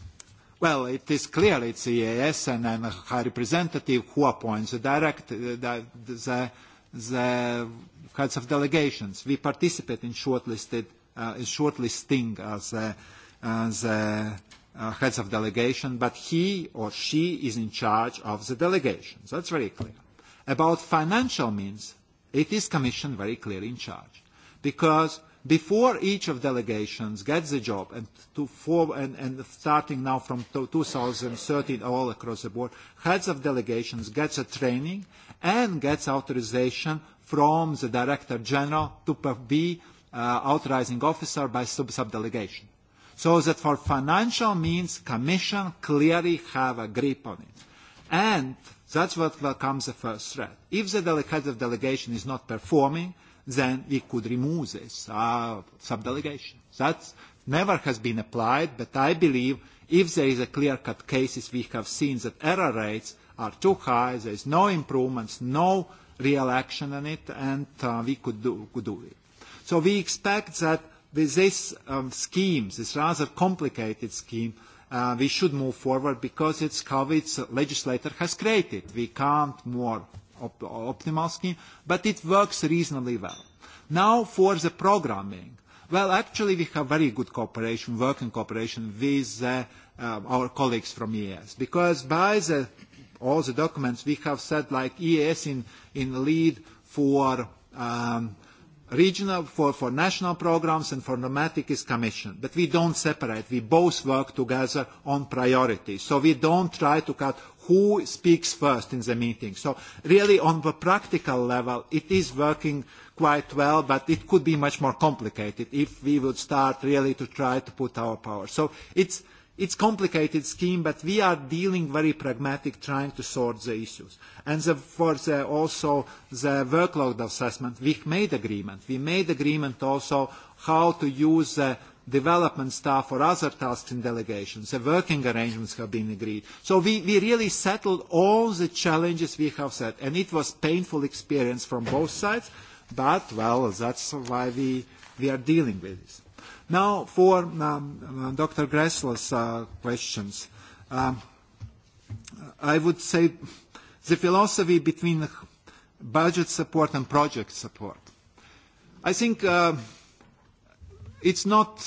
well, it is clear it's EAS and, then the High Representative who appoints the, direct, the, the, the heads of delegations. We participate in shortlisted, uh, in shortlisting as, uh, as uh, heads of delegation, but he or she is in charge of the delegation. So that's very clear. About financial means, it is Commission very clearly in charge, because before each of delegations gets the job, and, to for, and, and starting now from 2013 all across the board, heads of delegations gets a training and gets authorization from the Director General to be uh, authorizing officer by sub-subdelegation so that for financial means, Commission clearly have a grip on it. And that's what becomes the first threat. If the delegate of delegation is not performing, then we could remove this uh, subdelegation. That never has been applied, but I believe if there is a clear-cut cases, we have seen that error rates are too high, there is no improvements, no real action on it, and uh, we could do, could do it. So we expect that with this um, scheme, this rather complicated scheme, uh, we should move forward because it's how its legislator has created. We can't more op optimal scheme, but it works reasonably well. Now for the programming. Well, actually, we have very good cooperation, working cooperation with uh, uh, our colleagues from EAS, because by the, all the documents we have said, like EAS in, in lead for um, regional, for, for national programs and for nomadic is commission. But we don't separate. We both work together on priorities. So we don't try to cut who speaks first in the meeting. So really on the practical level, it is working quite well, but it could be much more complicated if we would start really to try to put our power. So it's It's a complicated scheme, but we are dealing very pragmatic, trying to sort the issues. And the, for the, also the workload assessment, we made agreement. We made agreement also how to use the development staff for other tasks in delegations. The working arrangements have been agreed. So we, we really settled all the challenges we have set. And it was painful experience from both sides, but, well, that's why we, we are dealing with this. Now for um, uh, Dr. Gressler's uh, questions. Um, I would say the philosophy between budget support and project support. I think uh, it's not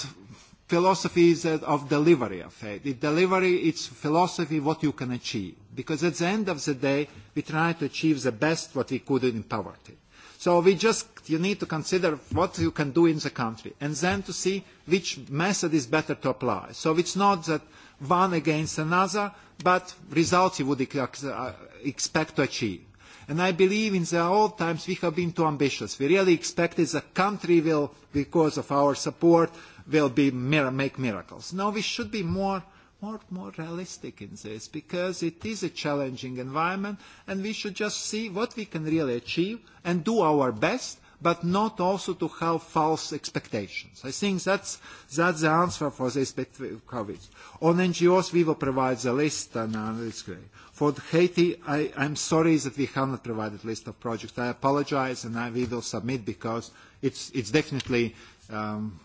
philosophy that of delivery of aid. The delivery, it's philosophy what you can achieve. Because at the end of the day, we try to achieve the best what we could in poverty. So we just, you need to consider what you can do in the country and then to see which method is better to apply. So it's not that one against another, but results you would uh, expect to achieve. And I believe in the old times we have been too ambitious. We really expected the country will, because of our support, will be, make miracles. Now we should be more more, more realistic in this because it is a challenging environment and we should just see what we can really achieve and do our best but not also to have false expectations. I think that's, that's the answer for this COVID. On NGOs, we will provide the list. And, uh, it's great. For Haiti, I, I'm sorry that we have not provided list of projects. I apologize, and I, we will submit because it's, it's definitely um,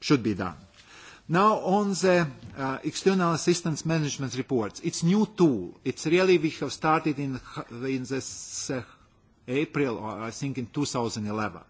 should be done. Now on the uh, external assistance management reports, it's new tool. It's really we have started in, in this uh, April, or I think in 2011.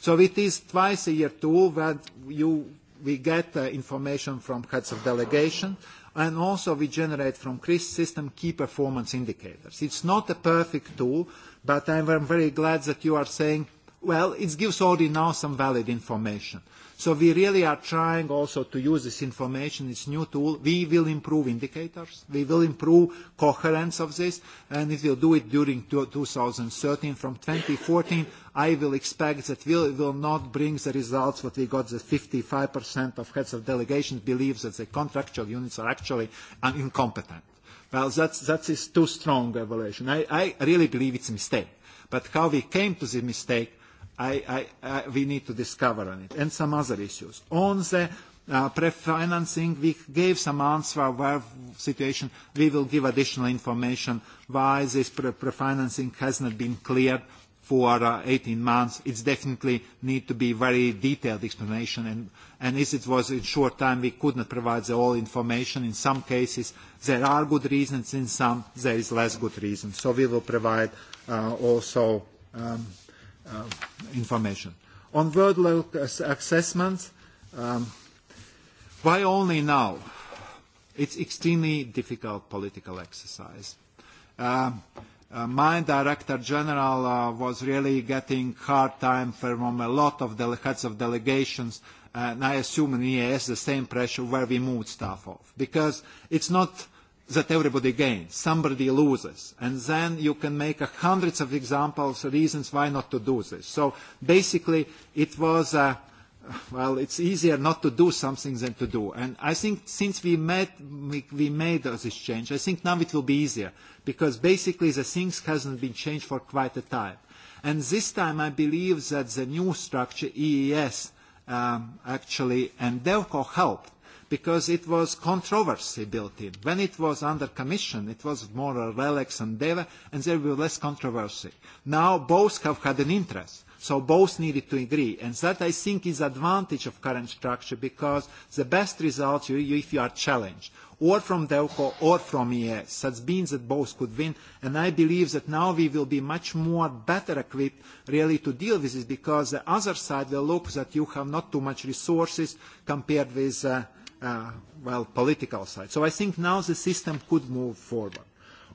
So it is twice a year tool that you, we get uh, information from heads of delegation and also we generate from CRIS system key performance indicators. It's not a perfect tool, but I'm very glad that you are saying, well, it gives already now some valid information. So we really are trying also to use this information, this new tool. We will improve indicators. We will improve coherence of this, and if will do it during 2013. From 2014, I will expect that we will, not bring the results what we got, that 55% of heads of delegations believe that the contractual units are actually um, incompetent. Well, that's, that is too strong evaluation. I, I really believe it's a mistake. But how we came to the mistake, I, I, I, we need to discover on it, and some other issues. On the uh, pre-financing, we gave some answer where situation, we will give additional information why this pre-financing has not been cleared for uh, 18 months. It's definitely need to be very detailed explanation, and, and as it was in short time, we could not provide the all information. In some cases, there are good reasons, in some, there is less good reasons. So we will provide uh, also um, uh, information. On world level assessments, um, why only now? It's extremely difficult political exercise. Uh, uh, my director general uh, was really getting hard time from a lot of the heads of delegations, and I assume in EAS the same pressure where we moved stuff off, because it's not that everybody gains, somebody loses. And then you can make hundreds of examples, reasons why not to do this. So basically, it was, uh, well, it's easier not to do something than to do. And I think since we, met, we, we made this change, I think now it will be easier because basically the things hasn't been changed for quite a time. And this time I believe that the new structure, EES, um, actually, and DEVCO helped because it was controversy built in. When it was under commission, it was more a relax and deva, and there was less controversy. Now both have had an interest. So both needed to agree. And that, I think, is advantage of current structure because the best result you, you if you are challenged, or from Delco or from ES. that been that both could win. And I believe that now we will be much more better equipped really to deal with this because the other side will look that you have not too much resources compared with uh, uh, well, political side. So I think now the system could move forward.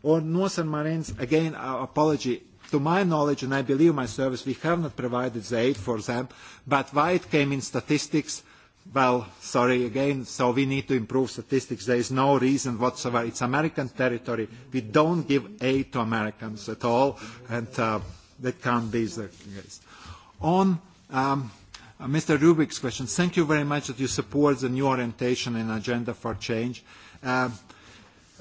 On Northern Marines, again, our uh, apology. To my knowledge, and I believe my service, we have not provided the aid for them, but why it came in statistics, well, sorry again, so we need to improve statistics. There is no reason whatsoever. It's American territory. We don't give aid to Americans at all, and uh, that can't be the case. On um, Uh, Mr. Rubik's question, thank you very much that you support the new orientation and agenda for change. Uh,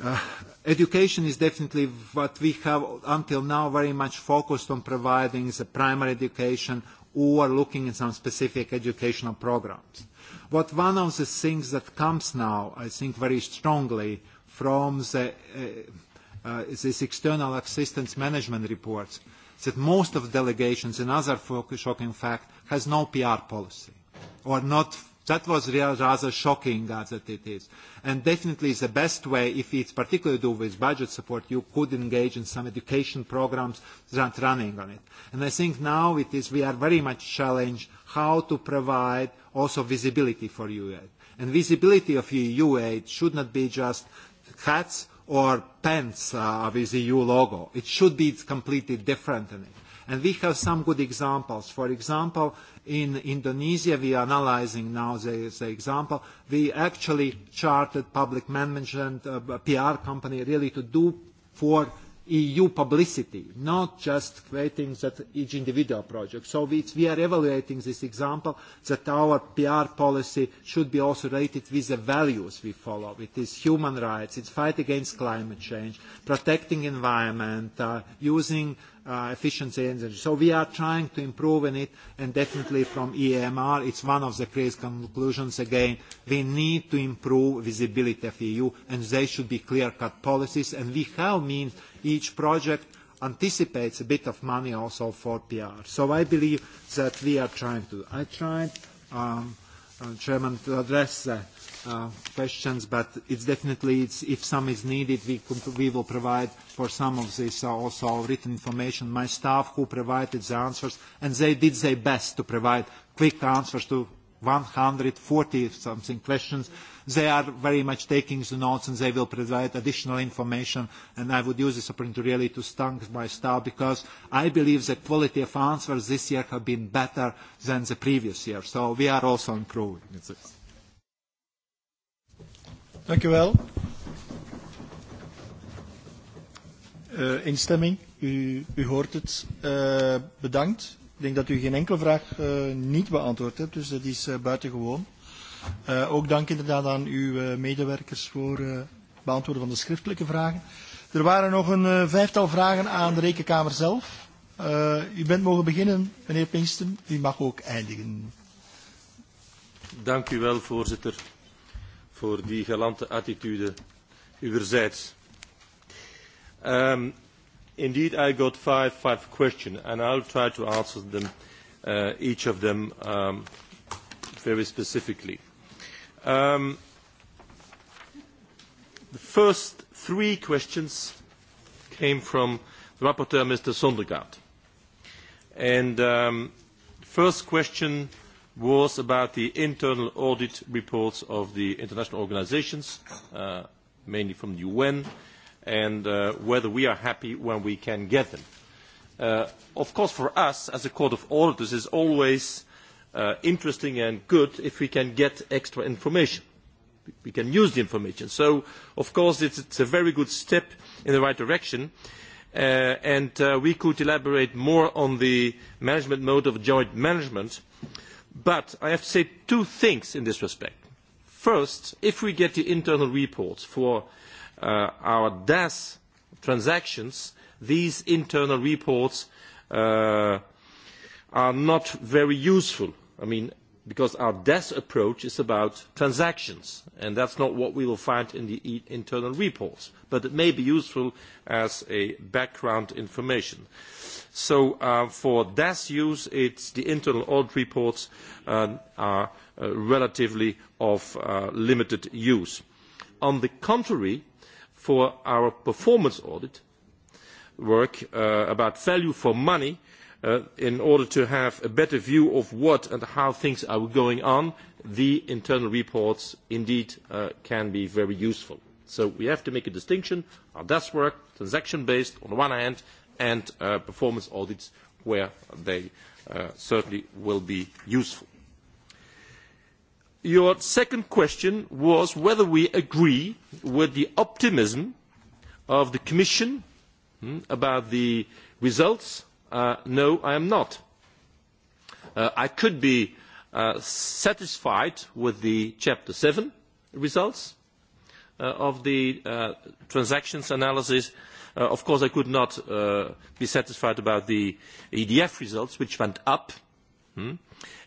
Uh, education is definitely what we have until now very much focused on providing the primary education or looking at some specific educational programs. But one of the things that comes now, I think very strongly from the, uh, uh, this external assistance management reports, that most of delegations, another shocking fact, has no PR policy, or not. That was rather shocking that it is. And definitely the best way, if it's particularly do with budget support, you could engage in some education programs that running on it. And I think now it is, we are very much challenged how to provide also visibility for EU aid. And visibility of EU aid should not be just hats or pants uh, with EU logo. It should be completely different than it. And we have some good examples. For example, in Indonesia, we are analyzing now the, the example. We actually chartered public management, uh, a PR company, really to do for EU publicity, not just creating that each individual project. So we, we are evaluating this example that our PR policy should be also rated with the values we follow. It is human rights, it's fight against climate change, protecting environment, uh, using Uh, efficiency energy. So we are trying to improve on it, and definitely from EMR, it's one of the clear conclusions again. We need to improve visibility of EU, and they should be clear-cut policies, and we have means each project anticipates a bit of money also for PR. So I believe that we are trying to. I tried, um, uh, Chairman, to address that. Uh, uh, questions, but it's definitely, it's, if some is needed, we, could, we will provide for some of this uh, also written information. My staff who provided the answers, and they did their best to provide quick answers to 140 something questions. They are very much taking the notes and they will provide additional information and I would use this opportunity really to thank my staff because I believe the quality of answers this year have been better than the previous year. So we are also improving. It's Dank u wel. Uh, instemming, u, u hoort het. Uh, bedankt. Ik denk dat u geen enkele vraag uh, niet beantwoord hebt, dus dat is uh, buitengewoon. Uh, ook dank inderdaad aan uw uh, medewerkers voor het uh, beantwoorden van de schriftelijke vragen. Er waren nog een uh, vijftal vragen aan de Rekenkamer zelf. Uh, u bent mogen beginnen, meneer Pinkston. U mag ook eindigen. Dank u wel, voorzitter voor die galante attitude uwerzijds. Um, indeed, I got five, five questions, and I'll try to answer them, uh, each of them um, very specifically. Um, the first three questions came from the rapporteur, Mr. Sondergaard. And um, first question was about the internal audit reports of the international organisations, uh, mainly from the UN, and uh, whether we are happy when we can get them. Uh, of course, for us, as a court of auditors, it's always uh, interesting and good if we can get extra information. We can use the information. So, of course, it's, it's a very good step in the right direction. Uh, and uh, we could elaborate more on the management mode of joint management, uh, But I have to say two things in this respect. First, if we get the internal reports for uh, our DAS transactions, these internal reports uh, are not very useful. I mean, because our DAS approach is about transactions, and that's not what we will find in the internal reports. But it may be useful as a background information. Uh, So uh, for DAS use, it's the internal audit reports uh, are uh, relatively of uh, limited use. On the contrary, for our performance audit work uh, about value for money, uh, in order to have a better view of what and how things are going on, the internal reports indeed can be very useful. So we have to make a distinction, our desk work, transaction-based on the one hand, and uh, performance audits where they uh, certainly will be useful. Your second question was whether we agree with the optimism of the Commission hmm, about the results. Uh, no, I am not. Uh, I could be uh, satisfied with the Chapter 7 results uh, of the uh, transactions analysis Uh, of course, I could not uh, be satisfied about the EDF results, which went up. Hmm?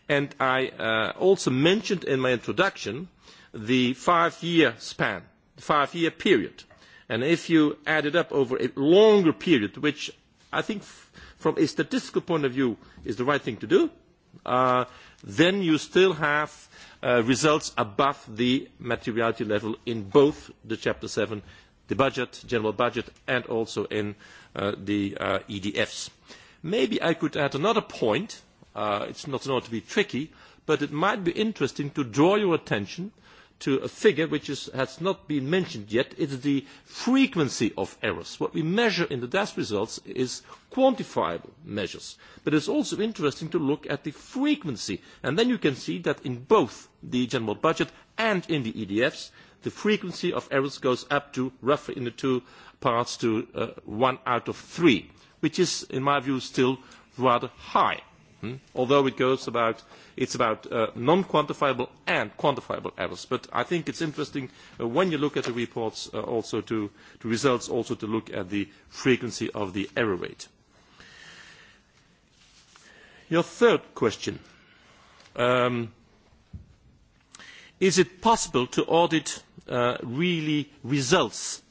And I uh, also mentioned in my introduction the five-year span, the five-year period. And if you add it up over a longer period, which I think from a statistical point of view is the right thing to do, then you still have results above the materiality level in both the Chapter 7 the budget, general budget, and also in uh, the uh, EDFs. Maybe I could add another point. Uh, it's not going to be tricky, but it might be interesting to draw your attention to a figure which is, has not been mentioned yet. It's the frequency of errors. What we measure in the DAS results is quantifiable measures. But it's also interesting to look at the frequency. And then you can see that in both the general budget and in the EDFs, the frequency of errors goes up to roughly in the two parts to uh, one out of three, which is, in my view, still rather high, hmm? although it goes about, it's about uh, non-quantifiable and quantifiable errors. But I think it's interesting uh, when you look at the reports uh, also to, the results also to look at the frequency of the error rate. Your third question. Um, is it possible to audit Uh, really results,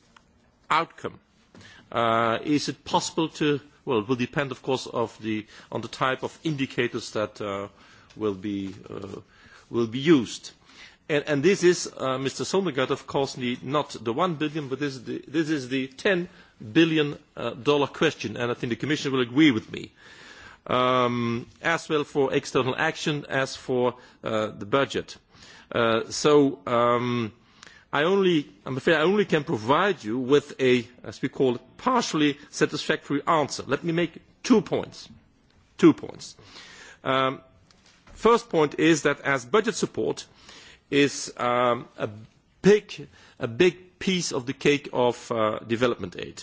outcome? Uh, is it possible to, well, it will depend, of course, of the, on the type of indicators that uh, will, be, uh, will be used. And, and this is, uh, Mr. Sondergaard, of course, the, not the 1 billion, but this is the, this is the 10 billion dollar question, and I think the Commission will agree with me. Um, as well for external action as for uh, the budget. Uh, so um, I am afraid I only can provide you with a, as we call it, partially satisfactory answer. Let me make two points. the um, first point is that as budget support is um, a, big, piece of the cake of uh, development aid.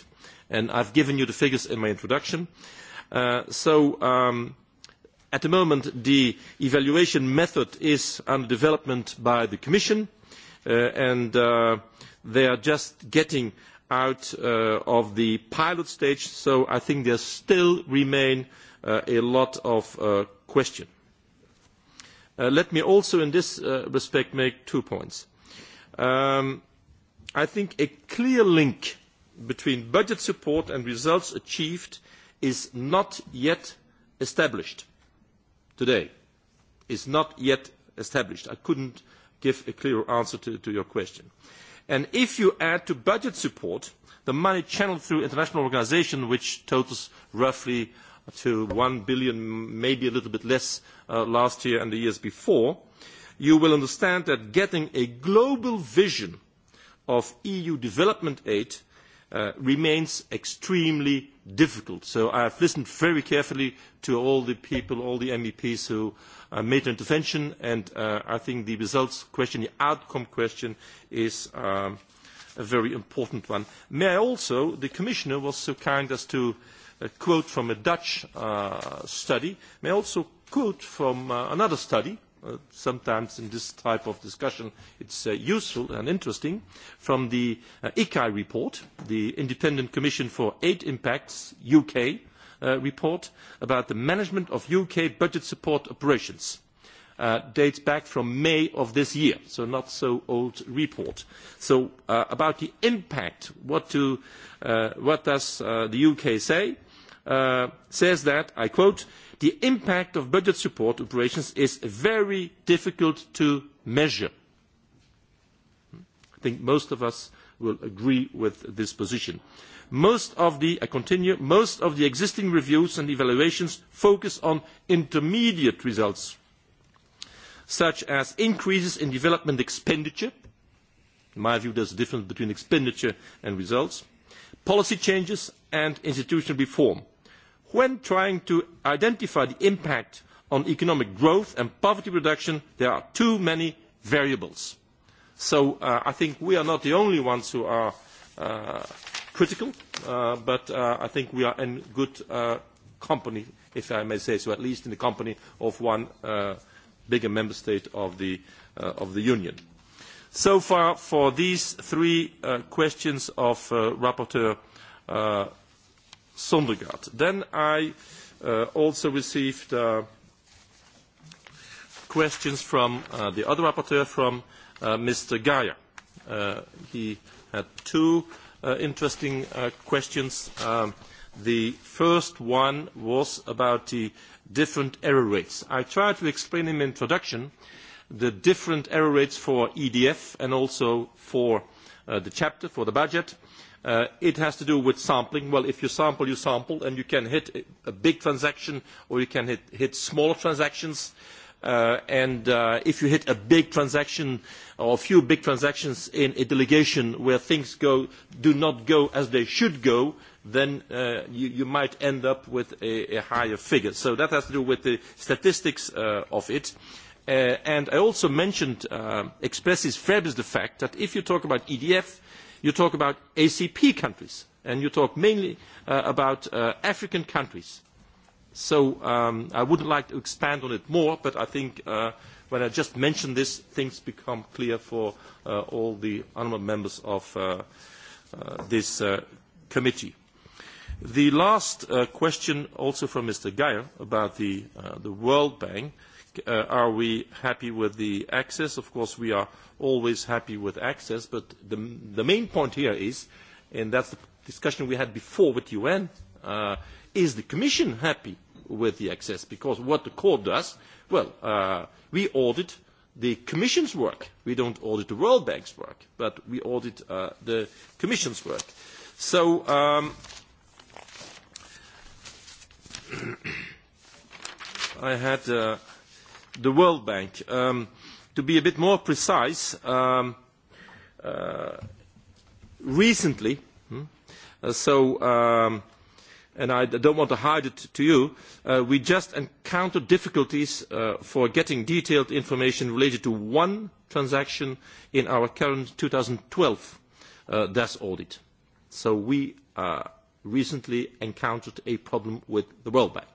And i have given you the figures in my introduction. Uh, so um, at the moment, the evaluation method is under development by the Commission Uh, and uh, they are just getting out uh, of the pilot stage, so I think there still remain a lot of questions. Let me also in this respect make two points. Um, I think a clear link between budget support and results achieved is not yet established today, is not yet established. I couldn't give a clear answer to, to your question. And if you add to budget support the money channeled through international organisations, which totals roughly to 1 billion, maybe a little bit less uh, last year and the years before, you will understand that getting a global vision of EU development aid uh, remains extremely difficult. So I have listened very carefully to all the people, all the MEPs who uh, made an intervention, and uh, I think the results question, the outcome question, is um, a very important one. May I also, the Commissioner was so kind as to uh, quote from a Dutch study, may I also quote from another study Uh, sometimes in this type of discussion it's is uh, useful and interesting from the uh, ICAI report, the Independent Commission for Aid Impacts UK report about the management of UK budget support operations. dates back from May of this year, so not so old report. So about the impact, what, what does the UK say? says that, I quote, the impact of budget support operations is very difficult to measure. I think most of us will agree with this position. Most of the, I continue, most of the existing reviews and evaluations focus on intermediate results, such as increases in development expenditure. In my view, there's a difference between expenditure and results. Policy changes and institutional reform when trying to identify the impact on economic growth and poverty reduction there are too many variables. so uh, i think we are not the only ones who are uh, critical uh, but i think we are in good company if i may say so at least in the company of one bigger member state of the union. so far for these three questions of rapporteur Sondergaard. Then I uh, also received uh, questions from uh, the other rapporteur, from uh, Mr. Gaia. Uh, he had two uh, interesting uh, questions. Um, the first one was about the different error rates. I tried to explain in the introduction the different error rates for EDF and also for uh, the chapter, for the budget. Uh, Uh, it has to do with sampling. Well, if you sample, you sample, and you can hit a big transaction or you can hit, hit smaller transactions. Uh, and uh, if you hit a big transaction or a few big transactions in a delegation where things go, do not go as they should go, then uh, you, you, might end up with a, a, higher figure. So that has to do with the statistics uh, of it. Uh, and I also mentioned uh, expresses fairness the fact that if you talk about EDF, you talk about acp countries and you talk mainly uh, about uh, african countries so um, i wouldn't like to expand on it more but i think uh, when i just mention this things become clear for uh, all the honourable members of uh, uh, this committee the last question also from mr geier about the, the world bank Uh, are we happy with the access? Of course, we are always happy with access, but the, the main point here is, and that's the discussion we had before with UN, uh, is the Commission happy with the access? Because what the Court does, well, uh, we audit the Commission's work. We don't audit the World Bank's work, but we audit uh, the Commission's work. So, um, I had... Uh, the World Bank. Um, to be a bit more precise, um, uh, recently, hmm, uh, so, um, and I don't want to hide it to you, uh, we just encountered difficulties uh, for getting detailed information related to one transaction in our current 2012 uh, DAS audit. So we uh, recently encountered a problem with the World Bank,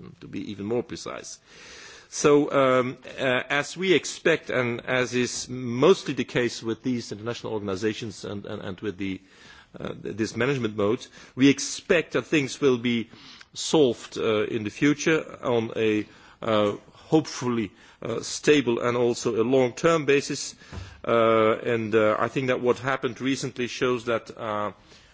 hmm, to be even more precise. Uh, So um, uh, as we expect, and as is mostly the case with these international organizations and, and, and with the, uh, this management mode, we expect that things will be solved uh, in the future on a uh, hopefully uh, stable and also a long-term basis. Uh, and uh, I think that what happened recently shows that, uh,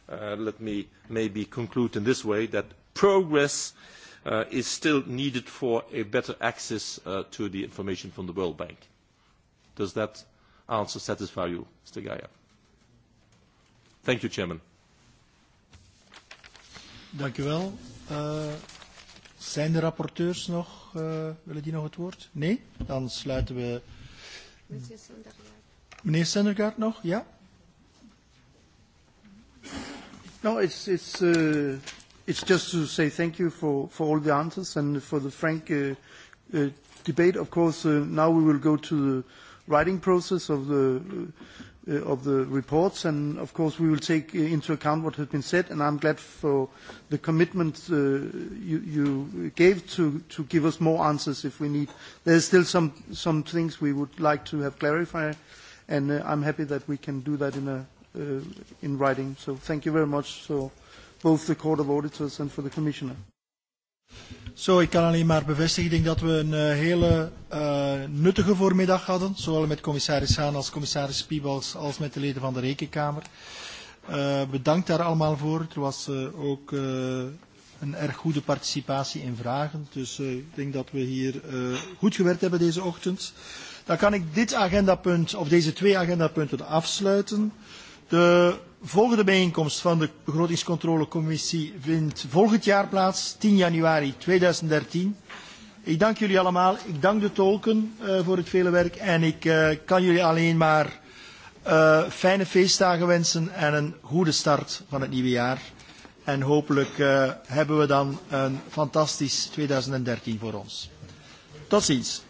uh, let me maybe conclude in this way, that progress uh, Uh, is still needed for a better access uh, to the information from the World Bank. Does that answer satisfy you, Mr. Gaia? Thank you, Chairman. Dank u wel. Uh, zijn de rapporteurs nog, uh, willen die nog het woord? Nee? Dan sluiten we... Meneer Sendergaard. Meneer Sendergaard nog, ja? No, it's, it's, uh, eh, It's just to say thank you for, for all the answers and for the frank uh, uh, debate. Of course, uh, now we will go to the writing process of the, uh, of the reports, and of course, we will take uh, into account what has been said, and I'm glad for the commitment uh, you, you gave to, to give us more answers if we need. There's still some, some things we would like to have clarified, and I'm happy that we can do that in, a, in writing. So thank you very much. So, both the Court of Auditors and for the Commissioner. Zo, ik kan alleen maar bevestigen. Ik denk dat we een eh, hele uh, nuttige voormiddag hadden. Zowel met commissaris Haan als commissaris Piebals als met de leden van de Rekenkamer. Uh, bedankt daar allemaal voor. Er was uh, ook uh, een erg goede participatie in vragen. Dus uh, ik denk dat we hier uh, goed gewerkt hebben deze ochtend. Dan kan ik dit agendapunt, of deze twee agendapunten afsluiten. De volgende bijeenkomst van de begrotingscontrolecommissie vindt volgend jaar plaats, 10 januari 2013. Ik dank jullie allemaal, ik dank de tolken uh, voor het vele werk en ik uh, kan jullie alleen maar uh, fijne feestdagen wensen en een goede start van het nieuwe jaar. En hopelijk uh, hebben we dan een fantastisch 2013 voor ons. Tot ziens.